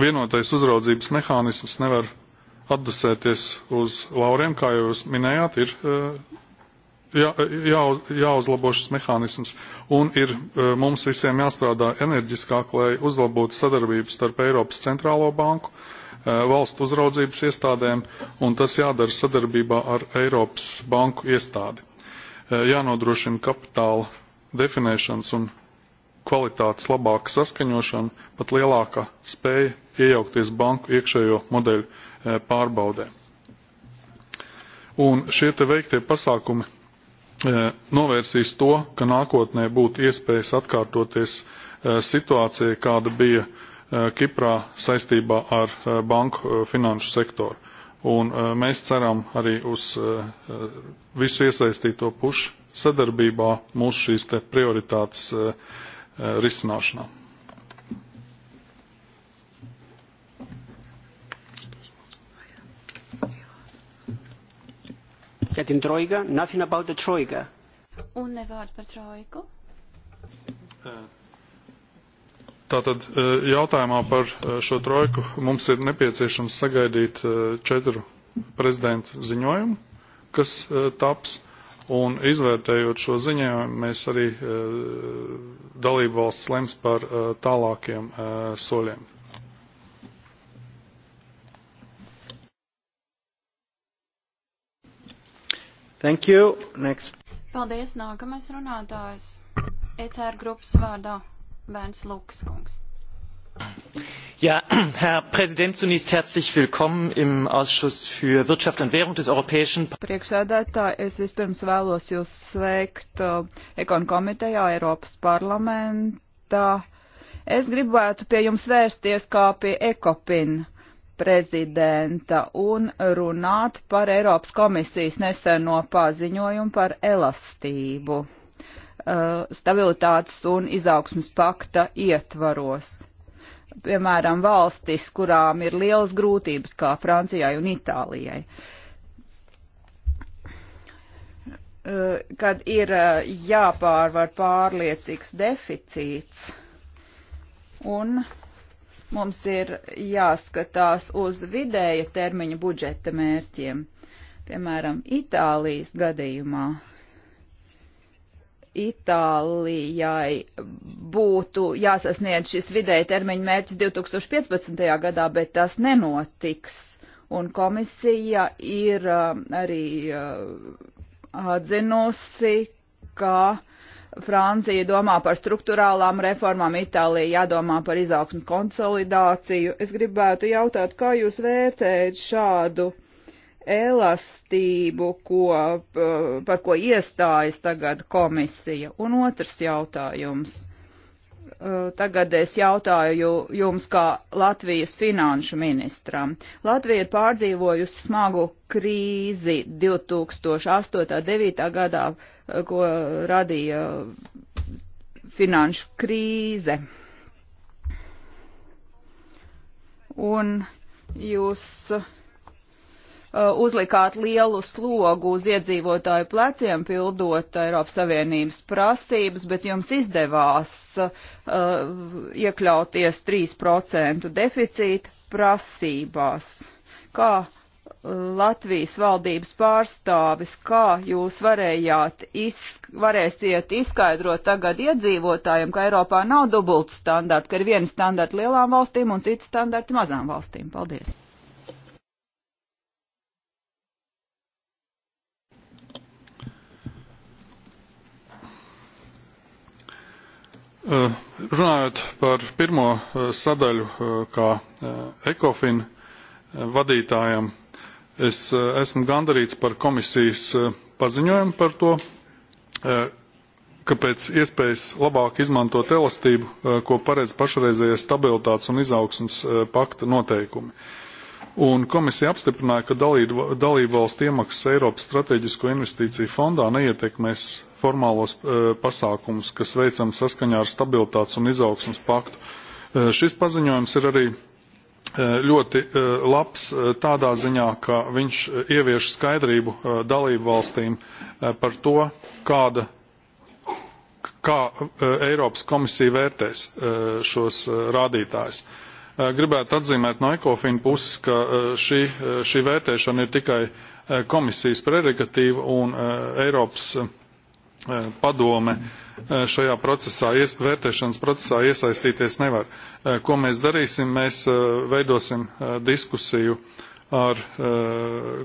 [SPEAKER 6] vienotais uzraudzības mehānisms nevar atdusēties uz lauriem, kā jau jūs minējāt, ir eh, jā, jā, jāuzlabo šis mehānisms un ir mums visiem jāstrādā enerģiskāk, lai uzlabotu sadarbību starp Eiropas centrālo banku, valstu uzraudzības iestādēm, un tas jādara sadarbībā ar Eiropas banku iestādi. Jānodrošina kapitāla definēšanas un kvalitātes labāka saskaņošana, pat lielāka spēja iejaukties banku iekšējo modeļu pārbaudē. Un šie te veiktie pasākumi novērsīs to, ka nākotnē būtu iespējas atkārtoties situācija, kāda bija Eh, Kiprā saistībā ar eh, banku eh, finanšu sektoru. Un mēs ceram arī uz visu iesaistīto pušu sadarbībā mūsu šīs te prioritātes risināšanā.
[SPEAKER 4] Για την Τρόικα, nothing about the Troika.
[SPEAKER 1] Un ne vārdu par Troiku.
[SPEAKER 4] Uh. Tātad
[SPEAKER 6] e, jautājumā par e, šo trojku mums ir nepieciešams sagaidīt e, četru prezidentu ziņojumu, kas taps, un izvērtējot šo ziņojumu, mēs arī dalību valsts lems par tālākiem soļiem. Thank you. Next.
[SPEAKER 1] Paldies. Nākamais runātājs. ECR grupas vārdā Bērns Lukas kungs.
[SPEAKER 6] Ja, Herr Präsident, zunächst herzlich willkommen im Ausschuss für Wirtschaft und Währung des Europäischen
[SPEAKER 5] Priekšsēdētāji, es vispirms vēlos jūs sveikt uh, Ekon komitejā Eiropas parlamentā. Es gribētu pie jums vērsties kā pie Ekopin prezidenta un runāt par Eiropas komisijas neseno paziņojumu par elastību Uh, stabilitātes un izaugsmas pakta ietvaros. Piemēram, valstis, kurām ir lielas grūtības, kā Francijai un Itālijai. Uh, kad ir uh, jāpārvar pārliecīgs deficīts un mums ir jāskatās uz vidēja termiņa budžeta mērķiem. Piemēram, Itālijas gadījumā Itālijai būtu jāsasniedz šis vidēji termiņa mērķis 2015. gadā, bet tas nenotiks. Un komisija ir um, arī uh, atzinusi, ka Francija domā par struktūrālām reformām, Itālija jādomā par izaugsmu konsolidāciju. Es gribētu jautāt, kā jūs vērtējat šādu elastību, ko, par ko iestājas tagad komisija. Un otrs jautājums. Tagad es jautāju jums kā Latvijas finanšu ministram. Latvija ir pārdzīvojusi smagu krīzi 2008.-2009. gadā, ko radīja finanšu krīze. Un jūs uh, Uh, uzlikāt lielu slogu uz iedzīvotāju pleciem, pildot Eiropas Savienības prasības, bet jums izdevās uh, iekļauties 3% deficīta prasībās. Kā uh, Latvijas valdības pārstāvis, kā jūs varējāt, izsk varēsiet izskaidrot tagad iedzīvotājiem, ka Eiropā nav dubultu standartu, ka ir viena standarta lielām valstīm un cits standarti mazām valstīm? Paldies!
[SPEAKER 6] Eh, runājot par pirmo eh, sadaļu, eh, kā ECOFIN vadītājam, es esmu gandarīts par komisijas paziņojumu par to, ka pēc iespējas labāk izmantot elastību, ko paredz pašreizējais stabilitātes un izaugsmas pakta noteikumi un komisija apstiprināja, ka dalību valstu iemaksas Eiropas strateģisko investīciju fondā neietekmēs formālos e, pasākumus, kas veicam saskaņā ar stabilitātes un izaugsmas paktu. E, šis paziņojums ir arī e, ļoti e, labs e, tādā ziņā, ka viņš ievieš skaidrību dalību valstīm par to, kāda kā Eiropas komisija vērtēs šos rādītājus. Eh, gribētu atzīmēt no ekofina puses, ka eh, šī, eh, šī vērtēšana ir tikai komisijas prerogatīva un Eiropas padome šajā procesā, vērtēšanas procesā iesaistīties nevar. Ko mēs darīsim? Mēs veidosim diskusiju ar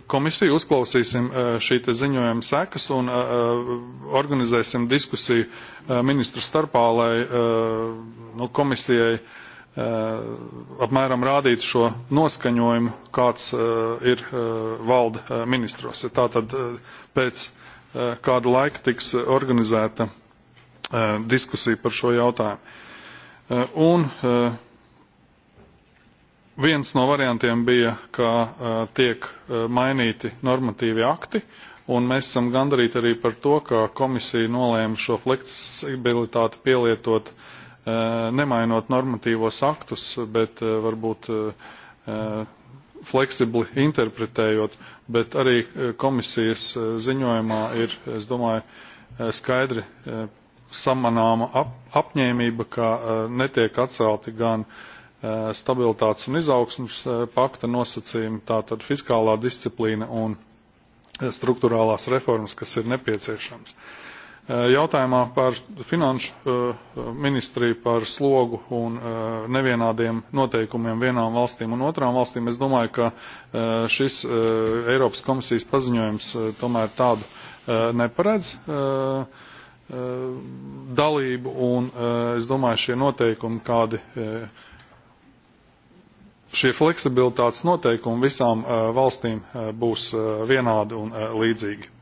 [SPEAKER 6] komisiju, uzklausīsim šī te ziņojuma sekas un organizēsim diskusiju ministru starpā, lai nu, komisijai uh, Uh, apmēram rādīt šo noskaņojumu, kāds uh, ir uh, valda ministros. Tātad pēc kāda laika tiks organizēta diskusija par šo jautājumu. Un viens no variantiem bija, ka tiek mainīti normatīvi akti, un mēs esam gandarīti arī par to, ka komisija nolēma šo fleksibilitāti pielietot uh, Eh, nemainot normatīvos aktus, bet eh, varbūt eh, fleksibli interpretējot, bet arī komisijas ziņojumā ir, es domāju, skaidri samanāma ap, apņēmība, ka netiek atcelti gan stabilitātes un izaugsmas pakta nosacījumi, tātad fiskālā disciplīna un struktūrālās reformas, kas ir nepieciešams. Uh, Jautājumā par finanšu ministriju, par slogu un nevienādiem noteikumiem vienām valstīm un otrām valstīm, es domāju, ka šis Eiropas komisijas paziņojums tomēr tādu neparedz dalību, un es domāju, šie noteikumi, kādi šie fleksibilitātes noteikumi visām valstīm būs vienādi un līdzīgi.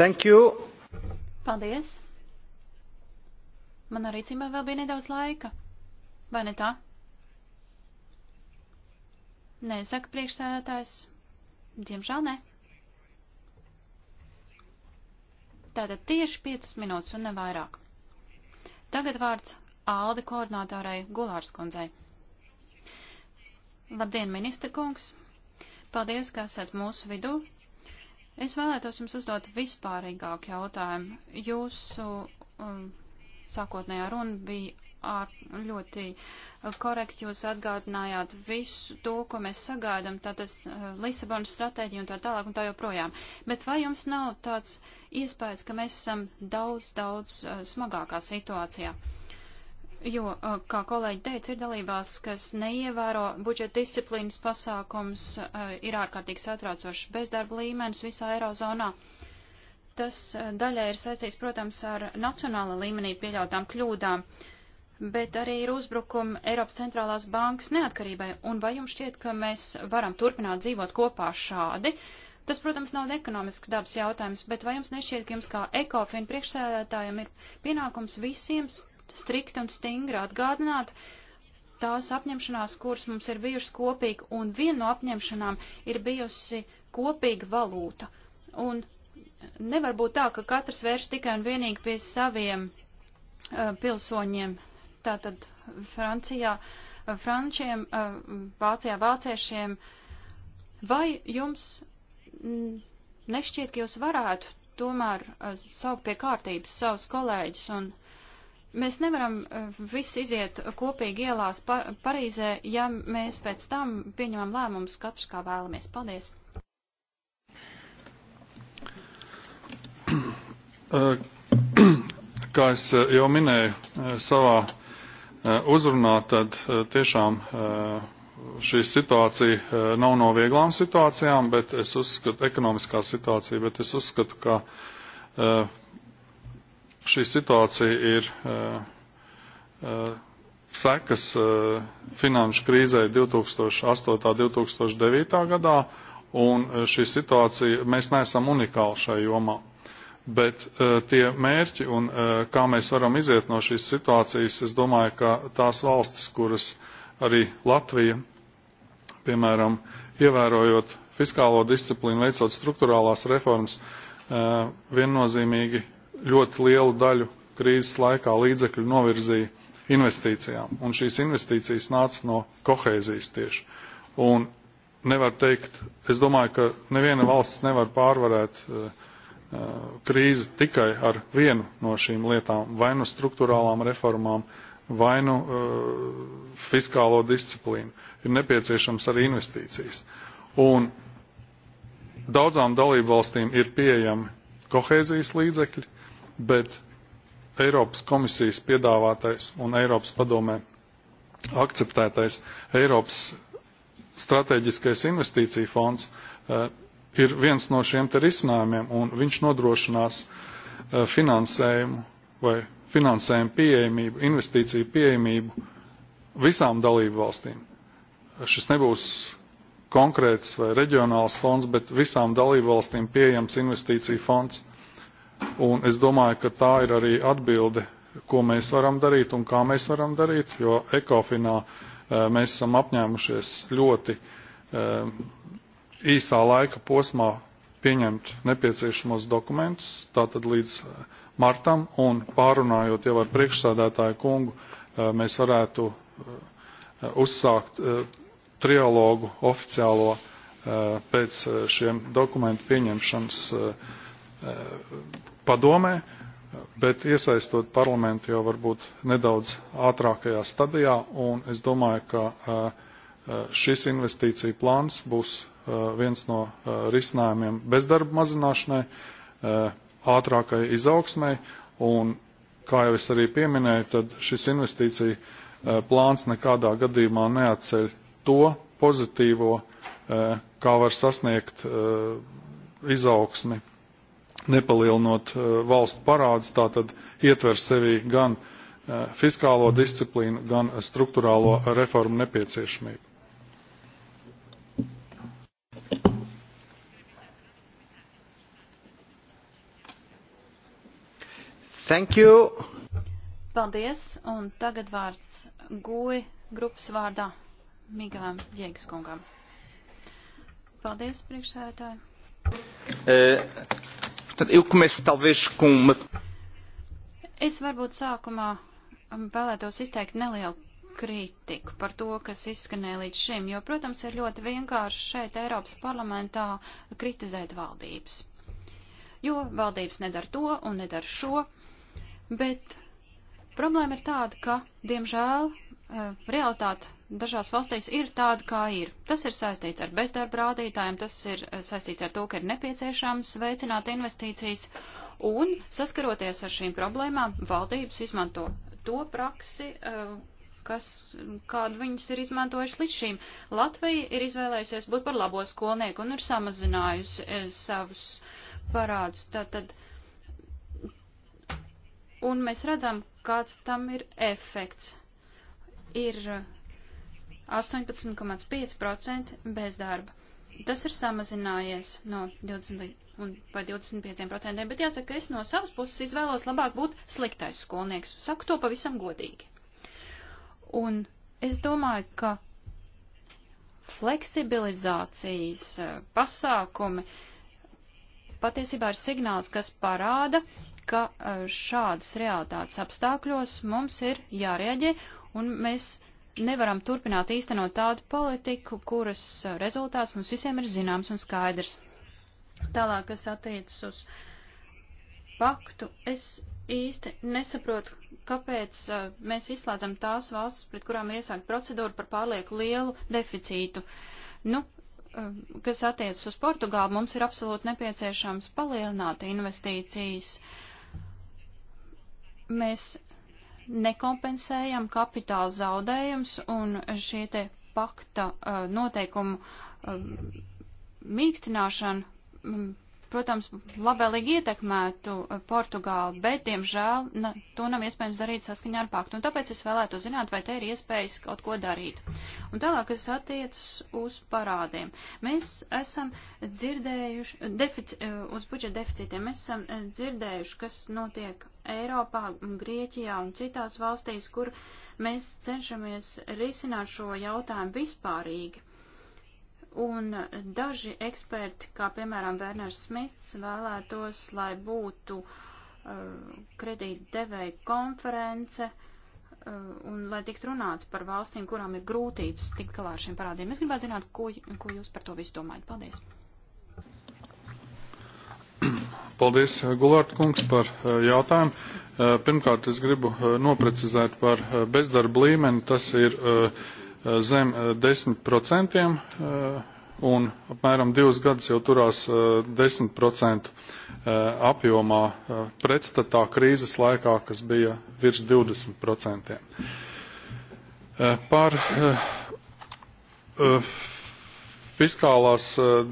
[SPEAKER 2] Thank you.
[SPEAKER 1] Paldies. Man arī cimē vēl bija nedaudz laika. Vai ne tā? Nē, saka priekšsēdētājs. Diemžēl nē. Tātad tieši 5 minūtes un nevairāk. Tagad vārds Aldi koordinātārai Gulārs kundzei. Labdien, ministra kungs! Paldies, ka esat mūsu vidū. Es vēlētos jums uzdot vispārīgāku jautājumu. Jūsu um, sākotnējā runa bija ar, ļoti uh, korekti jūs atgādinājāt visu to, ko mēs sagaidām, tātad uh, Lisabonas stratēģija un tā tālāk un tā joprojām. Bet vai jums nav tāds iespējas, ka mēs esam daudz, daudz uh, smagākā situācijā? Uh, Jo, eh, kā kolēģi teica, ir dalībās, kas neievēro budžeta disciplīnas pasākums, eh, ir ārkārtīgi satraucošs bezdarba līmenis visā Eirozonā. Tas eh, daļai ir saistīts, protams, ar nacionāla līmenī pieļautām kļūdām, bet arī ir uzbrukumi Eiropas centrālās bankas neatkarībai. Un vai jums šķiet, ka mēs varam turpināt dzīvot kopā šādi? Tas, protams, nav ekonomisks dabas jautājums, bet vai jums nešķiet, ka jums kā ekofin priekšsēdētājiem ir pienākums visiem strikti un stingri atgādināt tās apņemšanās, kuras mums ir bijušas kopīgi, un viena no apņemšanām ir bijusi kopīga valūta. Un nevar būt tā, ka katrs vērš tikai un vienīgi pie saviem uh, pilsoņiem. Tātad Francijā, uh, frančiem, uh, Vācijā, vāciešiem. Vai jums mm, nešķiet, ka jūs varētu tomēr saukt pie kārtības savus kolēģus un Mēs nevaram eh, visi iziet kopīgi ielās pa Parīzē, ja mēs pēc tam pieņemam lēmumus katrs kā vēlamies. Paldies!
[SPEAKER 6] Eh, [clears throat] kā es eh, jau minēju savā uzrunā, tad tiešām šī situācija nav no vieglām situācijām, bet es uzskatu, ekonomiskā situācija, bet es uzskatu, ka šī situācija ir e, e, sekas e, finanšu krīzē 2008.-2009. gadā, un šī situācija, mēs neesam unikāli šai jomā. Bet tie mērķi un kā mēs varam iziet no šīs situācijas, es domāju, ka tās valstis, kuras arī Latvija, piemēram, ievērojot fiskālo disciplīnu, veicot struktūrālās reformas, viennozīmīgi ļoti lielu daļu krīzes laikā līdzekļu novirzīja investīcijām, un šīs investīcijas nāca no kohēzijas tieši. Un nevar teikt, es domāju, ka neviena valsts nevar pārvarēt uh, krīzi tikai ar vienu no šīm lietām, vai nu struktūrālām reformām, vai nu uh, fiskālo disciplīnu. Ir nepieciešams arī investīcijas. Un daudzām dalību valstīm ir pieejami kohēzijas līdzekļi, bet Eiropas komisijas piedāvātais un Eiropas padomē akceptētais Eiropas strateģiskais investīcija fonds eh, ir viens no šiem te risinājumiem, un viņš nodrošinās eh, finansējumu vai finansējumu pieejamību, investīciju pieejamību visām dalību valstīm. Šis nebūs konkrēts vai reģionāls fonds, bet visām dalību valstīm pieejams investīcija fonds. Un es domāju, ka tā ir arī atbilde, ko mēs varam darīt un kā mēs varam darīt, jo ekofinā eh, mēs esam apņēmušies ļoti eh, īsā laika posmā pieņemt nepieciešamos dokumentus, tātad līdz eh, martam, un pārunājot jau ar priekšsādātāju kungu, mēs varētu uzsākt trialogu oficiālo pēc šiem dokumentu pieņemšanas padomē, bet iesaistot parlamentu jau varbūt nedaudz ātrākajā stadijā, un es domāju, ka šis investīcija plāns būs viens no risinājumiem bezdarba mazināšanai, ātrākai izaugsmai, un, kā jau es arī pieminēju, tad šis investīcija plāns nekādā gadījumā neatceļ to pozitīvo, kā var sasniegt izaugsmi nepalielinot uh, valstu parādus, tātad ietver sevī gan uh, fiskālo disciplīnu, gan struktūrālo reformu nepieciešamību.
[SPEAKER 2] Thank you.
[SPEAKER 1] Paldies, un tagad vārds Gūi e grupas vārdā Migalam Jēgskungam. Paldies, priekšsēdētāji.
[SPEAKER 2] Uh. Portanto, eu começo talvez com uma.
[SPEAKER 1] Es varbūt sākumā vēlētos izteikt nelielu kritiku par to, kas izskanēja līdz šim, jo, protams, ir ļoti vienkārši šeit Eiropas parlamentā kritizēt valdības. Jo valdības nedara to un nedara šo, bet problēma ir tāda, ka, diemžēl, Eh, realitāte dažās valstīs ir tāda, kā ir. Tas ir saistīts ar bezdarba rādītājiem, tas ir eh, saistīts ar to, ka ir nepieciešams veicināt investīcijas, un saskaroties ar šīm problēmām, valdības izmanto to praksi, eh, kas, kādu viņas ir izmantojuši līdz šīm. Latvija ir izvēlējusies būt par labo skolnieku un ir samazinājusi savus parādus. Tātad, un mēs redzam, kāds tam ir efekts ir 18,5% bezdarba. Tas ir samazinājies no 20 vai 25%, bet jāsaka, es no savas puses izvēlos labāk būt sliktais skolnieks. Saku to pavisam godīgi. Un es domāju, ka fleksibilizācijas eh, pasākumi patiesībā ir signāls, kas parāda, ka eh, šādas realitātes apstākļos mums ir jārēģē un mēs nevaram turpināt īstenot tādu politiku, kuras rezultāts mums visiem ir zināms un skaidrs. Tālāk, kas attiecas uz paktu, es īsti nesaprotu, kāpēc uh, mēs izslēdzam tās valstis, pret kurām ir iesākt procedūru par pārlieku lielu deficītu. Nu, uh, kas attiecas uz Portugālu, mums ir absolūti nepieciešams palielināt investīcijas. Mēs nekompensējam kapitāla zaudējums un šie te pakta uh, noteikumu um, mīkstināšana mm, protams, labēlīgi ietekmētu uh, Portugāli, bet, diemžēl, na, to nav iespējams darīt saskaņā ar paktu. Un tāpēc es vēlētu zināt, vai te ir iespējas kaut ko darīt. Un tālāk, kas attiecas uz parādiem. Mēs esam dzirdējuši, uh, defici, uh, uz budžeta deficītiem, mēs esam dzirdējuši, kas notiek Eiropā, Grieķijā un citās valstīs, kur mēs cenšamies risināt šo jautājumu vispārīgi. Un daži eksperti, kā piemēram Werners Smits, vēlētos, lai būtu uh, kredītdevēja konference uh, un lai tiktu runāts par valstīm, kurām ir grūtības tikt galā ar šiem parādiem. Es gribētu zināt, ko, ko jūs par to visu domājat. Paldies!
[SPEAKER 6] Paldies, uh, Gulārta kungs, par uh, jautājumu. Uh, pirmkārt, es gribu noprecizēt par bezdarba līmeni. Tas ir uh, Eh, zem 10% eh, eh, un apmēram divus gadus jau turās 10% apjomā pretstatā krīzes laikā, kas bija virs 20%. Par fiskālās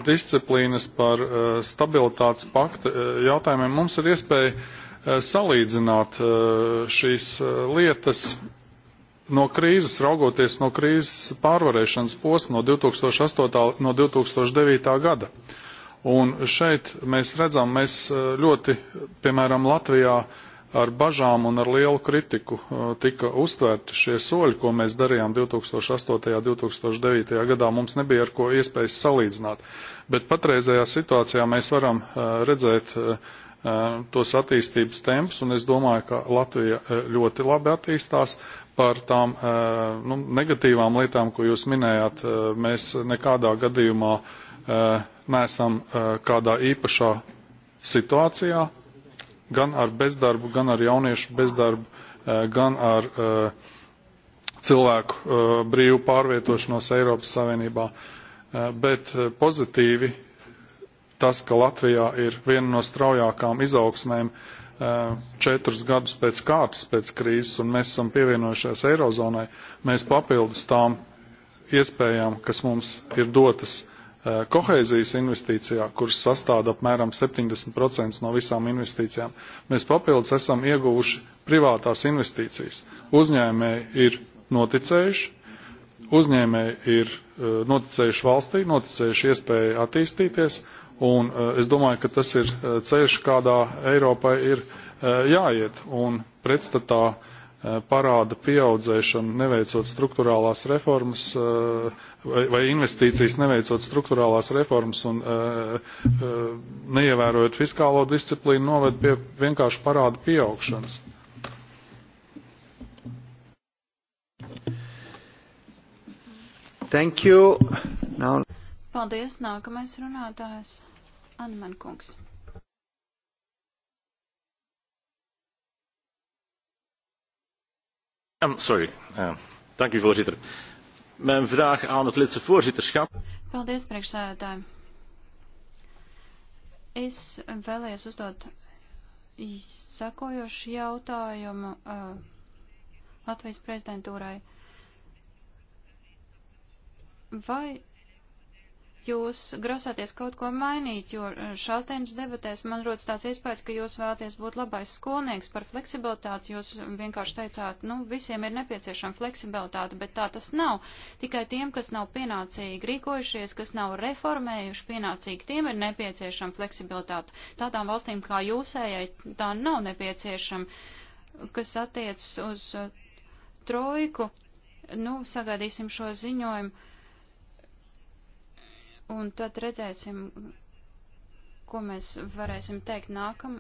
[SPEAKER 6] disciplīnas, par stabilitātes pakta jautājumiem mums ir iespēja salīdzināt šīs lietas no krīzes, raugoties no krīzes pārvarēšanas posma no 2008. no 2009. gada. Un šeit mēs redzam, mēs e, ļoti, piemēram, Latvijā ar bažām un ar lielu kritiku e, tika uztvērti šie soļi, ko mēs darījām 2008. un 2009. gadā. Mums nebija ar ko iespējas salīdzināt. Bet patreizējā situācijā mēs varam e, redzēt tos attīstības temps, un es domāju, ka Latvija ļoti labi attīstās. Par tām nu, negatīvām lietām, ko jūs minējāt, mēs nekādā gadījumā neesam kādā īpašā situācijā, gan ar bezdarbu, gan ar jauniešu bezdarbu, gan ar cilvēku brīvu pārvietošanos Eiropas Savienībā. Bet pozitīvi tas, ka Latvijā ir viena no straujākām izaugsmēm eh, četrus gadus pēc kārtas pēc krīzes, un mēs esam pievienojušies Eirozonai, mēs papildus tām iespējām, kas mums ir dotas eh, kohēzijas investīcijā, kuras sastāda apmēram 70% no visām investīcijām, mēs papildus esam ieguvuši privātās investīcijas. Uzņēmēji ir noticējuši, uzņēmēji ir eh, noticējuši valstī, noticējuši iespēju attīstīties, Un eh, es domāju, ka tas ir eh, ceļš, kādā Eiropai ir eh, jāiet. Un pretstatā parāda pieaudzēšana, neveicot struktūrālās reformas vai investīcijas, neveicot struktūrālās reformas un neievērojot fiskālo disciplīnu, noved pie vienkārši parāda pieaugšanas.
[SPEAKER 2] Thank you. Now...
[SPEAKER 1] Paldies, nākamais runātājs Aneman kungs.
[SPEAKER 4] Um, um, voorzitter mijn vraag aan het litouwse voorzitterschap
[SPEAKER 1] Paldies, priekšsēdētāji. Es vēlējos uzdot sakojošu jautājumu uh, Latvijas prezidentūrai. Vai jūs grasāties kaut ko mainīt, jo šās dienas debatēs man rodas tāds iespējas, ka jūs vēlaties būt labais skolnieks par fleksibilitāti. Jūs vienkārši teicāt, nu, visiem ir nepieciešama fleksibilitāte, bet tā tas nav. Tikai tiem, kas nav pienācīgi rīkojušies, kas nav reformējuši pienācīgi, tiem ir nepieciešama fleksibilitāte. Tādām valstīm kā jūsējai tā nav nepieciešama, kas attiecas uz trojku. Nu, sagaidīsim šo ziņojumu un tad redzēsim, ko mēs varēsim teikt nākam,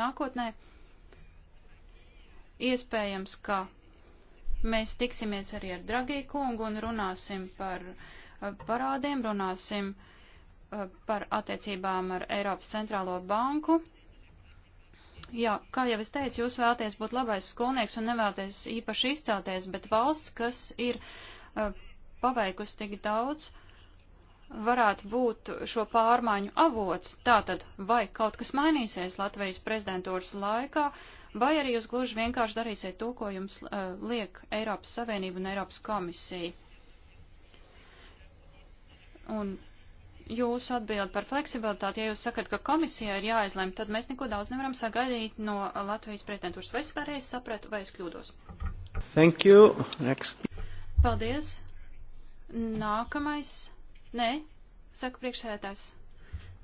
[SPEAKER 1] nākotnē. Iespējams, ka mēs tiksimies arī ar Dragī kungu un runāsim par eh, parādiem, runāsim eh, par attiecībām ar Eiropas centrālo banku. Jā, kā jau es teicu, jūs vēlaties būt labais skolnieks un nevēlaties īpaši izcelties, bet valsts, kas ir eh, paveikusi tik daudz, uh, varētu būt šo pārmaiņu avots? Tātad, vai kaut kas mainīsies Latvijas prezidentūras laikā, vai arī jūs gluži vienkārši darīsiet to, ko jums uh, liek Eiropas Savienība un Eiropas komisija? Un jūsu atbildi par fleksibilitāti, ja jūs sakat, ka komisijai ir jāizlem, tad mēs neko daudz nevaram sagaidīt no Latvijas prezidentūras. Vai es pareizi sapratu, vai es kļūdos?
[SPEAKER 2] Thank you. Next.
[SPEAKER 1] Paldies. Nākamais Nē, saka priekšsēdētājs.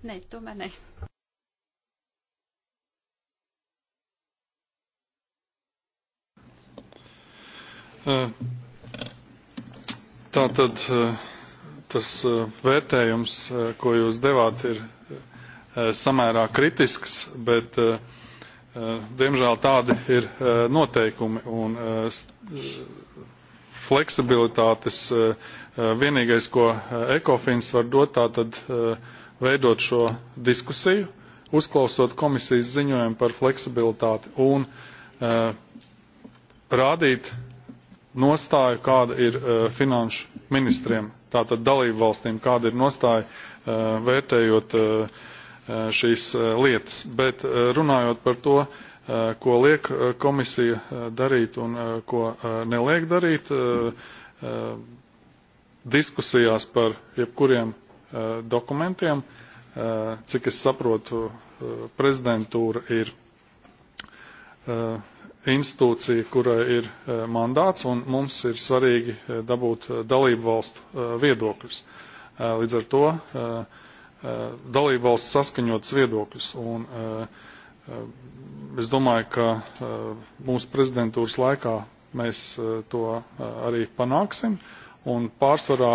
[SPEAKER 1] Nē, tomēr nē.
[SPEAKER 6] Tā tad tas vērtējums, ko jūs devāt, ir samērā kritisks, bet diemžēl tādi ir noteikumi un fleksibilitātes. E, e, vienīgais, ko e, Ekofins var dot, tātad veidot šo diskusiju, uzklausot komisijas ziņojumu par fleksibilitāti un rādīt nostāju, kāda ir finanšu ministriem, tātad dalību valstīm, kāda ir nostāja vērtējot šīs lietas. Bet runājot par to, Eh, ko liek eh, komisija eh, darīt un ko neliek darīt. Diskusijās par jebkuriem dokumentiem, cik es saprotu, prezidentūra ir institūcija, kurai ir mandāts, un mums ir svarīgi dabūt dalību valstu viedokļus. Līdz ar to dalību valsts saskaņotas viedokļus. Un, uh, Ehm, es domāju, ka ehm, mūsu prezidentūras laikā mēs ehm, to arī panāksim. Un pārsvarā,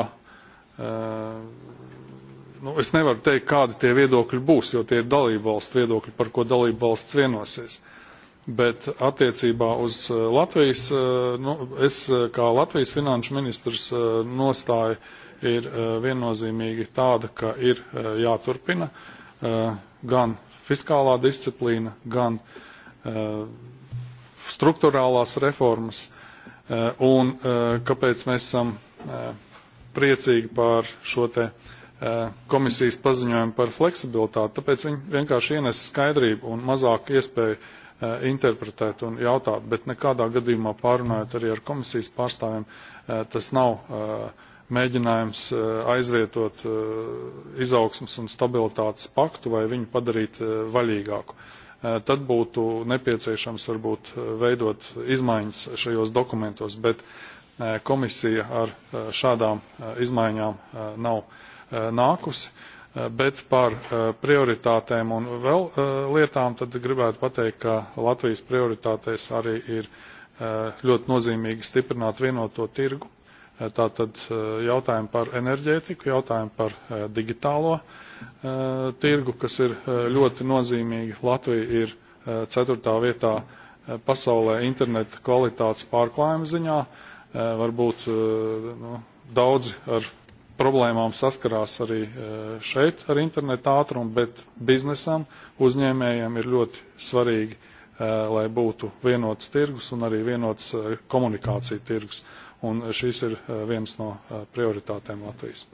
[SPEAKER 6] nu, es nevaru teikt, kādi tie viedokļi būs, jo tie ir dalībvalstu viedokļi, par ko dalībvalsts vienosies. Bet attiecībā uz Latvijas, nu, es kā Latvijas finanšu ministrs nostāju ir viennozīmīgi tāda, ka ir jāturpina gan fiskālā disciplīna, gan uh, struktūrālās reformas, uh, un eh, kāpēc mēs esam priecīgi par šo te komisijas paziņojumu par fleksibilitāti, tāpēc viņi vienkārši ienes skaidrību un mazāk iespēju interpretēt un jautāt, bet nekādā gadījumā pārunājot arī ar komisijas pārstāvjiem, tas nav uh, mēģinājums eh, aizvietot eh, izaugsmas un stabilitātes paktu vai viņu padarīt eh, vaļīgāku. Tad būtu nepieciešams varbūt veidot izmaiņas šajos dokumentos, bet komisija ar šādām izmaiņām nav nākusi. Bet par prioritātēm un vēl lietām tad gribētu pateikt, ka Latvijas prioritātēs arī ir ļoti nozīmīgi stiprināt vienoto tirgu Eh, tātad eh, jautājumi par enerģētiku, jautājumi par eh, digitālo tirgu, kas ir ļoti nozīmīgi. Latvija ir ceturtā vietā pasaulē interneta kvalitātes pārklājuma ziņā. Varbūt nu, daudzi ar problēmām saskarās arī šeit ar internetu ātrumu, bet biznesam, uzņēmējiem ir ļoti svarīgi, lai būtu vienots tirgus un arī vienots komunikācija tirgus un šis ir eh, viens no eh, prioritātēm Latvijas.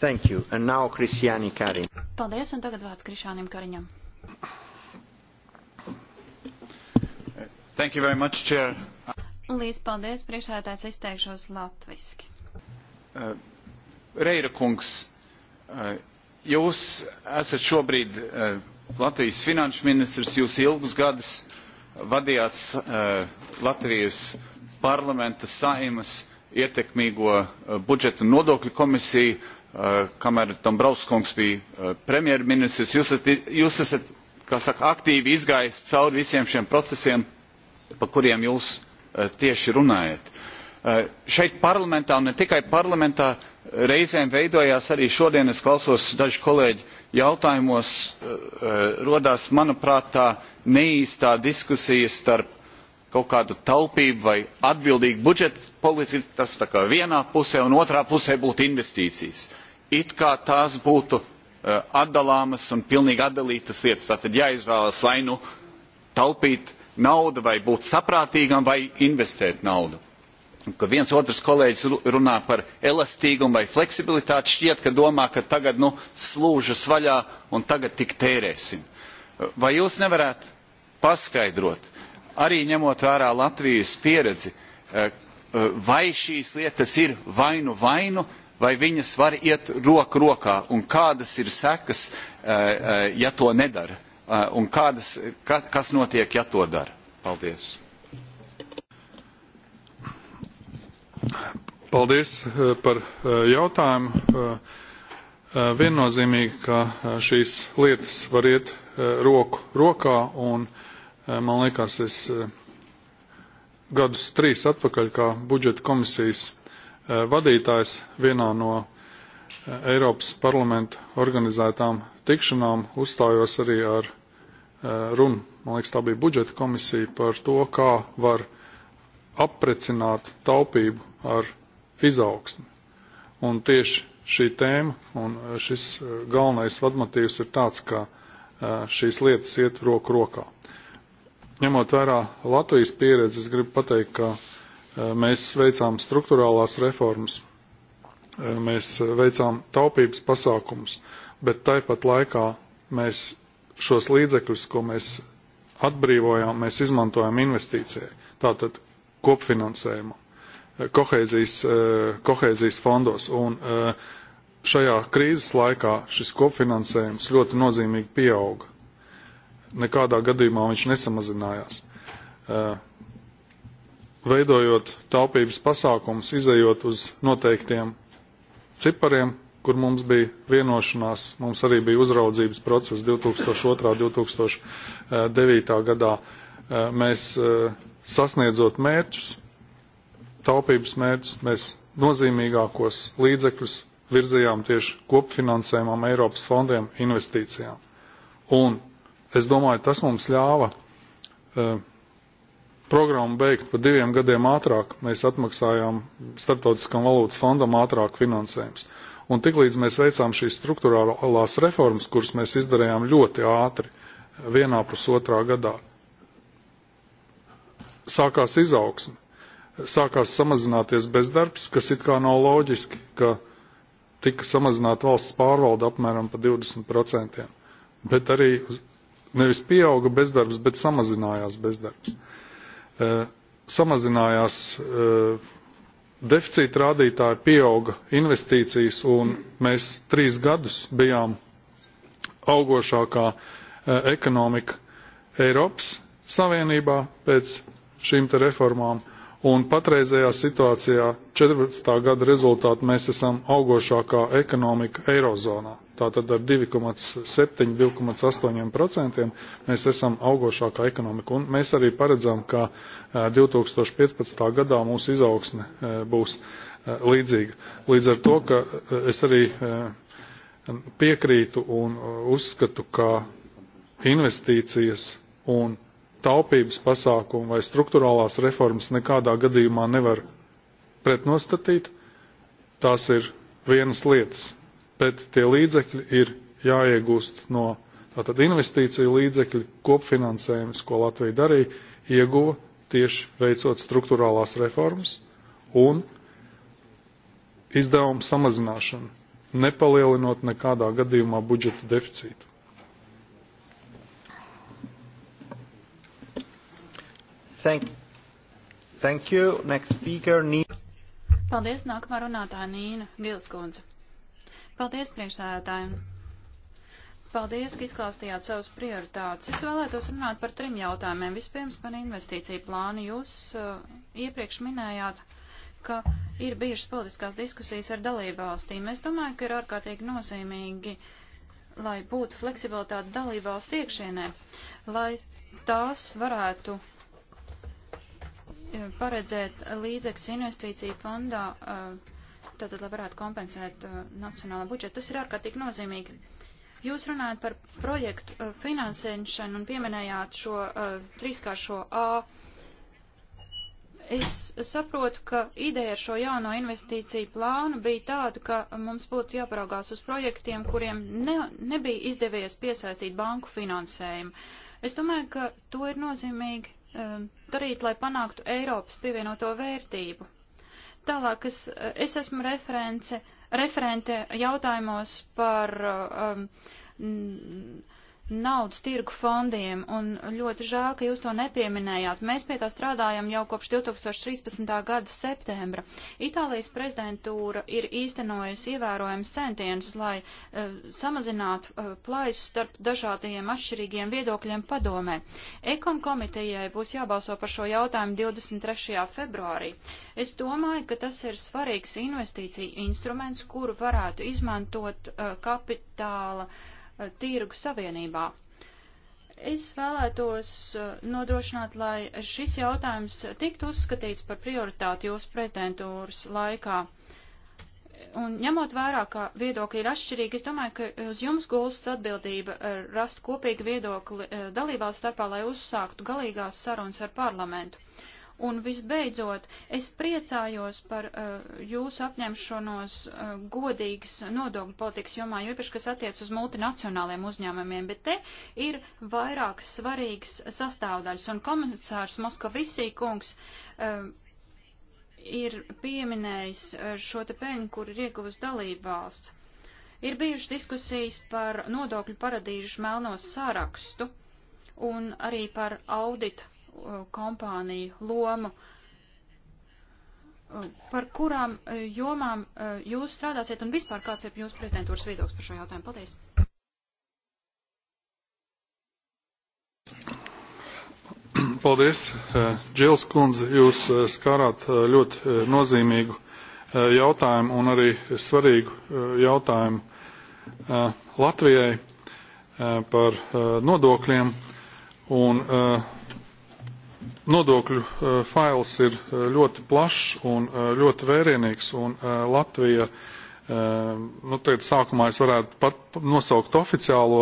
[SPEAKER 2] Thank you. And now Kristiāni Kariņ.
[SPEAKER 1] Paldies, un tagad vārds Krišānim Kariņam.
[SPEAKER 2] Thank you very much, Chair.
[SPEAKER 1] Līdz paldies, priekšsēdētājs izteikšos latviski.
[SPEAKER 2] Uh, Reira kungs, uh, jūs esat šobrīd uh, Latvijas finanšu ministrs, jūs ilgus gadus vadījāt uh, Latvijas parlamenta saimas ietekmīgo uh, budžeta nodokļu komisiju, uh, kamēr Dombrovskungs bija premjerministrs. Jūs esat, jūs esat, kā saka, aktīvi izgājis cauri visiem šiem procesiem, pa kuriem jūs tieši runājat. Šeit parlamentā, un ne tikai parlamentā, reizēm veidojās arī šodien, es klausos daži kolēģi jautājumos eh, eh, rodas manuprāt tā neīstā diskusija starp kaut kādu taupību vai atbildīgu budžeta politiku tas tā kā vienā pusē un otrā pusē būtu investīcijas it kā tās būtu eh, atdalāmas un pilnīgi atdalītas lietas tātad jāizvēlas vai nu taupīt naudu vai būt saprātīgam vai investēt naudu ka viens otrs kolēģis runā par elastīgumu vai fleksibilitāti, šķiet, ka domā, ka tagad nu, slūžas vaļā un tagad tik tērēsim. Vai jūs nevarat paskaidrot, arī ņemot vērā Latvijas pieredzi, eh, vai šīs lietas ir vainu vainu, vai viņas var iet roku rokā, un kādas ir sekas, eh, eh, ja to nedara, un kādas, kas notiek, ja to dara?
[SPEAKER 6] Paldies! Paldies eh, par eh, jautājumu. Eh, viennozīmīgi, ka šīs lietas var iet roku rokā un man liekas, es gadus trīs atpakaļ kā budžeta komisijas vadītājs vienā no Eiropas parlamenta organizētām tikšanām uzstājos arī ar runu, man liekas, tā bija budžeta komisija par to, kā var aprecināt taupību ar izaugsmi. Un tieši šī tēma un šis eh, galvenais vadmatīvs ir tāds, ka eh, šīs lietas iet roku rokā. Ņemot vērā Latvijas pieredzi, es gribu pateikt, ka eh, mēs veicām struktūrālās reformas, mēs veicām taupības pasākumus, bet taipat laikā mēs šos līdzekļus, ko mēs atbrīvojām, mēs izmantojām investīcijai. Tātad kopfinansējumu eh, kohēzijas, eh, kohēzijas fondos. Un eh, šajā krīzes laikā šis kopfinansējums ļoti nozīmīgi pieauga. Nekādā gadījumā viņš nesamazinājās. Veidojot taupības pasākumus, izējot uz noteiktiem cipariem, kur mums bija vienošanās, mums arī bija uzraudzības process 2002. un 2009. gadā. Mēs sasniedzot mērķus, taupības mērķus, mēs nozīmīgākos līdzekļus virzījām tieši kopfinansējumam Eiropas fondiem investīcijām. Un es domāju, tas mums ļāva e, programmu beigt par diviem gadiem ātrāk. Mēs atmaksājām Startautiskam valūtas fondam ātrāk finansējums. Un tiklīdz mēs veicām šīs struktūrālās reformas, kuras mēs izdarījām ļoti ātri, vienā pusotrā gadā, sākās izaugsme, sākās samazināties bezdarbs, kas it kā nav loģiski, ka tika samazināta valsts pārvalda apmēram pa 20%, bet arī nevis pieauga bezdarbs, bet samazinājās bezdarbs. E, samazinājās e, deficīta rādītāji, pieauga investīcijas, un mēs trīs gadus bijām augošākā e, ekonomika Eiropas Savienībā pēc šīm te reformām. Un patreizējā situācijā 14. gada rezultātu mēs esam augošākā ekonomika Eirozonā. Tātad ar 2,7-2,8% mēs esam augošākā ekonomika. Un mēs arī paredzam, ka 2015. E, gadā mūsu izaugsme e, būs e, līdzīga. Līdz ar to, ka es arī piekrītu un uzskatu, ka investīcijas un taupības pasākumi vai struktūrālās reformas nekādā gadījumā nevar pretnostatīt. Tās ir vienas lietas, bet tie līdzekļi ir jāiegūst no tātad investīciju līdzekļi, kopfinansējums, ko Latvija darīja, ieguva tieši veicot struktūrālās reformas un izdevumu samazināšanu, nepalielinot nekādā gadījumā budžeta deficītu.
[SPEAKER 2] Thank, thank you. Next speaker, Nīna.
[SPEAKER 1] Paldies, nākamā runātāja Nīna Gilskundze. Paldies priekšsēdētājiem. Paldies, ka izklāstījāt savus prioritātes. Es vēlētos runāt par trim jautājumiem. Vispirms par investīciju plānu. Jūs uh, iepriekš minējāt, ka ir bijušas politiskās diskusijas ar dalībvalstīm. Es domāju, ka ir ārkārtīgi nozīmīgi, lai būtu fleksibilitāte dalībvalstu iekšienē, lai tās varētu paredzēt līdzekļus investīciju fondā, eh, tātad, lai varētu kompensēt eh, nacionālo budžetu. Tas ir ārkārtīgi nozīmīgi. Jūs runājat par projektu eh, finansēšanu un pieminējāt šo trīskāršo A. Es saprotu, ka ideja ar šo jauno investīciju plānu bija tāda, ka mums būtu jāparaugās uz projektiem, kuriem ne, nebija izdevies piesaistīt banku finansējumu. Es domāju, ka to ir nozīmīgi Um, darīt, lai panāktu Eiropas pievienoto vērtību. Tālāk es, uh, es esmu reference, referente jautājumos par uh, um, naudas tirgu fondiem, un ļoti žēl, ka jūs to nepieminējāt. Mēs pie tā strādājam jau kopš 2013. gada septembra. Itālijas prezidentūra ir īstenojusi ievērojams centienus, lai uh, samazinātu uh, eh, plājus starp dažādajiem atšķirīgiem viedokļiem padomē. Ekon komitejai būs jābalso par šo jautājumu 23. februārī. Es domāju, ka tas ir svarīgs investīcija instruments, kuru varētu izmantot uh, kapitāla uh, Eh, tirgu savienībā. Es vēlētos eh, nodrošināt, lai šis jautājums tiktu uzskatīts par prioritāti jūsu prezidentūras laikā. Un ņemot vērā, ka viedokļi ir atšķirīgi, es domāju, ka uz jums gulsts atbildība eh, rast kopīgu viedokli dalībās starpā, lai uzsāktu galīgās sarunas ar parlamentu. Un visbeidzot, es priecājos par uh, jūsu apņemšanos uh, godīgas nodokļu politikas jomā, jo īpaši, kas attiec uz multinacionāliem uzņēmumiem, bet te ir vairākas svarīgas sastāvdaļas. Un komisārs Moskavisī kungs uh, ir pieminējis uh, šo te peļņu, kur ir ieguvusi dalību valsts. Ir bijušas diskusijas par nodokļu paradīžu melno sārakstu un arī par auditu Uh, kompāniju lomu. Uh, par kurām uh, jomām jūs strādāsiet un vispār kāds ir jūsu prezidentūras viedoklis par šo jautājumu? Paldies!
[SPEAKER 6] Paldies, Džils kundze, jūs skārāt ļoti nozīmīgu jautājumu un arī svarīgu jautājumu Latvijai par nodokļiem. Un Nodokļu eh, fails ir eh, ļoti plašs un eh, ļoti vērienīgs, un Latvija, nu, tagad sākumā es varētu pat nosaukt oficiālo,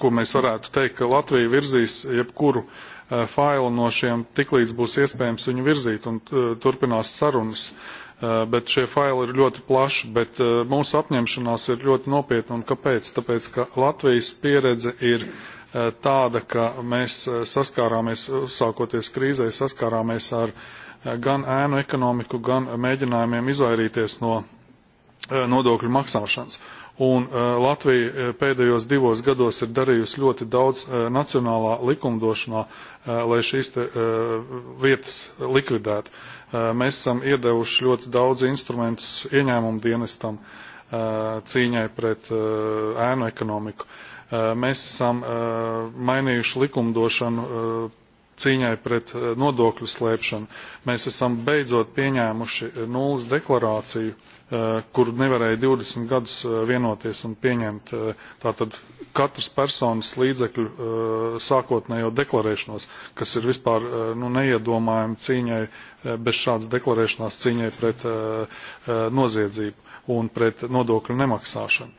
[SPEAKER 6] ko mēs varētu teikt, ka Latvija virzīs jebkuru failu no šiem, tiklīdz būs iespējams viņu virzīt un turpinās sarunas. Bet šie faili ir ļoti plaši, bet mūsu apņemšanās ir ļoti nopietna. Un kāpēc? Tāpēc, ka Latvijas pieredze ir uh, Eh, tāda, ka mēs eh, saskārāmies, sākoties krīzē, saskārāmies ar eh, gan ēnu ekonomiku, gan mēģinājumiem izvairīties no nodokļu maksāšanas. Un Latvija pēdējos divos gados ir darījusi ļoti daudz nacionālā likumdošanā, lai šīs te, vietas likvidētu. Mēs esam iedevuši ļoti daudz instrumentus ieņēmumu dienestam cīņai pret ēnu ekonomiku. Eh, mēs esam eh, mainījuši likumdošanu eh, cīņai pret nodokļu slēpšanu. Mēs esam beidzot pieņēmuši nulles deklarāciju, kur nevarēja 20 gadus vienoties un pieņemt tātad katras personas līdzekļu sākotnējo deklarēšanos, kas ir vispār nu, neiedomājami cīņai bez šādas deklarēšanās cīņai pret noziedzību un pret nodokļu nemaksāšanu.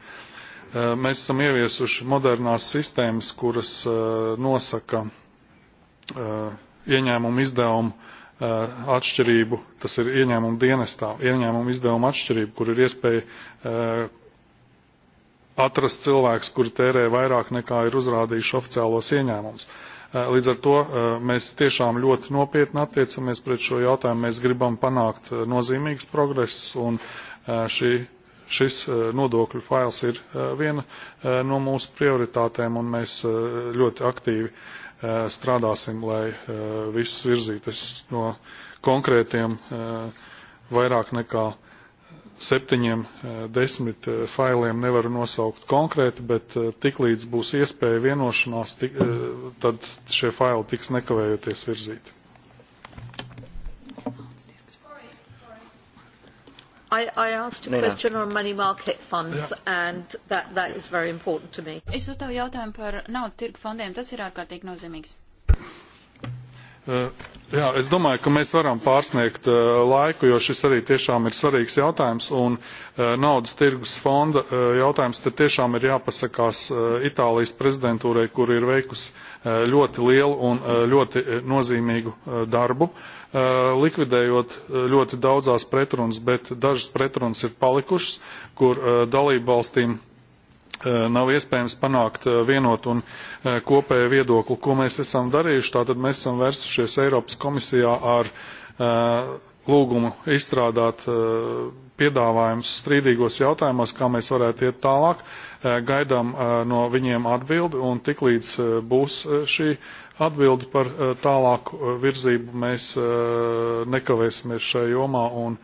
[SPEAKER 6] Eh, mēs esam ieviesuši modernās sistēmas, kuras eh, nosaka eh, ieņēmumu izdevumu atšķirību, tas ir ieņēmumu dienestā, ieņēmumu izdevumu atšķirību, kur ir iespēja atrast cilvēks, kuri tērē vairāk nekā ir uzrādījuši oficiālos ieņēmumus. Līdz ar to mēs tiešām ļoti nopietni attiecamies pret šo jautājumu. Mēs gribam panākt nozīmīgs progress un šī šis eh, nodokļu fails ir eh, viena eh, no mūsu prioritātēm, un mēs ļoti aktīvi strādāsim, lai visus virzītas no konkrētiem vairāk nekā septiņiem, desmit failiem nevaru nosaukt konkrēti, bet tiklīdz būs iespēja vienošanās, tik, tad šie faili tiks nekavējoties virzīti.
[SPEAKER 3] I, I asked a Nina. question on money market funds Jā. and that, that is very
[SPEAKER 1] important to me. Es uzdevu jautājumu par naudas tirgu fondiem. Tas ir ārkārtīgi nozīmīgs.
[SPEAKER 6] Jā, es domāju, ka mēs varam pārsniegt uh, laiku, jo šis arī tiešām ir svarīgs jautājums, un uh, naudas tirgus fonda uh, jautājums te tiešām ir jāpasakās Itālijas prezidentūrai, kur ir veikusi ļoti lielu un ļoti nozīmīgu darbu, likvidējot ļoti daudzās pretrunas, bet dažas pretrunas ir palikušas, kur dalību valstīm Eh, nav iespējams panākt eh, vienotu un eh, kopēju viedokli. Ko mēs esam darījuši? Tātad mēs esam vērsušies Eiropas komisijā ar lūgumu izstrādāt piedāvājums strīdīgos jautājumos, kā mēs varētu iet tālāk. Gaidām no viņiem atbildi, un tiklīdz būs šī atbildi par tālāku virzību, mēs nekavēsimies šajā jomā un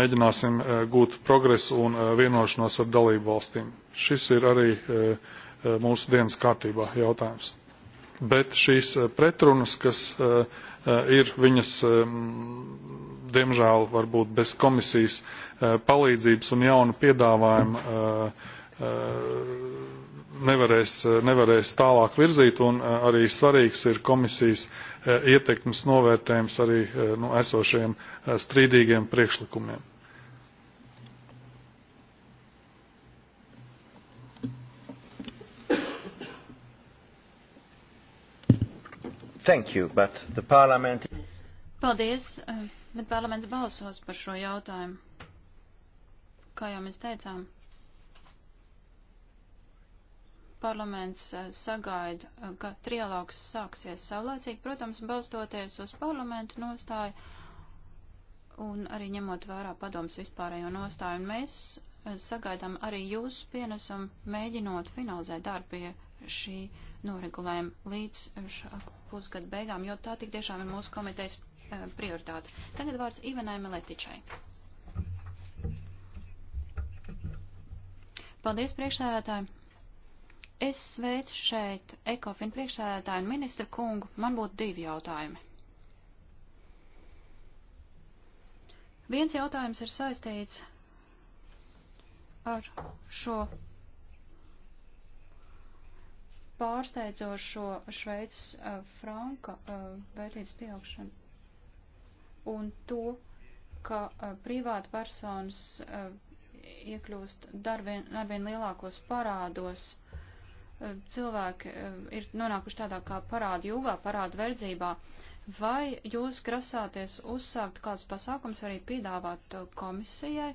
[SPEAKER 6] mēģināsim gūt progresu un vienošanos ar dalību valstīm. Šis ir arī e, e, mūsu dienas kārtībā jautājums. Bet šīs e, pretrunas, kas ir viņas, diemžēl, varbūt bez komisijas palīdzības un jaunu piedāvājumu nevarēs, nevarēs tālāk virzīt, un arī svarīgs ir komisijas ietekmes novērtējums arī nu, esošiem strīdīgiem priekšlikumiem.
[SPEAKER 2] Thank you, but the parliament...
[SPEAKER 1] Paldies, eh, bet parlaments balsos par šo jautājumu. Kā jau mēs teicām, parlaments eh, sagaida, eh, ka trialogs sāksies saulēcīgi, protams, balstoties uz parlamentu nostāju un arī ņemot vērā padoms vispārējo nostāju. Un mēs sagaidām arī jūsu pienesumu, mēģinot finalizēt darbu pie šī noregulējam līdz pusgada beigām, jo tā tik tiešām ir mūsu komitejas eh, prioritāte. Tagad vārds Ivanai Meletičai. Paldies, priekšsēdētāji! Es sveicu šeit Ekofin priekšsēdētāju un ministru kungu. Man būtu divi jautājumi. Viens jautājums ir saistīts ar šo pārsteidzošo Šveices uh, franka uh, vērtības pieaugšanu un to, ka uh, privāta personas uh, iekļūst darvien, arvien lielākos parādos. Uh, cilvēki uh, ir nonākuši tādā kā parādu jūgā, parādu verdzībā. Vai jūs grasāties uzsākt kādus pasākums, arī piedāvāt komisijai?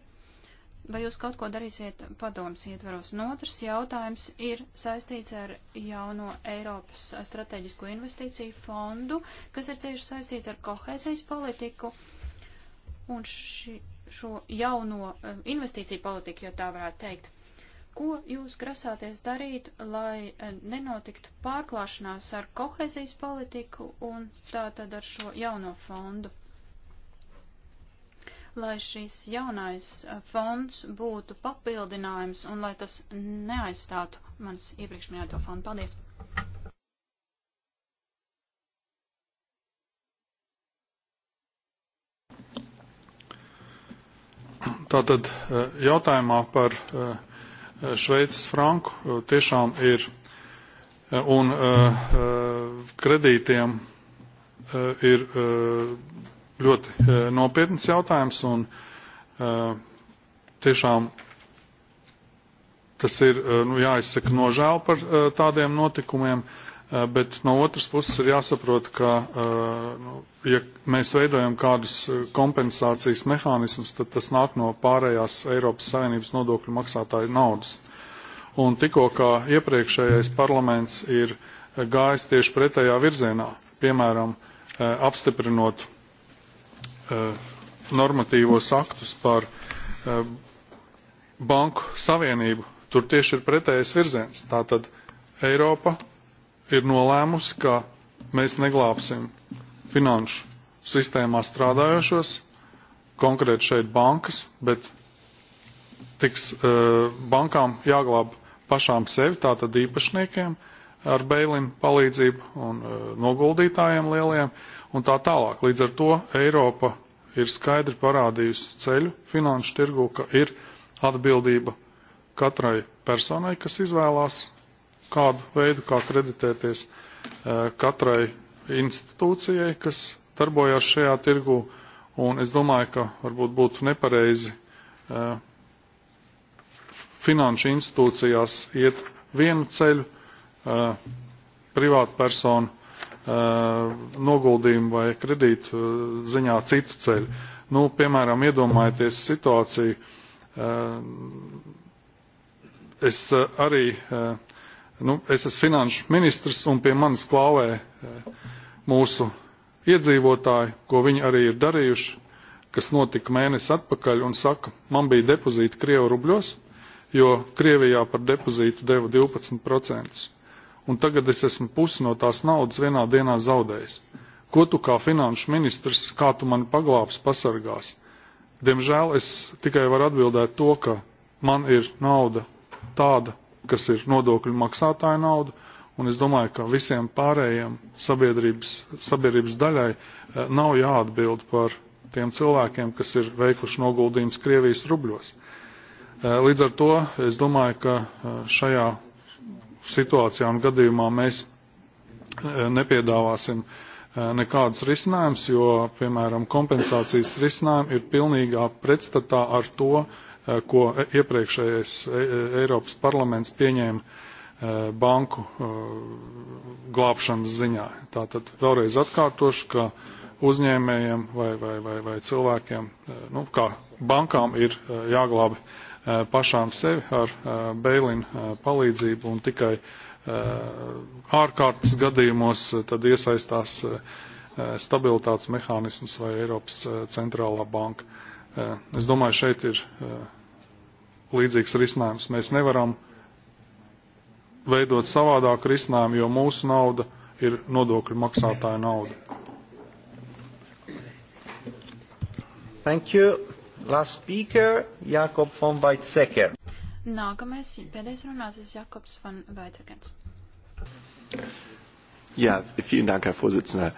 [SPEAKER 1] Vai jūs kaut ko darīsiet padoms ietvaros? Un otrs jautājums ir saistīts ar jauno Eiropas strateģisko investīciju fondu, kas ir cieši saistīts ar kohēzijas politiku un ši, šo jauno eh, investīciju politiku, ja tā varētu teikt. Ko jūs grasāties darīt, lai eh, nenotiktu pārklāšanās ar kohēzijas politiku un tātad ar šo jauno fondu? lai šīs jaunais eh, fonds būtu papildinājums un lai tas neaizstātu manas iepriekš minēto fondu. Paldies!
[SPEAKER 6] Tātad eh, jautājumā par eh, Šveices franku tiešām ir un kredītiem ir ļoti e, nopietns jautājums un e, tiešām tas ir eh, nu, jāizsaka nožēla par tādiem notikumiem, bet no otras puses ir jāsaprot, ka nu, ja mēs veidojam kādus kompensācijas mehānismus, tad tas nāk no pārējās Eiropas Savienības nodokļu maksātāju naudas. Un tikko kā iepriekšējais parlaments ir gājis tieši pretējā virzienā, piemēram, apstiprinot Eh, normatīvos aktus par eh, banku savienību, tur tieši ir pretējais virziens. Tātad Eiropa ir nolēmusi, ka mēs neglābsim finanšu sistēmā strādājošos, konkrēti šeit bankas, bet tiks uh, bankām jāglāb pašām sevi, tātad īpašniekiem, uh, ar Beilim palīdzību un e, noguldītājiem lieliem un tā tālāk. Līdz ar to Eiropa ir skaidri parādījusi ceļu finanšu tirgu, ka ir atbildība katrai personai, kas izvēlās kādu veidu, kā kreditēties, e, katrai institūcijai, kas darbojās šajā tirgu, un es domāju, ka varbūt būtu nepareizi e, finanšu institūcijās iet vienu ceļu, Uh, privātpersonu uh, noguldījumu vai kredītu uh, ziņā citu ceļu. Nu, piemēram, iedomājieties situāciju, es arī, nu, es esmu finanšu ministrs un pie manis klāvē mūsu iedzīvotāji, ko viņi arī ir darījuši, kas notika mēnesi atpakaļ un saka, man bija depozīti Krievu rubļos, jo Krievijā par depozītu deva 12% un tagad es esmu pusi no tās naudas vienā dienā zaudējis. Ko tu kā finanšu ministrs, kā tu mani paglābs, pasargās? Diemžēl es tikai varu atbildēt to, ka man ir nauda tāda, kas ir nodokļu maksātāja nauda, un es domāju, ka visiem pārējiem sabiedrības, sabiedrības daļai eh, nav jāatbild par tiem cilvēkiem, kas ir veikuši noguldījums Krievijas rubļos. Eh, līdz ar to es domāju, ka eh, šajā situācijā un gadījumā mēs e, nepiedāvāsim e, nekādus risinājumus, jo, piemēram, kompensācijas risinājumi ir pilnīgā pretstatā ar to, e, ko iepriekšējais Eiropas parlaments pieņēma banku glābšanas ziņā. Tātad vēlreiz atkārtošu, ka uzņēmējiem vai, vai, vai, vai cilvēkiem, nu, kā bankām ir jāglābi pašām sevi ar Bēlina palīdzību un tikai ārkārtas gadījumos tad iesaistās stabilitātes mehānisms vai Eiropas centrālā banka. Es domāju, šeit ir līdzīgs risinājums. Mēs nevaram veidot savādāku risinājumu, jo mūsu nauda ir nodokļu maksātāja nauda. Thank you.
[SPEAKER 2] Last speaker, Jakob von Weizsäcker.
[SPEAKER 1] Nākamais, pēdējais runāsies Jakobs von Weizsäckers.
[SPEAKER 4] Ja, vielen Dank, Herr Vorsitzender.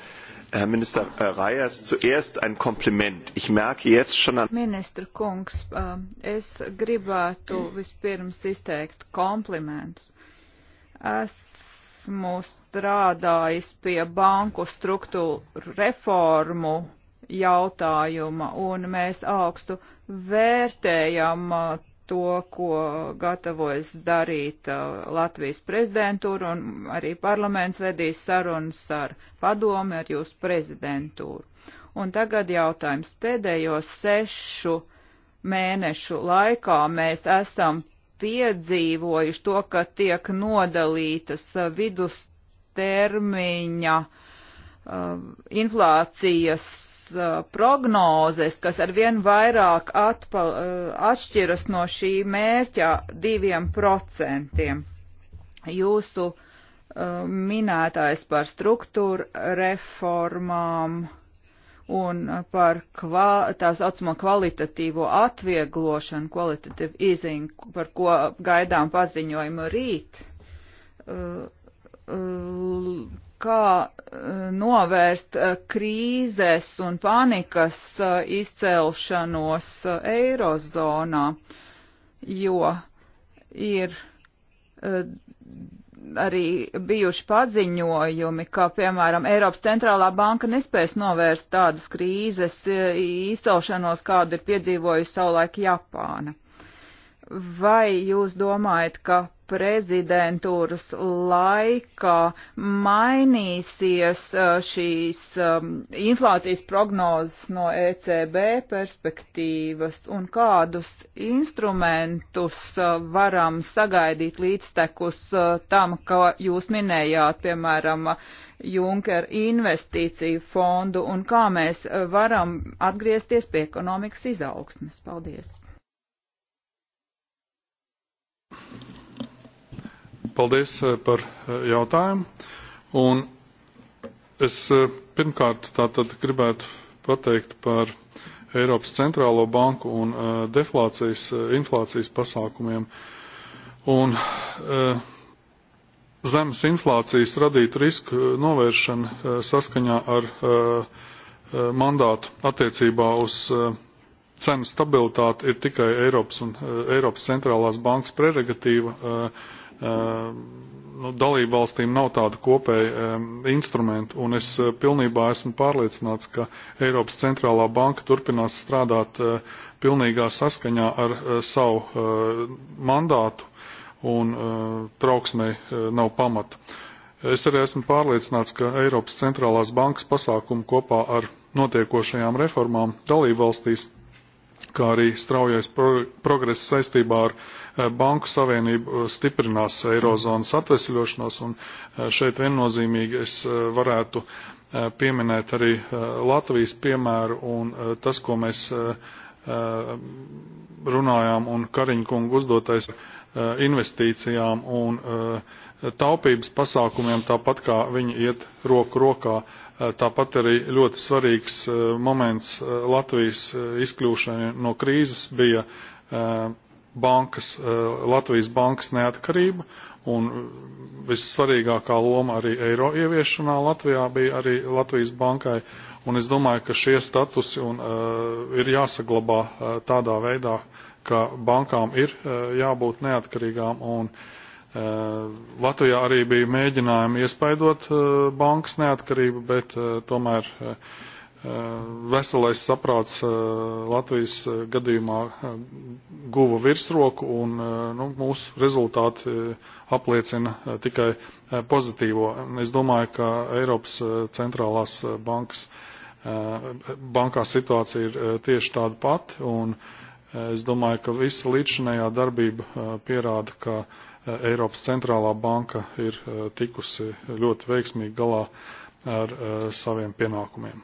[SPEAKER 4] Herr Minister Reyers, zuerst ein Kompliment. Ich merke jetzt schon an. Ministra
[SPEAKER 5] kungs, ähm, es gribētu vispirms izteikt komplimentus. Esmu strādājis pie banku struktūru reformu jautājuma, un mēs augstu vērtējam uh, to, ko gatavojas darīt uh, Latvijas prezidentūra, un arī parlaments vedīs sarunas ar padomi, ar jūsu prezidentūru. Un tagad jautājums. Pēdējos sešu mēnešu laikā mēs esam piedzīvojuši to, ka tiek nodalītas uh, vidustermiņa uh, inflācijas Uh, prognozes, kas arvien vairāk atpa, uh, atšķiras no šī mērķa diviem procentiem. Jūsu uh, minētājs par struktūra reformām un par kva, tā saucamo kvalitatīvo atvieglošanu, kvalitatīvu izziņu, par ko gaidām paziņojumu rīt kā eh, novērst eh, krīzes un panikas eh, izcelšanos eirozonā, jo ir arī bijuši paziņojumi, ka, piemēram, Eiropas centrālā banka nespēs novērst tādas krīzes izcelšanos, kādu ir piedzīvojusi savulaik Japāna. Vai jūs domājat, ka prezidentūras laikā mainīsies uh, šīs um, inflācijas prognozes no ECB perspektīvas un kādus instrumentus uh, varam sagaidīt līdztekus uh, tam, ko jūs minējāt, piemēram, Junker investīciju fondu un kā mēs varam atgriezties pie ekonomikas izaugsmes. Paldies!
[SPEAKER 6] Paldies eh, par eh, jautājumu. Un es eh, pirmkārt tātad gribētu pateikt par Eiropas centrālo banku un deflācijas, inflācijas pasākumiem. Un zemes inflācijas radītu risku novēršana saskaņā ar mandātu attiecībā uz cenu stabilitāti ir tikai Eiropas un Eiropas centrālās bankas prerogatīva Ehm, nu, dalību valstīm nav tāda kopēja um, instrumenta, un es uh, pilnībā esmu pārliecināts, ka Eiropas centrālā banka turpinās strādāt uh, pilnīgā saskaņā ar uh, savu uh, mandātu, un uh, trauksmei uh, nav pamata. Es arī esmu pārliecināts, ka Eiropas centrālās bankas pasākumi kopā ar notiekošajām reformām dalību valstīs kā arī straujais progress saistībā ar eh, banku savienību eh, stiprinās eirozonas atvesļošanos, un eh, šeit viennozīmīgi es varētu pieminēt arī Latvijas piemēru un tas, ko mēs runājām un Kariņkungu uzdotais investīcijām un taupības pasākumiem, tāpat kā viņi iet roku rokā Eh, tāpat arī ļoti svarīgs eh, moments eh, Latvijas izkļūšanai no krīzes bija bankas, Latvijas bankas neatkarība un vissvarīgākā loma arī eiro ieviešanā Latvijā bija arī Latvijas bankai. Un es domāju, ka šie statusi un, uh, ir jāsaglabā uh, tādā veidā, ka bankām ir uh, jābūt neatkarīgām un uh, Eh, Latvijā arī bija mēģinājumi iespaidot eh, bankas neatkarību, bet eh, tomēr veselais saprāts Latvijas gadījumā guva virsroku un nu, mūsu rezultāti apliecina tikai pozitīvo. Es domāju, ka Eiropas centrālās bankas bankā situācija ir tieši tāda pati un es domāju, ka visa līdzinējā darbība pierāda, ka Eh, Eiropas centrālā banka ir eh, tikusi ļoti veiksmīgi galā ar eh, saviem pienākumiem.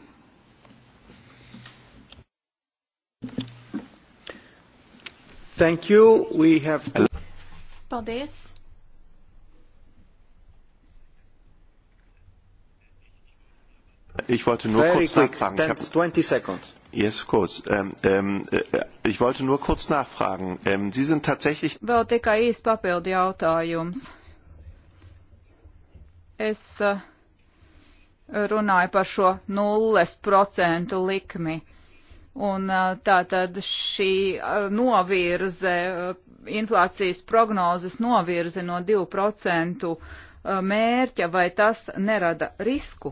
[SPEAKER 6] Thank you. We have
[SPEAKER 1] Paldies.
[SPEAKER 4] Ich wollte nur Very kurz quick. nachfragen. 10,
[SPEAKER 2] 20 seconds.
[SPEAKER 4] Yes, of course. Um, um, ich wollte nur kurz nachfragen. Um, Sie sind tatsächlich.
[SPEAKER 5] Vēl tikai īsti papildu jautājums. Es uh, runāju par šo nulles procentu likmi. Un uh, tā tad šī uh, novirze, inflācijas prognozes novirze no 2% mērķa, vai tas nerada risku?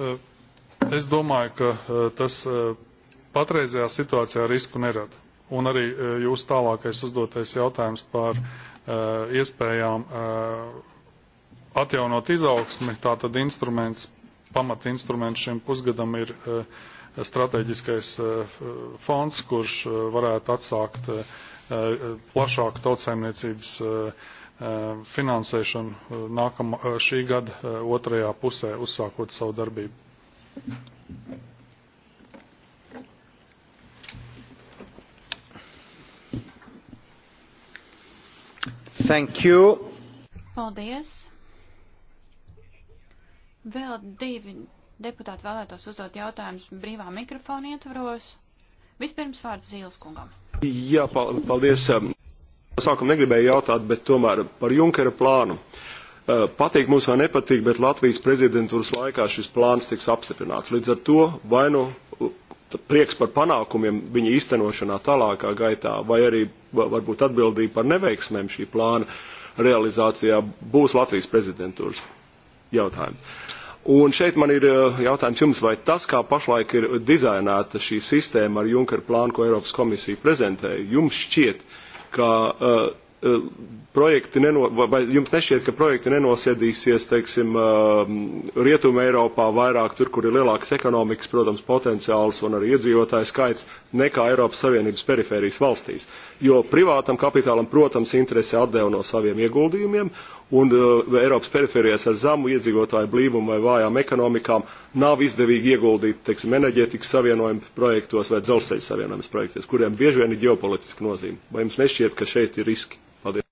[SPEAKER 6] Eh, es domāju, ka eh, tas eh, patreizajā situācijā risku nerada. Un arī jūs tālākais uzdotais jautājums par iespējām atjaunot izaugsmi, tātad instruments, pamata instruments šim pusgadam ir strateģiskais fonds, kurš varētu atsākt plašāku tautsaimniecības Eh, finansēšanu eh, nākamā, eh, šī gada otrajā pusē uzsākot savu darbību.
[SPEAKER 2] Thank you.
[SPEAKER 1] Paldies. Vēl divi deputāti vēlētos uzdot jautājumus brīvā mikrofona ietvaros. Vispirms vārds
[SPEAKER 2] Zīles kungam.
[SPEAKER 4] Jā, paldies. Um, Sākumā negribēju jautāt, bet tomēr par Junkera plānu. Eh, patīk mums vai nepatīk, bet Latvijas prezidentūras laikā šis plāns tiks apstiprināts. Līdz ar to vai nu eh, prieks par panākumiem viņa īstenošanā tālākā gaitā, vai arī varbūt atbildība par neveiksmēm šī plāna realizācijā būs Latvijas prezidentūras jautājums. Un šeit man ir eh, jautājums jums, vai tas, kā pašlaik ir dizainēta šī sistēma ar Junkera plānu, ko Eiropas komisija prezentēja, jums šķiet, uh, ka uh, uh, projekti neno, vai jums nešķiet, ka projekti nenosēdīsies, teiksim, um, Rietuma Eiropā vairāk tur, kur ir lielāks ekonomikas, protams, potenciāls un arī iedzīvotāju skaits nekā Eiropas Savienības perifērijas valstīs. Jo privātam kapitālam, protams, interese atdeva no saviem ieguldījumiem un uh, Eiropas perifērijas ar zemu iedzīvotāju blīvumu vai vājām ekonomikām nav izdevīgi ieguldīt, teiksim, enerģētikas savienojumu projektos vai dzelzceļa savienojumus projektos, kuriem bieži vien ir ģeopolitiska nozīme. Vai jums nešķiet, ka šeit ir riski? Paldies.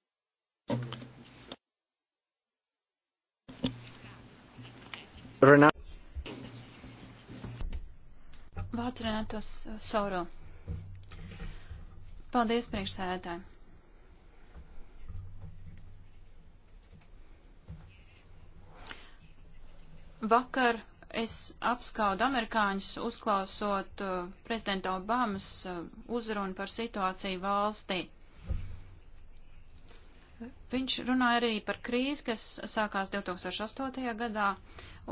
[SPEAKER 3] Renā...
[SPEAKER 1] Vārds Renatos Sauro. Paldies priekšsēdētāji. Vakar es apskaudu amerikāņus, uzklausot uh, prezidenta Obamas uh, uzrunu par situāciju valstī. Viņš runāja arī par krīzi, kas sākās 2008. gadā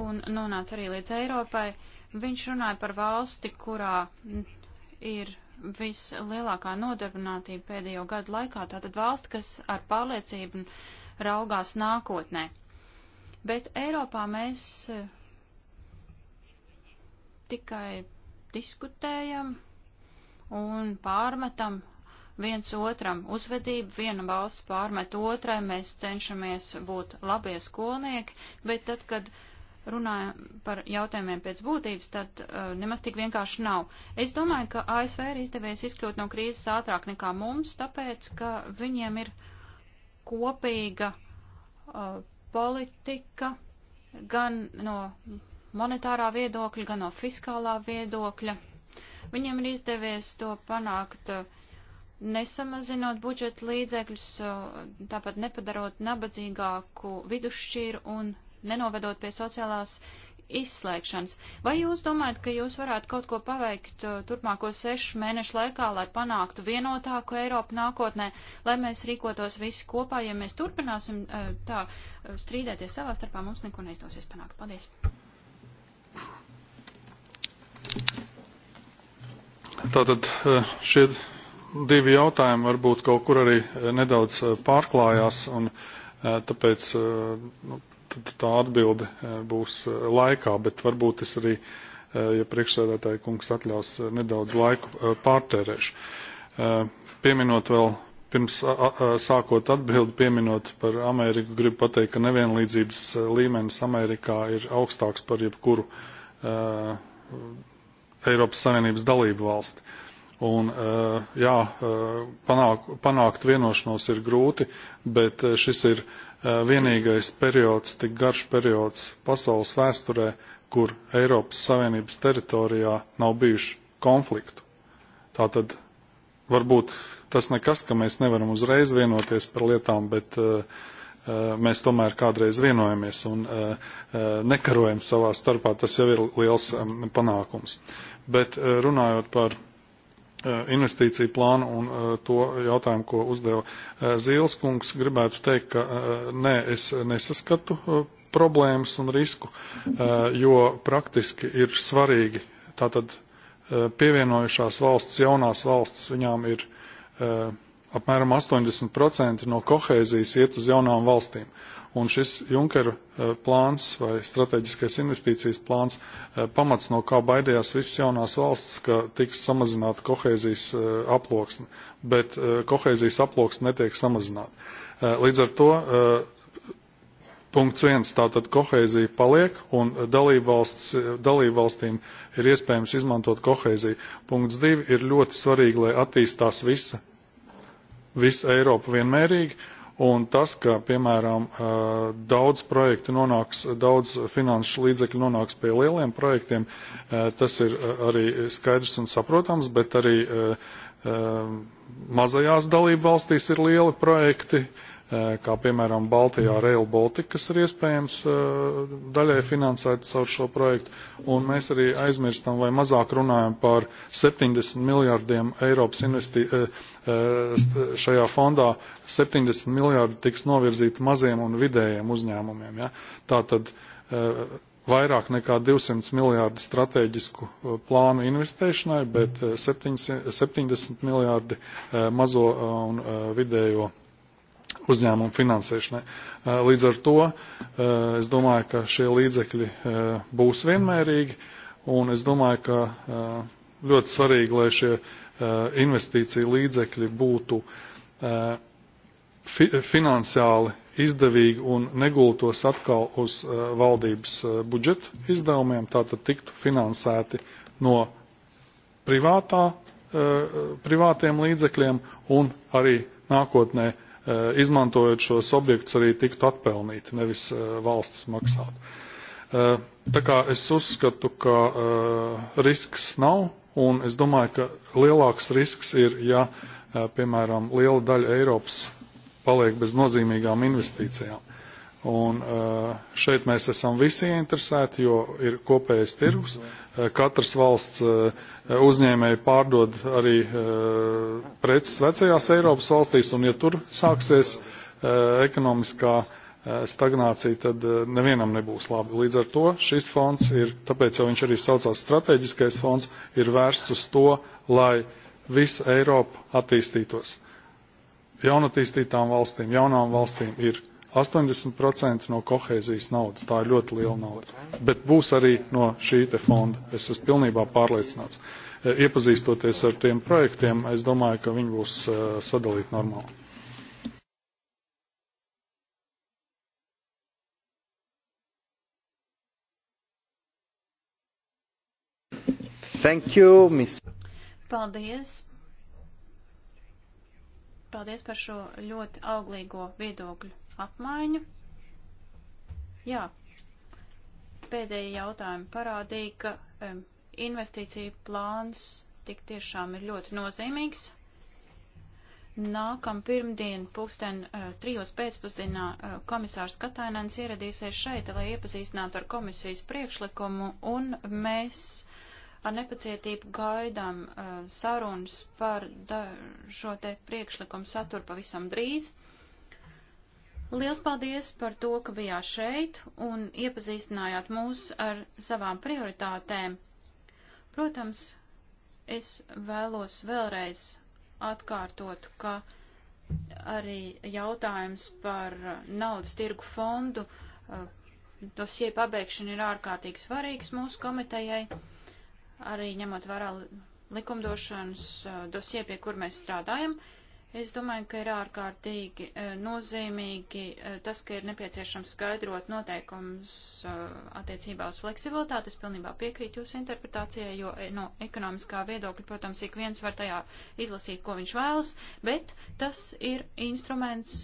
[SPEAKER 1] un nonāca arī līdz Eiropai. Viņš runāja par valsti, kurā ir vislielākā nodarbinātība pēdējo gadu laikā, tātad valsti, kas ar pārliecību raugās nākotnē. Bet Eiropā mēs eh, tikai diskutējam un pārmetam viens otram uzvedību, viena valsts pārmet otrai, mēs cenšamies būt labie skolnieki, bet tad, kad runājam par jautājumiem pēc būtības, tad uh, nemaz tik vienkārši nav. Es domāju, ka ASV ir izdevies izkļūt no krīzes ātrāk nekā mums, tāpēc, ka viņiem ir kopīga uh, politika gan no monetārā viedokļa, gan no fiskālā viedokļa. Viņiem ir izdevies to panākt, eh, nesamazinot budžeta līdzekļus, eh, tāpat nepadarot nabadzīgāku vidusšķiru un nenovedot pie sociālās uh, izslēgšanas. Vai jūs domājat, ka jūs varētu kaut ko paveikt uh, turpmāko sešu mēnešu laikā, lai panāktu vienotāku Eiropu nākotnē, lai mēs rīkotos visi kopā, ja mēs turpināsim uh, tā uh, strīdēties savā starpā, mums neko neizdosies panākt. Paldies!
[SPEAKER 6] Tātad šie divi jautājumi varbūt kaut kur arī nedaudz pārklājās, un tāpēc nu, tad tā atbilde eh, būs eh, laikā, bet varbūt es arī, eh, ja priekšsēdētāji kungs atļaus, nedaudz laiku pārtērēšu. Pieminot vēl, pirms sākot atbildi, pieminot par Ameriku, gribu pateikt, ka nevienlīdzības līmenis Amerikā ir augstāks par jebkuru Eiropas Savienības dalību valsti. Un, jā, panāk, panākt vienošanos ir grūti, bet šis ir Eh, vienīgais periods, tik garš periods pasaules vēsturē, kur Eiropas Savienības teritorijā nav bijuši konfliktu. Tātad varbūt tas nekas, ka mēs nevaram uzreiz vienoties par lietām, bet uh, mēs tomēr kādreiz vienojamies un uh, nekarojam savā starpā, tas jau ir liels um, panākums. Bet uh, runājot par investīciju plānu un to jautājumu, ko uzdeva Zīles kungs, gribētu teikt, ka nē, es nesaskatu problēmas un risku, jo praktiski ir svarīgi tātad pievienojušās valsts, jaunās valsts, viņām ir apmēram 80% no kohēzijas iet uz jaunām valstīm un šis Junker eh, plāns vai strateģiskais investīcijas plāns eh, pamats, no kā baidījās visas jaunās valsts, ka tiks samazināta kohēzijas eh, aploksne, bet kohēzijas aploksne netiek samazināta. Līdz ar to Punkts viens, tātad kohēzija paliek un dalībvalstīm ir iespējams izmantot kohēziju. Punkts divi ir ļoti svarīgi, lai attīstās visa, visa Eiropa vienmērīgi Un tas, ka, piemēram, daudz projektu nonāks, daudz finanšu līdzekļu nonāks pie lieliem projektiem, tas ir arī skaidrs un saprotams, bet arī mazajās dalību valstīs ir lieli projekti, Eh, kā piemēram Baltijā Rail Baltica, kas ir iespējams eh, daļai finansēt caur šo projektu, un mēs arī aizmirstam vai mazāk runājam par 70 miljārdiem Eiropas investi eh, šajā fondā, 70 miljārdi tiks novirzīti maziem un vidējiem uzņēmumiem. Ja? Tātad vairāk nekā 200 miljārdi strateģisku plānu investēšanai, bet 70 miljārdi mazo un vidējo uzņēmumu finansēšanai. Līdz ar to es domāju, ka šie līdzekļi būs vienmērīgi, un es domāju, ka ļoti svarīgi, lai šie investīcija līdzekļi būtu fi finansiāli izdevīgi un negultos atkal uz valdības budžeta izdevumiem, tātad tiktu finansēti no privātā, privātiem līdzekļiem un arī nākotnē Eh, izmantojot šos objektus, arī tiktu atpelnīti, nevis eh, valsts maksātu. Eh, tā kā es uzskatu, ka risks nav, un es domāju, ka lielāks risks ir, ja, piemēram, liela daļa Eiropas paliek bez nozīmīgām investīcijām. Un uh, šeit mēs esam visi interesēti, jo ir kopējais tirgus. Mhm. Uh, katras valsts uh, uzņēmēji pārdod arī preces vecajās Eiropas valstīs, un ja tur sāksies ekonomiskā stagnācija, tad nevienam nebūs labi. Līdz ar to šis fonds ir, tāpēc jau viņš arī saucās strateģiskais fonds, ir vērsts uz to, lai visa Eiropa attīstītos. Jaunatīstītām valstīm, jaunām valstīm ir 80% no kohēzijas naudas. Tā ir ļoti liela nauda. Bet būs arī no šī te fonda. Es esmu pilnībā pārliecināts. E, iepazīstoties ar tiem projektiem, es domāju, ka viņi būs e, sadalīti normāli.
[SPEAKER 2] Thank you, miss.
[SPEAKER 1] Paldies. Paldies par šo ļoti auglīgo viedokļu apmaiņu. Jā, pēdējie jautājumi parādīja, ka um, investīcija plāns tik tiešām ir ļoti nozīmīgs. Nākam pirmdien pulksten uh, trijos pēcpusdienā uh, komisārs Katainēns ieradīsies šeit, lai iepazīstinātu ar komisijas priekšlikumu, un mēs ar nepacietību gaidām uh, sarunas par da, šo te priekšlikumu saturu pavisam drīz. Uh, Liels paldies par to, ka bijāt šeit un iepazīstinājāt mūs ar savām prioritātēm. Protams, es vēlos vēlreiz atkārtot, ka arī jautājums par naudas tirgu fondu eh, dosie pabeigšana ir ārkārtīgi svarīgs mūsu komitejai, arī ņemot vērā likumdošanas eh, dosie, pie kur mēs strādājam. Es domāju, ka ir ārkārtīgi e, nozīmīgi e, tas, ka ir nepieciešams skaidrot noteikums e, attiecībā uz fleksibilitāti. Es pilnībā piekrītu jūsu interpretācijai, jo no ekonomiskā viedokļa, protams, ik viens var tajā izlasīt, ko viņš vēlas, bet tas ir instruments,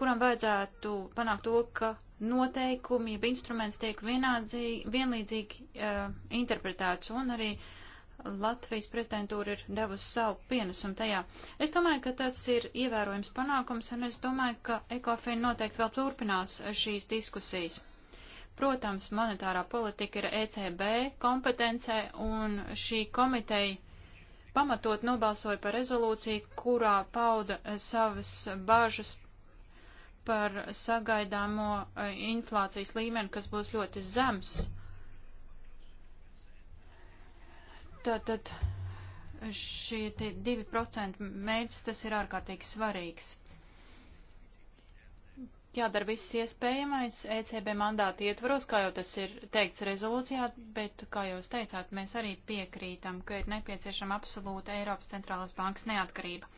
[SPEAKER 1] kuram vajadzētu panākt to, ka noteikumi, ja instruments tiek vienādzīgi, vienlīdzīgi interpretēts un arī uh, Latvijas prezidentūra ir devusi savu pienesumu tajā. Es domāju, ka tas ir ievērojams panākums, un es domāju, ka ECOFIN noteikti vēl turpinās šīs diskusijas. Protams, monetārā politika ir ECB kompetencē, un šī komiteja pamatot nobalsoja par rezolūciju, kurā pauda savas bažas par sagaidāmo eh, inflācijas līmeni, kas būs ļoti zems. Tātad šie 2% mērķis, tas ir ārkārtīgi svarīgs. Jādara viss iespējamais ECB mandāta ietvaros, kā jau tas ir teikts rezolūcijā, bet, kā jūs teicāt, mēs arī piekrītam, ka ir nepieciešama absolūta Eiropas centrālās bankas neatkarība.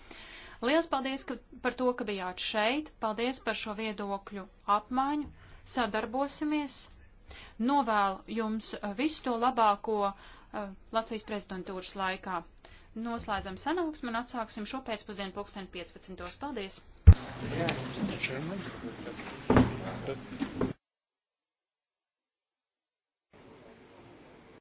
[SPEAKER 1] Liels paldies ka, par to, ka bijāt šeit, paldies par šo viedokļu apmaiņu, sadarbosimies, novēlu jums visu to labāko Uh, Latvijas prezidentūras laikā. Noslēdzam sanāksmi un atsāksim šo pēcpusdienu pulksteni 15. Paldies!
[SPEAKER 6] Yeah,